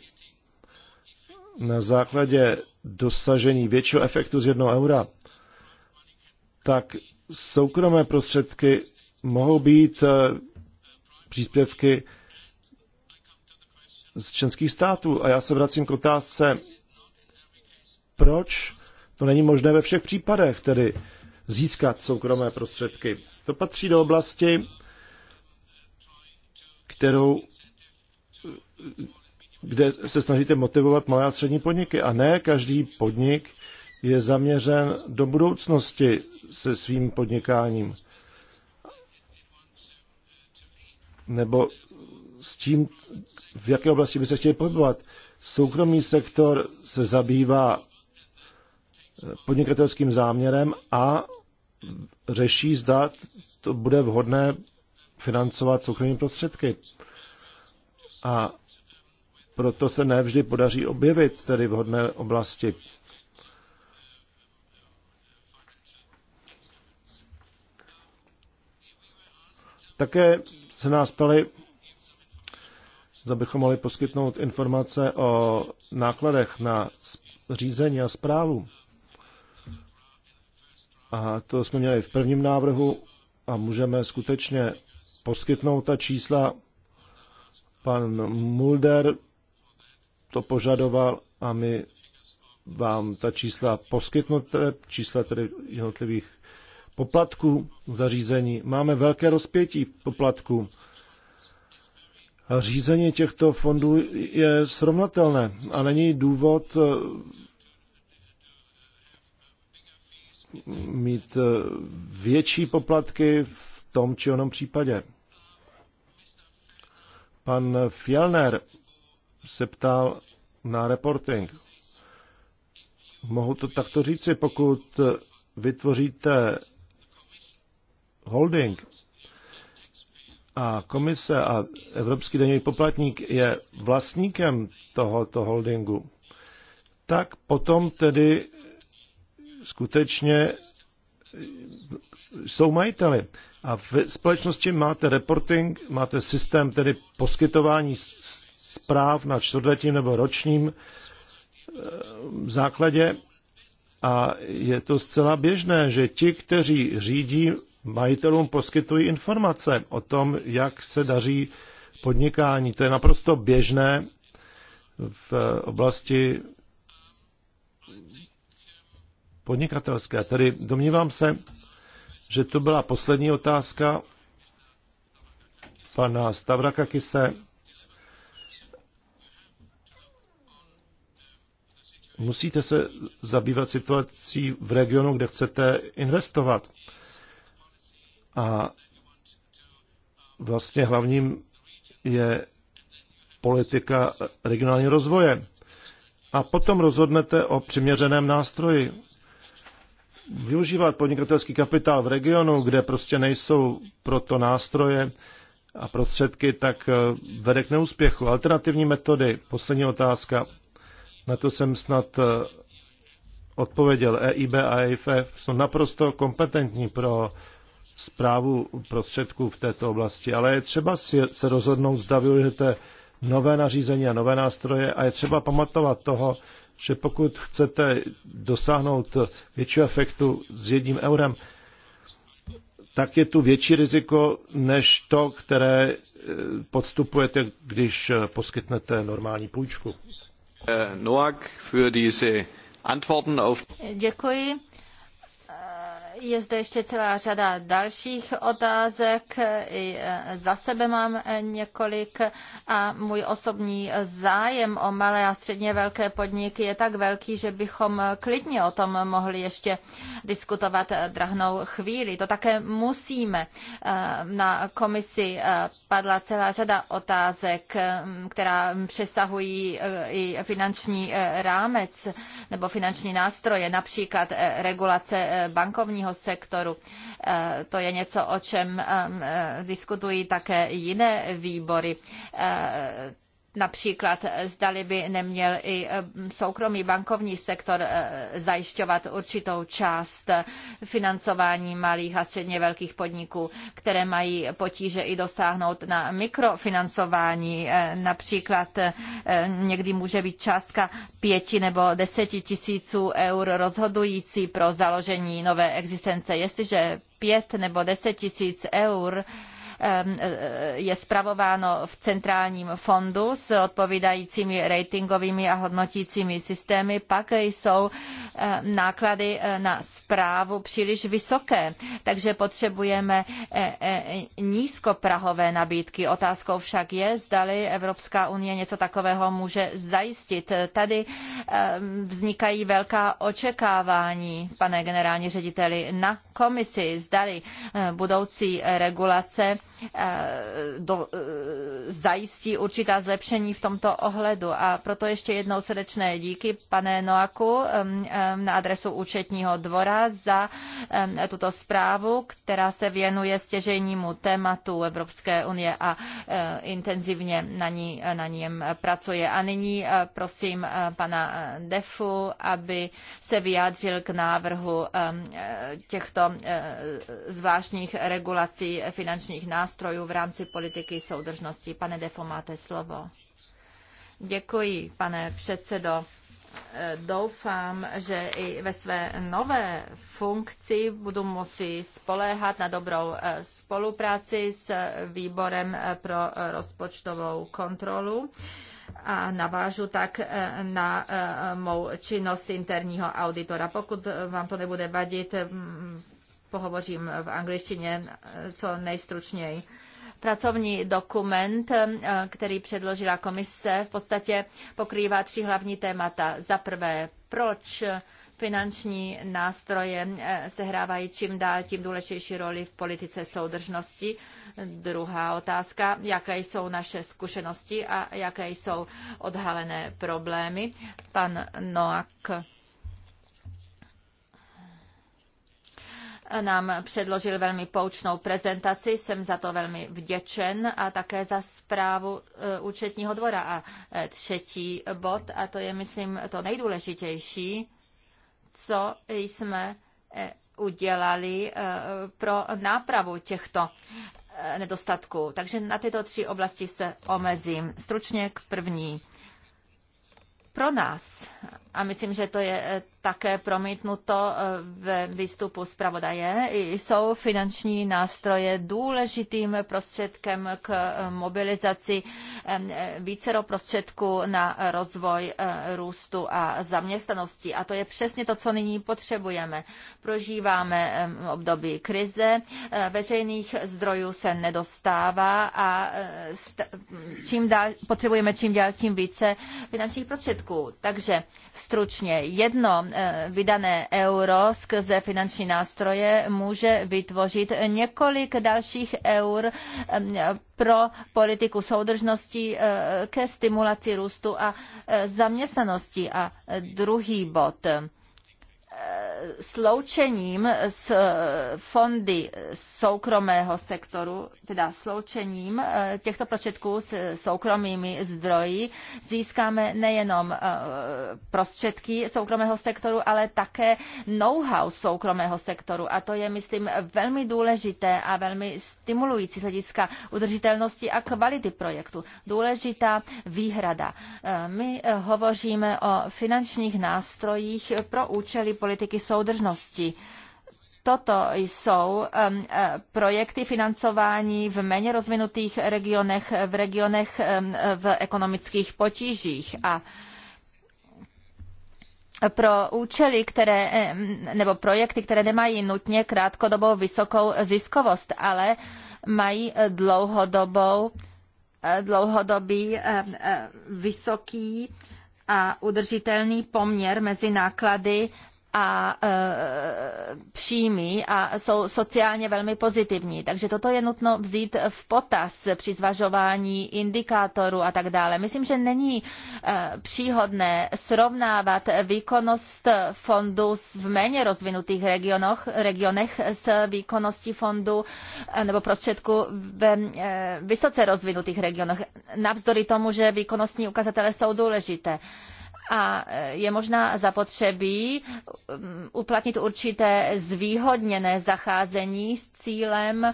na základě dosažení většího efektu z jednoho eura, tak soukromé prostředky mohou být eh, příspěvky z členských států. A já se vracím k otázce, proč to není možné ve všech případech, tedy získat soukromé prostředky. To patří do oblasti, kterou, kde se snažíte motivovat malé a střední podniky a ne každý podnik je zaměřen do budoucnosti se svým podnikáním. Nebo s tím, v jaké oblasti by se chtěli pohybovat. Soukromý sektor se zabývá eh, podnikatelským záměrem a řeší, zda to bude vhodné financovat soukromými prostředky. A proto se nevždy podaří objevit tedy vhodné oblasti Také se nás ptali, abychom mohli poskytnout informace o nákladech na řízení a zprávu. A to jsme měli v prvním návrhu a můžeme skutečně poskytnout ta čísla. Pan Mulder to požadoval a my vám ta čísla poskytnuté, čísla tedy jednotlivých poplatků zařízení Máme velké rozpětí poplatků. řízení těchto fondů je srovnatelné a není důvod eh, mít eh, větší poplatky v tom či onom případě. Pan Fjellner se ptal na reporting. Mohu to takto říci, pokud eh, vytvoříte holding a komise a Evropský daňový poplatník je vlastníkem tohoto holdingu, tak potom tedy skutečně jsou majiteli. A v společnosti máte reporting, máte systém tedy poskytování zpráv na čtvrtletním nebo ročním eh, základě a je to zcela běžné, že ti, kteří řídí, majitelům poskytují informace o tom, jak se daří podnikání. To je naprosto běžné v oblasti podnikatelské. Tedy domnívám se, že to byla poslední otázka pana Kise. Musíte se zabývat situací v regionu, kde chcete investovat. A vlastně hlavním je politika regionálního rozvoje. A potom rozhodnete o přiměřeném nástroji. Využívat podnikatelský kapitál v regionu, kde prostě nejsou proto nástroje a prostředky, tak eh, vede k neúspěchu. Alternativní metody, poslední otázka, na to jsem snad eh, odpověděl. EIB a EIF jsou naprosto kompetentní pro zprávu prostředků v této oblasti, ale je třeba si, se rozhodnout, zda využijete nové nařízení a nové nástroje a je třeba pamatovat toho, že pokud chcete dosáhnout většího efektu s jedním eurem, tak je tu větší riziko než to, které eh, podstupujete, když eh, poskytnete normální půjčku. Eh, Noak für diese Antworten auf Děkuji je zde ještě celá řada dalších otázek. I e, za sebe mám e, několik a můj osobní zájem o malé a středně velké podniky je tak velký, že bychom klidně o tom mohli ještě diskutovat drahnou chvíli. To také musíme. E, na komisi padla celá řada otázek, která přesahují i finanční rámec nebo finanční nástroje, například regulace bankovního sektoru. Eh, to je něco, o čem eh, eh, diskutují také jiné výbory. Například zdali by neměl i eh, soukromý bankovní sektor eh, zajišťovat určitou část eh, financování malých a středně velkých podniků, které mají potíže i dosáhnout na mikrofinancování. Například někdy může být částka pěti nebo deseti tisíců eur rozhodující pro založení nové existence. Jestliže pět nebo deset tisíc eur E, e, je spravováno v centrálním fondu s odpovídajícími ratingovými a hodnotícími systémy, pak jsou e, náklady na správu příliš vysoké, takže potřebujeme nízkoprahové nabídky. Otázkou však je, zdali Evropská unie něco takového může zajistit. Tady vznikají velká očekávání, pane generální řediteli, na komisi, zdali budoucí regulace Eh, do, eh, zajistí určitá zlepšení v tomto ohledu. A proto ještě jednou srdečné díky, pane Noaku, na adresu účetního dvora za tuto zprávu, která se věnuje stěžejnímu tématu Evropské unie a eh, intenzivně na, ní, na něm pracuje. A nyní prosím pana Defu, aby se vyjádřil k návrhu těchto zvláštních regulací finančních nástrojů nástrojů v rámci politiky soudržnosti. Pane Defo, máte slovo. Děkuji, pane předsedo. E, doufám, že i ve své nové funkci budu musí spoléhat na dobrou e, spolupráci s výborem e, pro rozpočtovou kontrolu a navážu tak na mou činnost interního auditora. Pokud vám to nebude vadit, pohovořím v angličtině co nejstručněji pracovní dokument, eh, který předložila komise, v podstatě pokrývá tři hlavní témata. Za prvé, proč finanční nástroje eh, sehrávají čím dál tím důležitější roli v politice soudržnosti. Druhá otázka, jaké jsou naše zkušenosti a jaké jsou odhalené problémy. Pan Noak nám předložil velmi poučnou prezentaci. Jsem za to velmi vděčen a také za zprávu e, účetního dvora. A e, třetí bod, a to je, myslím, to nejdůležitější, co jsme e, udělali pro nápravu těchto nedostatků. Takže na tyto tři oblasti se omezím. Stručně k první. Pro nás, a myslím, že to je také promítnuto eh, ve výstupu zpravodaje. Jsou finanční nástroje důležitým prostředkem k eh, mobilizaci eh, vícero prostředků na rozvoj růstu a zaměstnanosti. A to je přesně to, co nyní potřebujeme. Prožíváme období krize, veřejných zdrojů se nedostává a čím dál, potřebujeme čím dál tím více finančních prostředků. Takže stručně jedno Eh, vydané euro skrze finanční nástroje může vytvořit několik dalších eur eh, pro politiku soudržnosti eh, ke stimulaci růstu a zaměstnanosti. A druhý bod Eh, sloučením s eh, fondy soukromého sektoru, teda sloučením eh, těchto prostředků s soukromými zdroji, získáme nejenom prostředky soukromého sektoru, ale také know-how soukromého sektoru. A to je, myslím, velmi důležité a velmi stimulující z hlediska udržitelnosti a kvality projektu. Důležitá výhrada. My hovoříme o finančních nástrojích pro účely politiky soudržnosti. Toto jsou um, uh, projekty financování v méně rozvinutých regionech, v regionech um, v ekonomických potížích. A pro účely, které, um, nebo projekty, které nemají nutně krátkodobou vysokou ziskovost, ale mají dlouhodobou, eh, dlouhodobý eh, eh, vysoký a udržitelný poměr mezi náklady a e, a jsou sociálně velmi pozitivní. Takže toto je nutno vzít v potaz při zvažování indikátorů a tak dále. Myslím, že není e, příhodné srovnávat výkonnost fondu v méně rozvinutých regionoch, regionech s výkonností fondu e, nebo prostředku ve e, vysoce rozvinutých regionech, navzdory tomu, že výkonnostní ukazatele jsou důležité. E, a e, je možná zapotřebí uplatnit určité zvýhodněné zacházení s cílem e,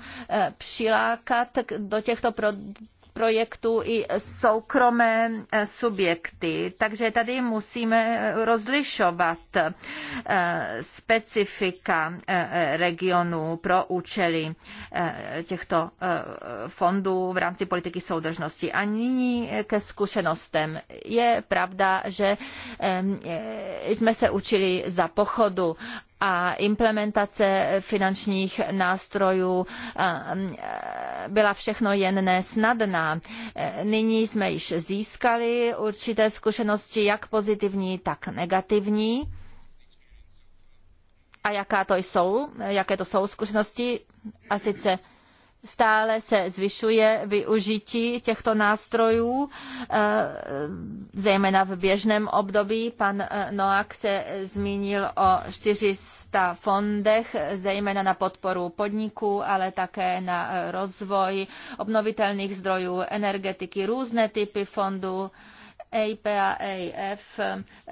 přilákat do těchto produktů projektu i soukromé eh, subjekty. Takže tady musíme eh, rozlišovat eh, specifika regionů pro účely těchto fondů v rámci politiky soudržnosti. A nyní ke zkušenostem. Je pravda, že jsme se učili za pochodu a implementace finančních nástrojů byla všechno jen nesnadná. Nyní jsme již získali určité zkušenosti, jak pozitivní, tak negativní. A jaká to jsou, jaké to jsou zkušenosti? A sice Stále se zvyšuje využití těchto nástrojů, eh, zejména v běžném období. Pan eh, Noak se zmínil o 400 fondech, zejména na podporu podniků, ale také na eh, rozvoj obnovitelných zdrojů energetiky, různé typy fondů EIPAEF,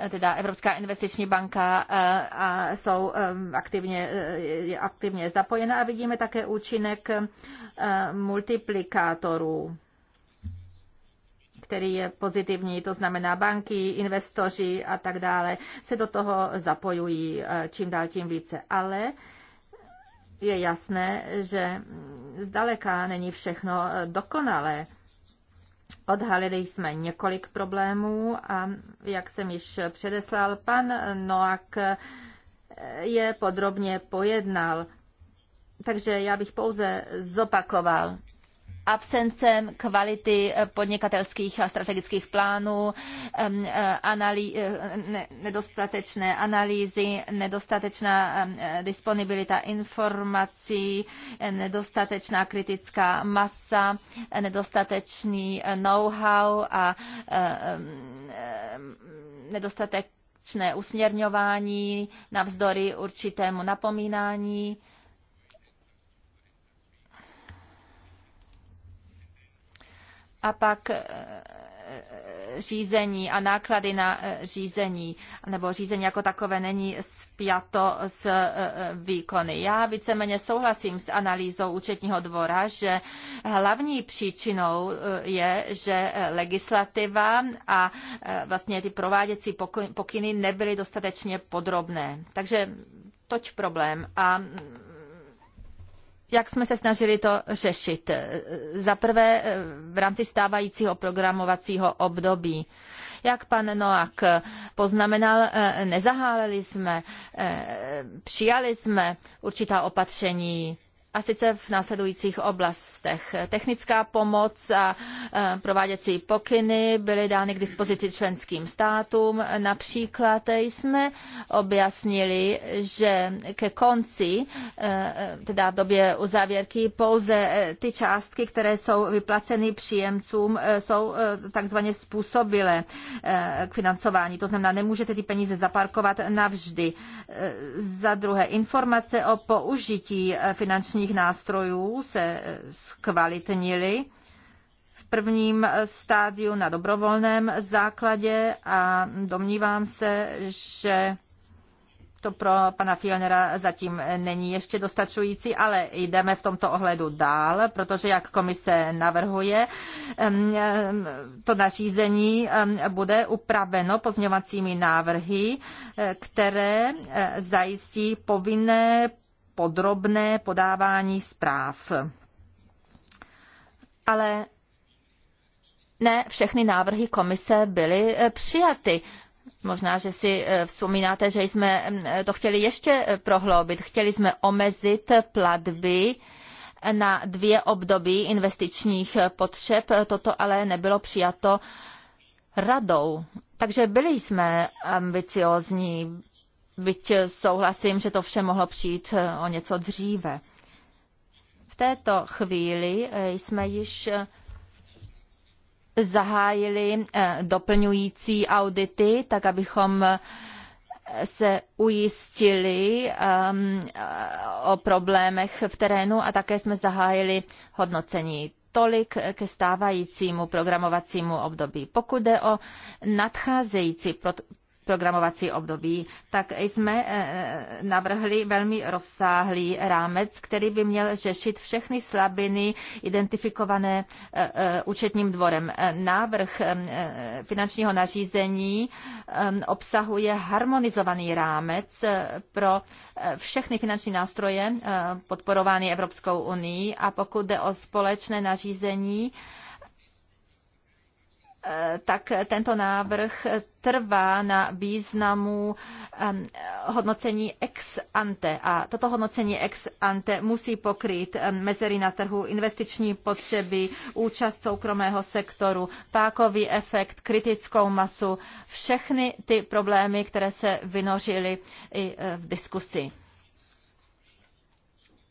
teda Evropská investiční banka, eh, a jsou eh, aktivně, eh, aktivně zapojena a vidíme také účinek multiplikátorů který je pozitivní, to znamená banky, investoři a tak dále, se do toho zapojují čím dál tím více. Ale je jasné, že zdaleka není všechno dokonalé. Odhalili jsme několik problémů a jak jsem již předeslal, pan Noak eh, je podrobně pojednal. Takže já bych pouze zopakoval absencem kvality eh, podnikatelských a strategických plánů, eh, analý, eh, nedostatečné analýzy, nedostatečná disponibilita informací, nedostatečná kritická masa, nedostatečný know-how a nedostatečné usměrňování navzdory určitému napomínání. a pak eh, řízení a náklady na eh, řízení nebo řízení jako takové není spjato s eh, výkony. Já víceméně souhlasím s analýzou účetního dvora, že hlavní příčinou je, že legislativa a vlastně ty prováděcí pokyny nebyly dostatečně podrobné. Takže toč problém. A jak jsme se snažili to řešit? Za prvé eh, v rámci stávajícího programovacího období. Jak pan Noak poznamenal, eh, nezaháleli jsme, eh, přijali jsme určitá opatření a sice v následujících oblastech. Technická pomoc a e, prováděcí pokyny byly dány k dispozici členským státům. Například jsme objasnili, že ke konci, e, teda v době uzávěrky, pouze e, ty částky, které jsou vyplaceny příjemcům, jsou takzvaně způsobile k financování. To znamená, nemůžete ty peníze zaparkovat navždy. Za druhé, informace o použití finančních právních nástrojů se eh, zkvalitnily v prvním eh, stádiu na dobrovolném základě a domnívám se, že to pro pana Fielnera zatím není ještě dostačující, ale jdeme v tomto ohledu dál, protože jak komise navrhuje, to nařízení bude upraveno pozměňovacími návrhy, eh, které zajistí povinné podrobné podávání zpráv. Ale ne všechny návrhy komise byly eh, přijaty. Možná, že si eh, vzpomínáte, že jsme mm, eh, to chtěli ještě prohloubit. Chtěli jsme omezit platby na dvě období investičních potřeb. Toto ale nebylo přijato radou. Takže byli jsme ambiciózní, byť souhlasím, že to vše mohlo přijít eh, o něco dříve. V této chvíli eh, jsme již eh, zahájili doplňující audity, tak abychom se ujistili um, o problémech v terénu a také jsme zahájili hodnocení. Tolik ke stávajícímu programovacímu období. Pokud jde o nadcházející programovací období, tak jsme eh, navrhli velmi rozsáhlý rámec, který by měl řešit všechny slabiny identifikované eh, eh, účetním dvorem. Návrh finančního nařízení obsahuje harmonizovaný rámec pro všechny finanční nástroje podporovány Evropskou unii a pokud jde o společné nařízení, Eh, tak tento návrh trvá na významu hodnocení ex ante. A toto hodnocení ex ante musí pokrýt mezery na trhu, investiční potřeby, účast soukromého sektoru, pákový efekt, kritickou masu, všechny ty problémy, které se vynořily i eh, v diskusi.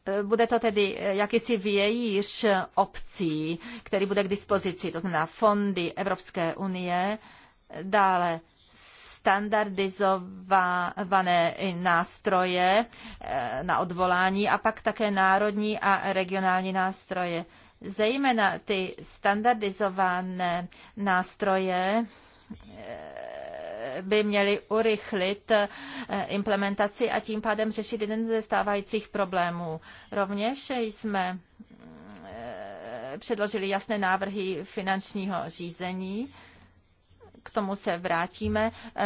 Eh, bude to tedy eh, jakýsi vějíř eh, obcí, který bude k dispozici, to znamená fondy Evropské unie, dále standardizované nástroje na odvolání a pak také národní a regionální nástroje. Zejména ty standardizované nástroje by měly urychlit eh, implementaci a tím pádem řešit jeden ze stávajících problémů. Rovněž jsme eh, předložili jasné návrhy finančního řízení k tomu se vrátíme, e,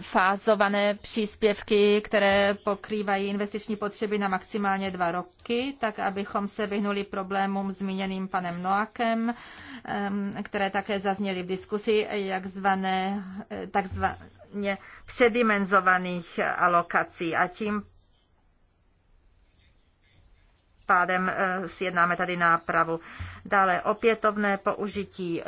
fázované příspěvky, které pokrývají investiční potřeby na maximálně dva roky, tak abychom se vyhnuli problémům zmíněným panem Noakem, e, které také zazněly v diskusi, jak zvané, e, takzvaně předimenzovaných alokací a tím pádem sjednáme tady nápravu. Dále opětovné použití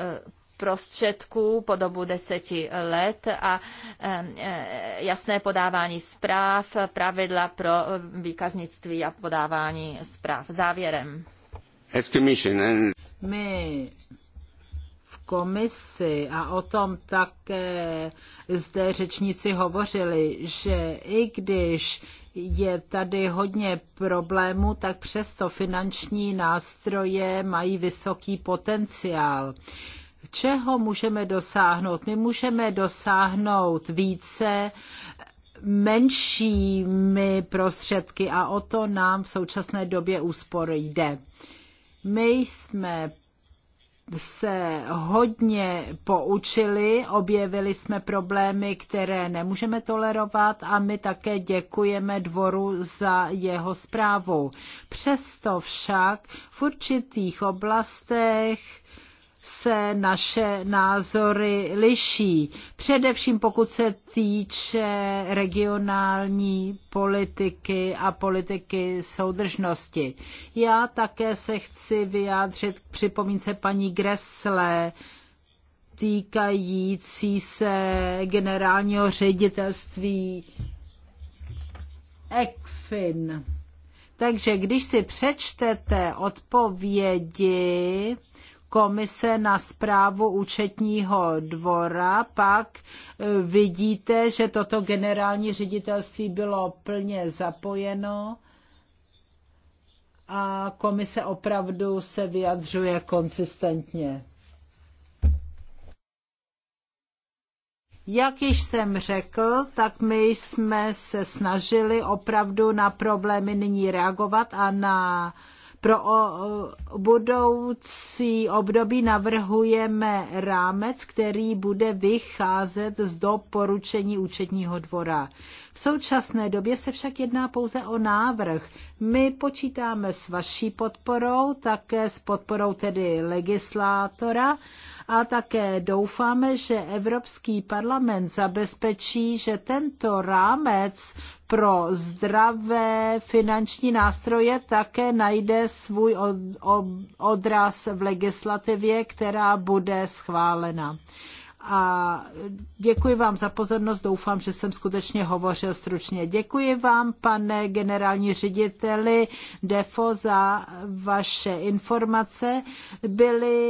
prostředků po dobu deseti let a eh, eh, jasné podávání zpráv, pravidla pro výkaznictví a podávání zpráv. Závěrem. Eh? My v komisi a o tom také zde řečníci hovořili, že i když je tady hodně problémů, tak přesto finanční nástroje mají vysoký potenciál. Čeho můžeme dosáhnout? My můžeme dosáhnout více menšími prostředky a o to nám v současné době úspor jde. My jsme se hodně poučili, objevili jsme problémy, které nemůžeme tolerovat a my také děkujeme dvoru za jeho zprávu. Přesto však v určitých oblastech se naše názory liší. Především pokud se týče regionální politiky a politiky soudržnosti. Já také se chci vyjádřit k připomínce paní Gressle týkající se generálního ředitelství ECFIN. Takže když si přečtete odpovědi komise na zprávu účetního dvora, pak eh, vidíte, že toto generální ředitelství bylo plně zapojeno a komise opravdu se vyjadřuje konsistentně. Jak již jsem řekl, tak my jsme se snažili opravdu na problémy nyní reagovat a na pro budoucí období navrhujeme rámec, který bude vycházet z doporučení účetního dvora. V současné době se však jedná pouze o návrh. My počítáme s vaší podporou, také s podporou tedy legislátora a také doufáme, že Evropský parlament zabezpečí, že tento rámec pro zdravé finanční nástroje také najde svůj odraz v legislativě, která bude schválena. A děkuji vám za pozornost, doufám, že jsem skutečně hovořil stručně. Děkuji vám, pane generální řediteli DEFO, za vaše informace. Byly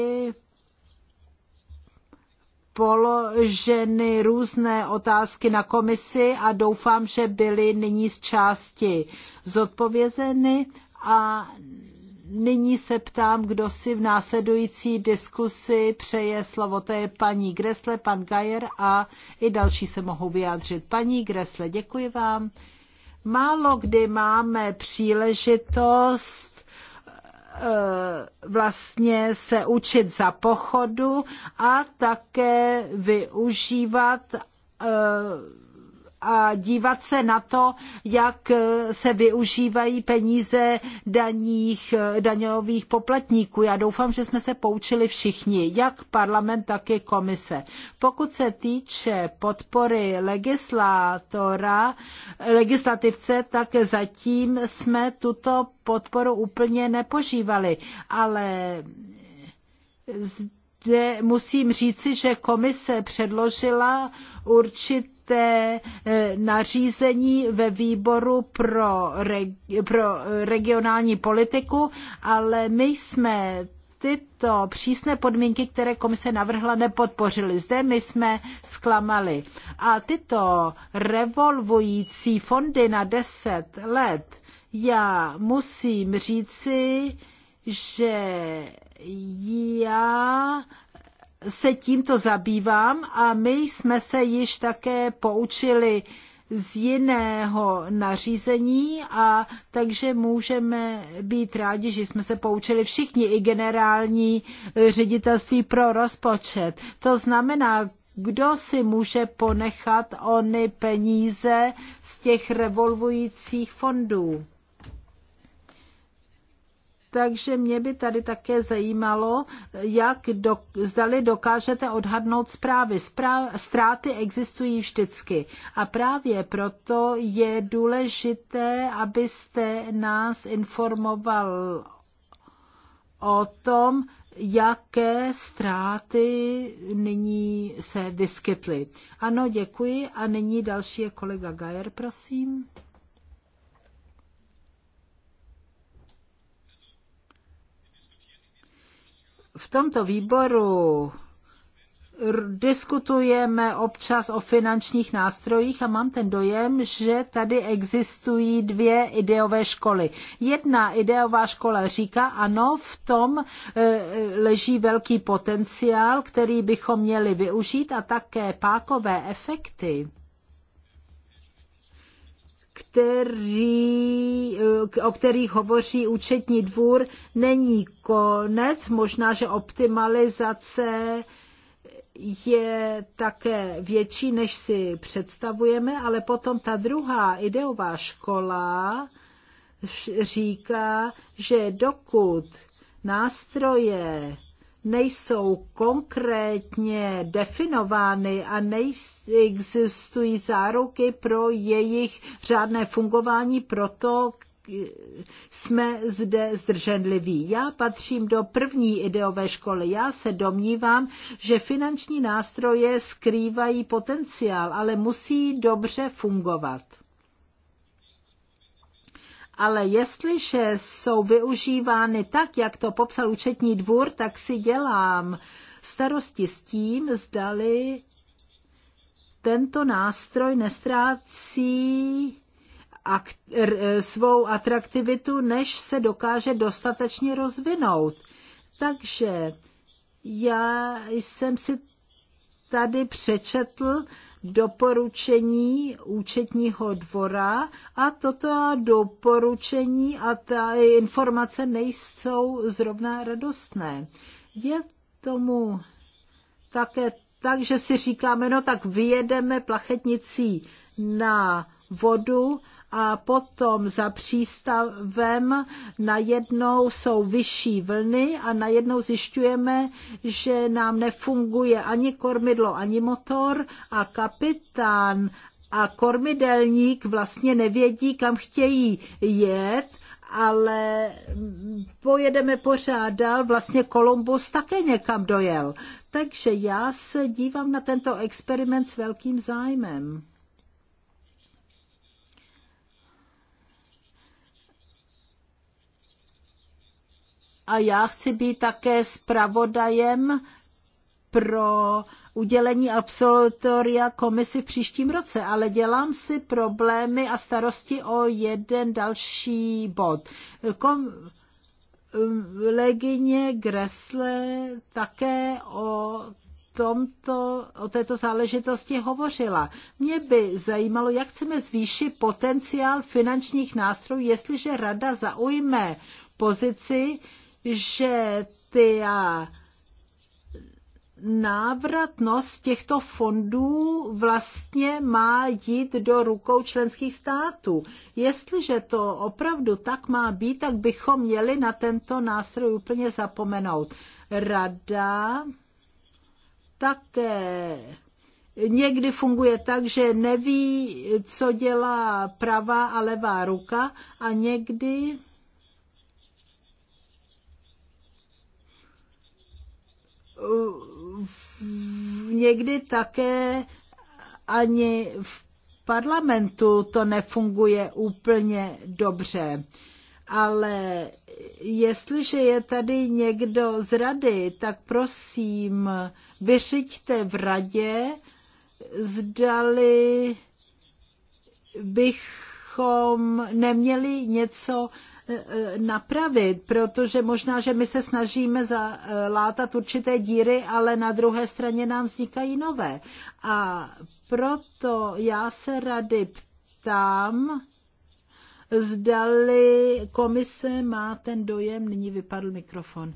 položeny různé otázky na komisi a doufám, že byly nyní z části zodpovězeny a nyní se ptám, kdo si v následující diskusi přeje slovo. To je paní Gresle, pan Gajer a i další se mohou vyjádřit. Paní Gresle, děkuji vám. Málo kdy máme příležitost Eh, vlastně se učit za pochodu a také využívat eh, a dívat se na to, jak eh, se využívají peníze daních, eh, daňových poplatníků. Já doufám, že jsme se poučili všichni, jak parlament, tak i komise. Pokud se týče podpory legislátora, legislativce, tak zatím jsme tuto podporu úplně nepožívali, ale zde musím říci, že komise předložila určitě té eh, nařízení ve výboru pro, pro eh, regionální politiku, ale my jsme tyto přísné podmínky, které komise navrhla, nepodpořili. Zde my jsme zklamali. A tyto revolvující fondy na deset let, já musím říci, že já se tímto zabývám a my jsme se již také poučili z jiného nařízení a takže můžeme být rádi, že jsme se poučili všichni i generální ředitelství pro rozpočet. To znamená, kdo si může ponechat ony peníze z těch revolvujících fondů. Takže mě by tady také zajímalo, jak do, zdali dokážete odhadnout zprávy. Sprá, ztráty existují vždycky. A právě proto je důležité, abyste nás informoval o tom, jaké ztráty nyní se vyskytly. Ano, děkuji. A nyní další je kolega Gajer, prosím. v tomto výboru diskutujeme občas o finančních nástrojích a mám ten dojem, že tady existují dvě ideové školy. Jedna ideová škola říká, ano, v tom e, e, leží velký potenciál, který bychom měli využít a také pákové efekty který, eh, o kterých hovoří účetní dvůr, není konec. Možná, že optimalizace je také větší, než si představujeme, ale potom ta druhá ideová škola říká, že dokud nástroje nejsou konkrétně definovány a neexistují záruky pro jejich řádné fungování, proto jsme zde zdrženliví. Já patřím do první ideové školy. Já se domnívám, že finanční nástroje skrývají potenciál, ale musí dobře fungovat ale jestliže jsou využívány tak, jak to popsal účetní dvůr, tak si dělám starosti s tím, zdali tento nástroj nestrácí svou atraktivitu, než se dokáže dostatečně rozvinout. Takže já jsem si tady přečetl, doporučení účetního dvora a toto doporučení a ta informace nejsou zrovna radostné. Je tomu také tak, že si říkáme, no tak vyjedeme plachetnicí na vodu a potom za přístavem najednou jsou vyšší vlny a najednou zjišťujeme, že nám nefunguje ani kormidlo, ani motor a kapitán a kormidelník vlastně nevědí, kam chtějí jet ale pojedeme pořád dál, vlastně Kolumbus také někam dojel. Takže já se dívám na tento experiment s velkým zájmem. a já chci být také zpravodajem pro udělení absolutoria komisi v příštím roce, ale dělám si problémy a starosti o jeden další bod. Kom, um, legině Gressle také o tomto, o této záležitosti hovořila. Mě by zajímalo, jak chceme zvýšit potenciál finančních nástrojů, jestliže rada zaujme pozici, že ty návratnost těchto fondů vlastně má jít do rukou členských států. Jestliže to opravdu tak má být, tak bychom měli na tento nástroj úplně zapomenout. Rada také někdy funguje tak, že neví, co dělá pravá a levá ruka a někdy někdy také ani v parlamentu to nefunguje úplně dobře. Ale jestliže je tady někdo z rady, tak prosím, vyřiďte v radě, zdali bychom neměli něco Eh, napravit, protože možná, že my se snažíme zalátat určité díry, ale na druhé straně nám vznikají nové. A proto já se rady ptám, zdali komise má ten dojem, nyní vypadl mikrofon,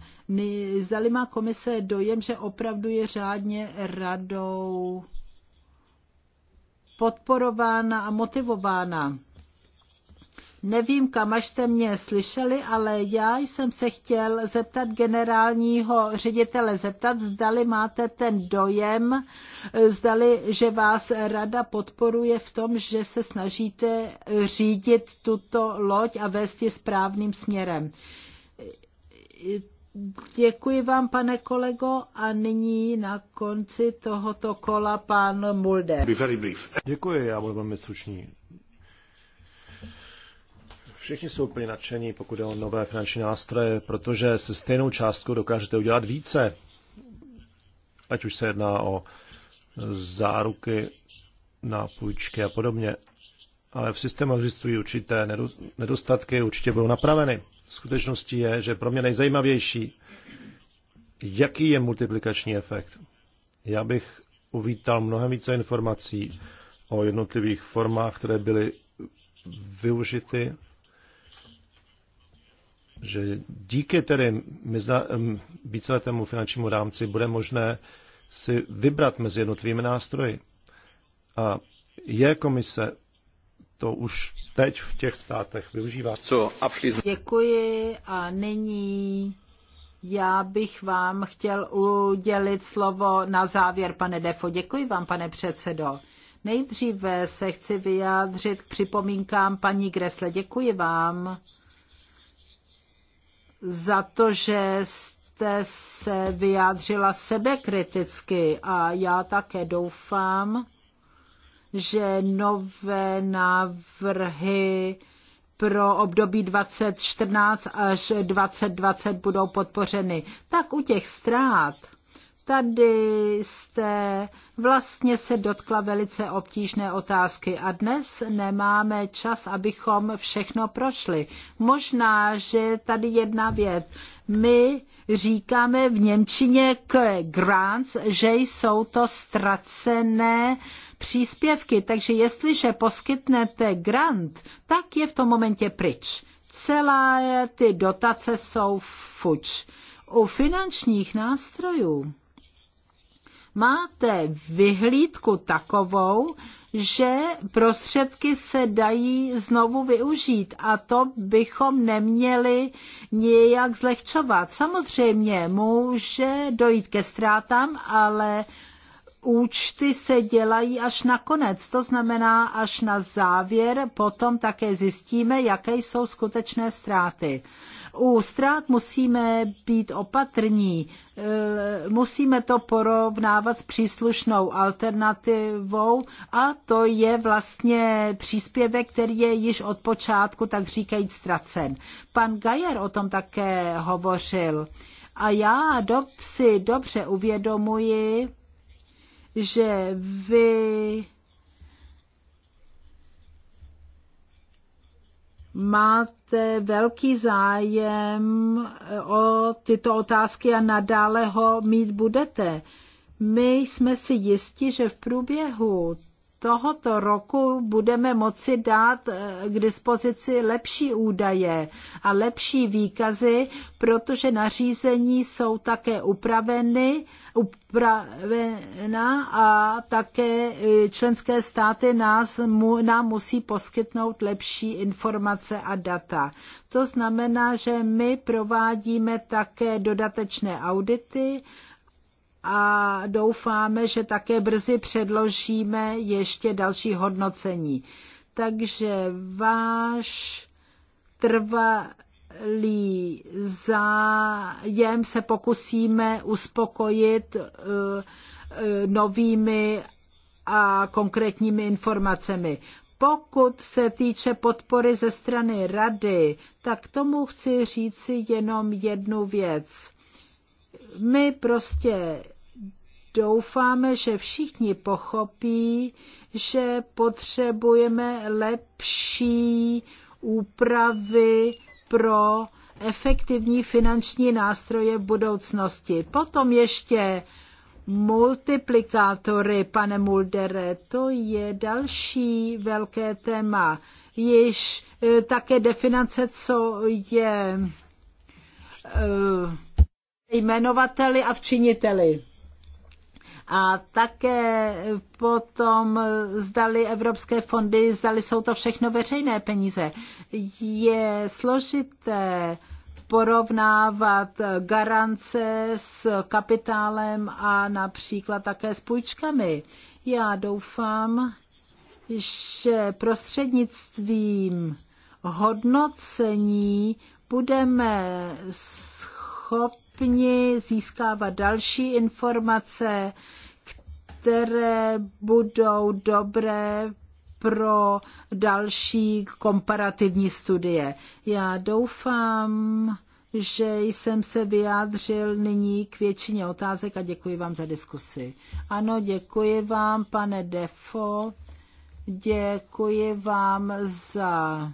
zdali má komise dojem, že opravdu je řádně radou podporována a motivována Nevím, kam až jste mě slyšeli, ale já jsem se chtěl zeptat generálního ředitele, zeptat, zdali máte ten dojem, zdali, že vás rada podporuje v tom, že se snažíte řídit tuto loď a vést ji správným směrem. Děkuji vám, pane kolego, a nyní na konci tohoto kola pán Mulder. Děkuji, já budu velmi stručný. Všichni jsou úplně nadšení, pokud je o nové finanční nástroje, protože se stejnou částkou dokážete udělat více. Ať už se jedná o záruky na půjčky a podobně. Ale v systému existují určité nedostatky, určitě budou napraveny. Skutečností je, že pro mě nejzajímavější, jaký je multiplikační efekt. Já bych uvítal mnohem více informací o jednotlivých formách, které byly využity že díky tedy víceletému finančnímu rámci bude možné si vybrat mezi jednotlivými nástroji. A je komise to už teď v těch státech využívá. Co Děkuji a nyní já bych vám chtěl udělit slovo na závěr, pane Defo. Děkuji vám, pane předsedo. Nejdříve se chci vyjádřit k připomínkám paní Gresle. Děkuji vám za to, že jste se vyjádřila sebekriticky a já také doufám, že nové návrhy pro období 2014 až 2020 budou podpořeny. Tak u těch ztrát Tady jste vlastně se dotkla velice obtížné otázky a dnes nemáme čas, abychom všechno prošli. Možná, že tady jedna věc. My říkáme v Němčině k grants, že jsou to ztracené příspěvky. Takže jestliže poskytnete grant, tak je v tom momentě pryč. Celá ty dotace jsou fuč. U finančních nástrojů máte vyhlídku takovou, že prostředky se dají znovu využít a to bychom neměli nijak zlehčovat. Samozřejmě může dojít ke ztrátám, ale účty se dělají až na konec, to znamená až na závěr, potom také zjistíme, jaké jsou skutečné ztráty u ztrát musíme být opatrní. Eh, musíme to porovnávat s příslušnou alternativou a to je vlastně příspěvek, který je již od počátku, tak říkajíc, ztracen. Pan Gajer o tom také hovořil. A já si dobře uvědomuji, že vy máte velký zájem eh, o tyto otázky a nadále ho mít budete. My jsme si jisti, že v průběhu tohoto roku budeme moci dát eh, k dispozici lepší údaje a lepší výkazy, protože nařízení jsou také upraveny, upravena a také eh, členské státy nás, nám musí poskytnout lepší informace a data. To znamená, že my provádíme také dodatečné audity a doufáme, že také brzy předložíme ještě další hodnocení. Takže váš trvalý zájem se pokusíme uspokojit eh, eh, novými a konkrétními informacemi. Pokud se týče podpory ze strany rady, tak tomu chci říci jenom jednu věc. My prostě doufáme, že všichni pochopí, že potřebujeme lepší úpravy pro efektivní finanční nástroje v budoucnosti. Potom ještě multiplikátory, pane Muldere, to je další velké téma. Již eh, také definace, co je eh, jmenovateli a včiniteli. činiteli. A také potom zdali evropské fondy, zdali jsou to všechno veřejné peníze. Je složité porovnávat garance s kapitálem a například také s půjčkami. Já doufám, že prostřednictvím hodnocení budeme schopni schopni získávat další informace, které budou dobré pro další komparativní studie. Já doufám, že jsem se vyjádřil nyní k většině otázek a děkuji vám za diskusi. Ano, děkuji vám, pane Defo, děkuji vám za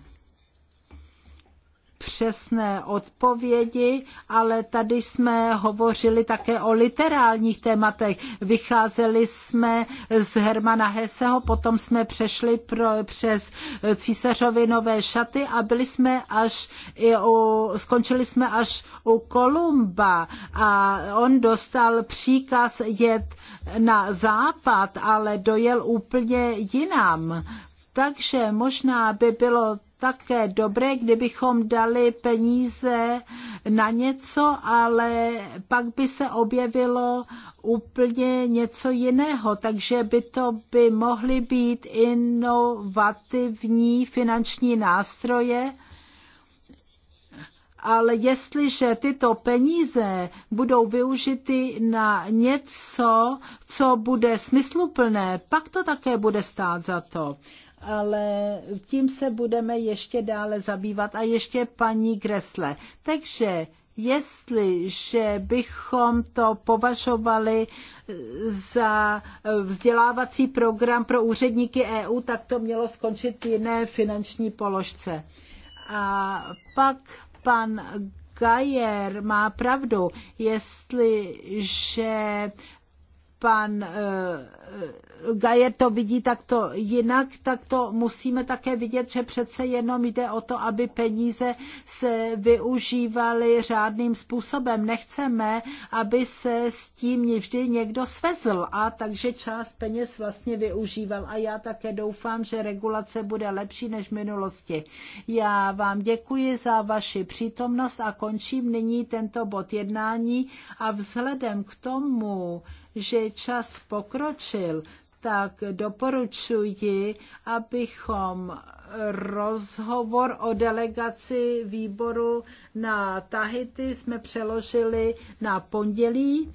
přesné odpovědi, ale tady jsme hovořili také o literálních tématech. Vycházeli jsme z Hermana Heseho, potom jsme přešli pro, přes císařovy nové šaty a byli jsme až i u, skončili jsme až u Kolumba a on dostal příkaz jet na západ, ale dojel úplně jinam. Takže možná by bylo také dobré, kdybychom dali peníze na něco, ale pak by se objevilo úplně něco jiného, takže by to by mohly být inovativní finanční nástroje, ale jestliže tyto peníze budou využity na něco, co bude smysluplné, pak to také bude stát za to ale tím se budeme ještě dále zabývat a ještě paní Gresle. Takže jestliže bychom to považovali za vzdělávací program pro úředníky EU, tak to mělo skončit v jiné finanční položce. A pak pan Gajer má pravdu, jestliže pan eh, Gajer to vidí takto jinak, tak to musíme také vidět, že přece jenom jde o to, aby peníze se využívaly řádným způsobem. Nechceme, aby se s tím vždy někdo svezl a takže část peněz vlastně využíval. A já také doufám, že regulace bude lepší než v minulosti. Já vám děkuji za vaši přítomnost a končím nyní tento bod jednání a vzhledem k tomu, že čas pokročil, tak doporučuji, abychom rozhovor o delegaci výboru na Tahiti jsme přeložili na pondělí.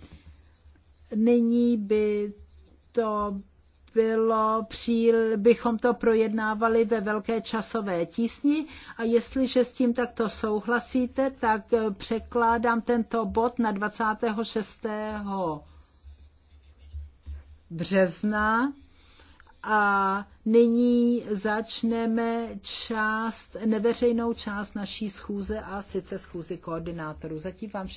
Nyní by to bylo příl, bychom to projednávali ve velké časové tísni a jestliže s tím takto souhlasíte, tak překládám tento bod na 26 března a nyní začneme část, neveřejnou část naší schůze a sice schůzi koordinátorů. Zatím vám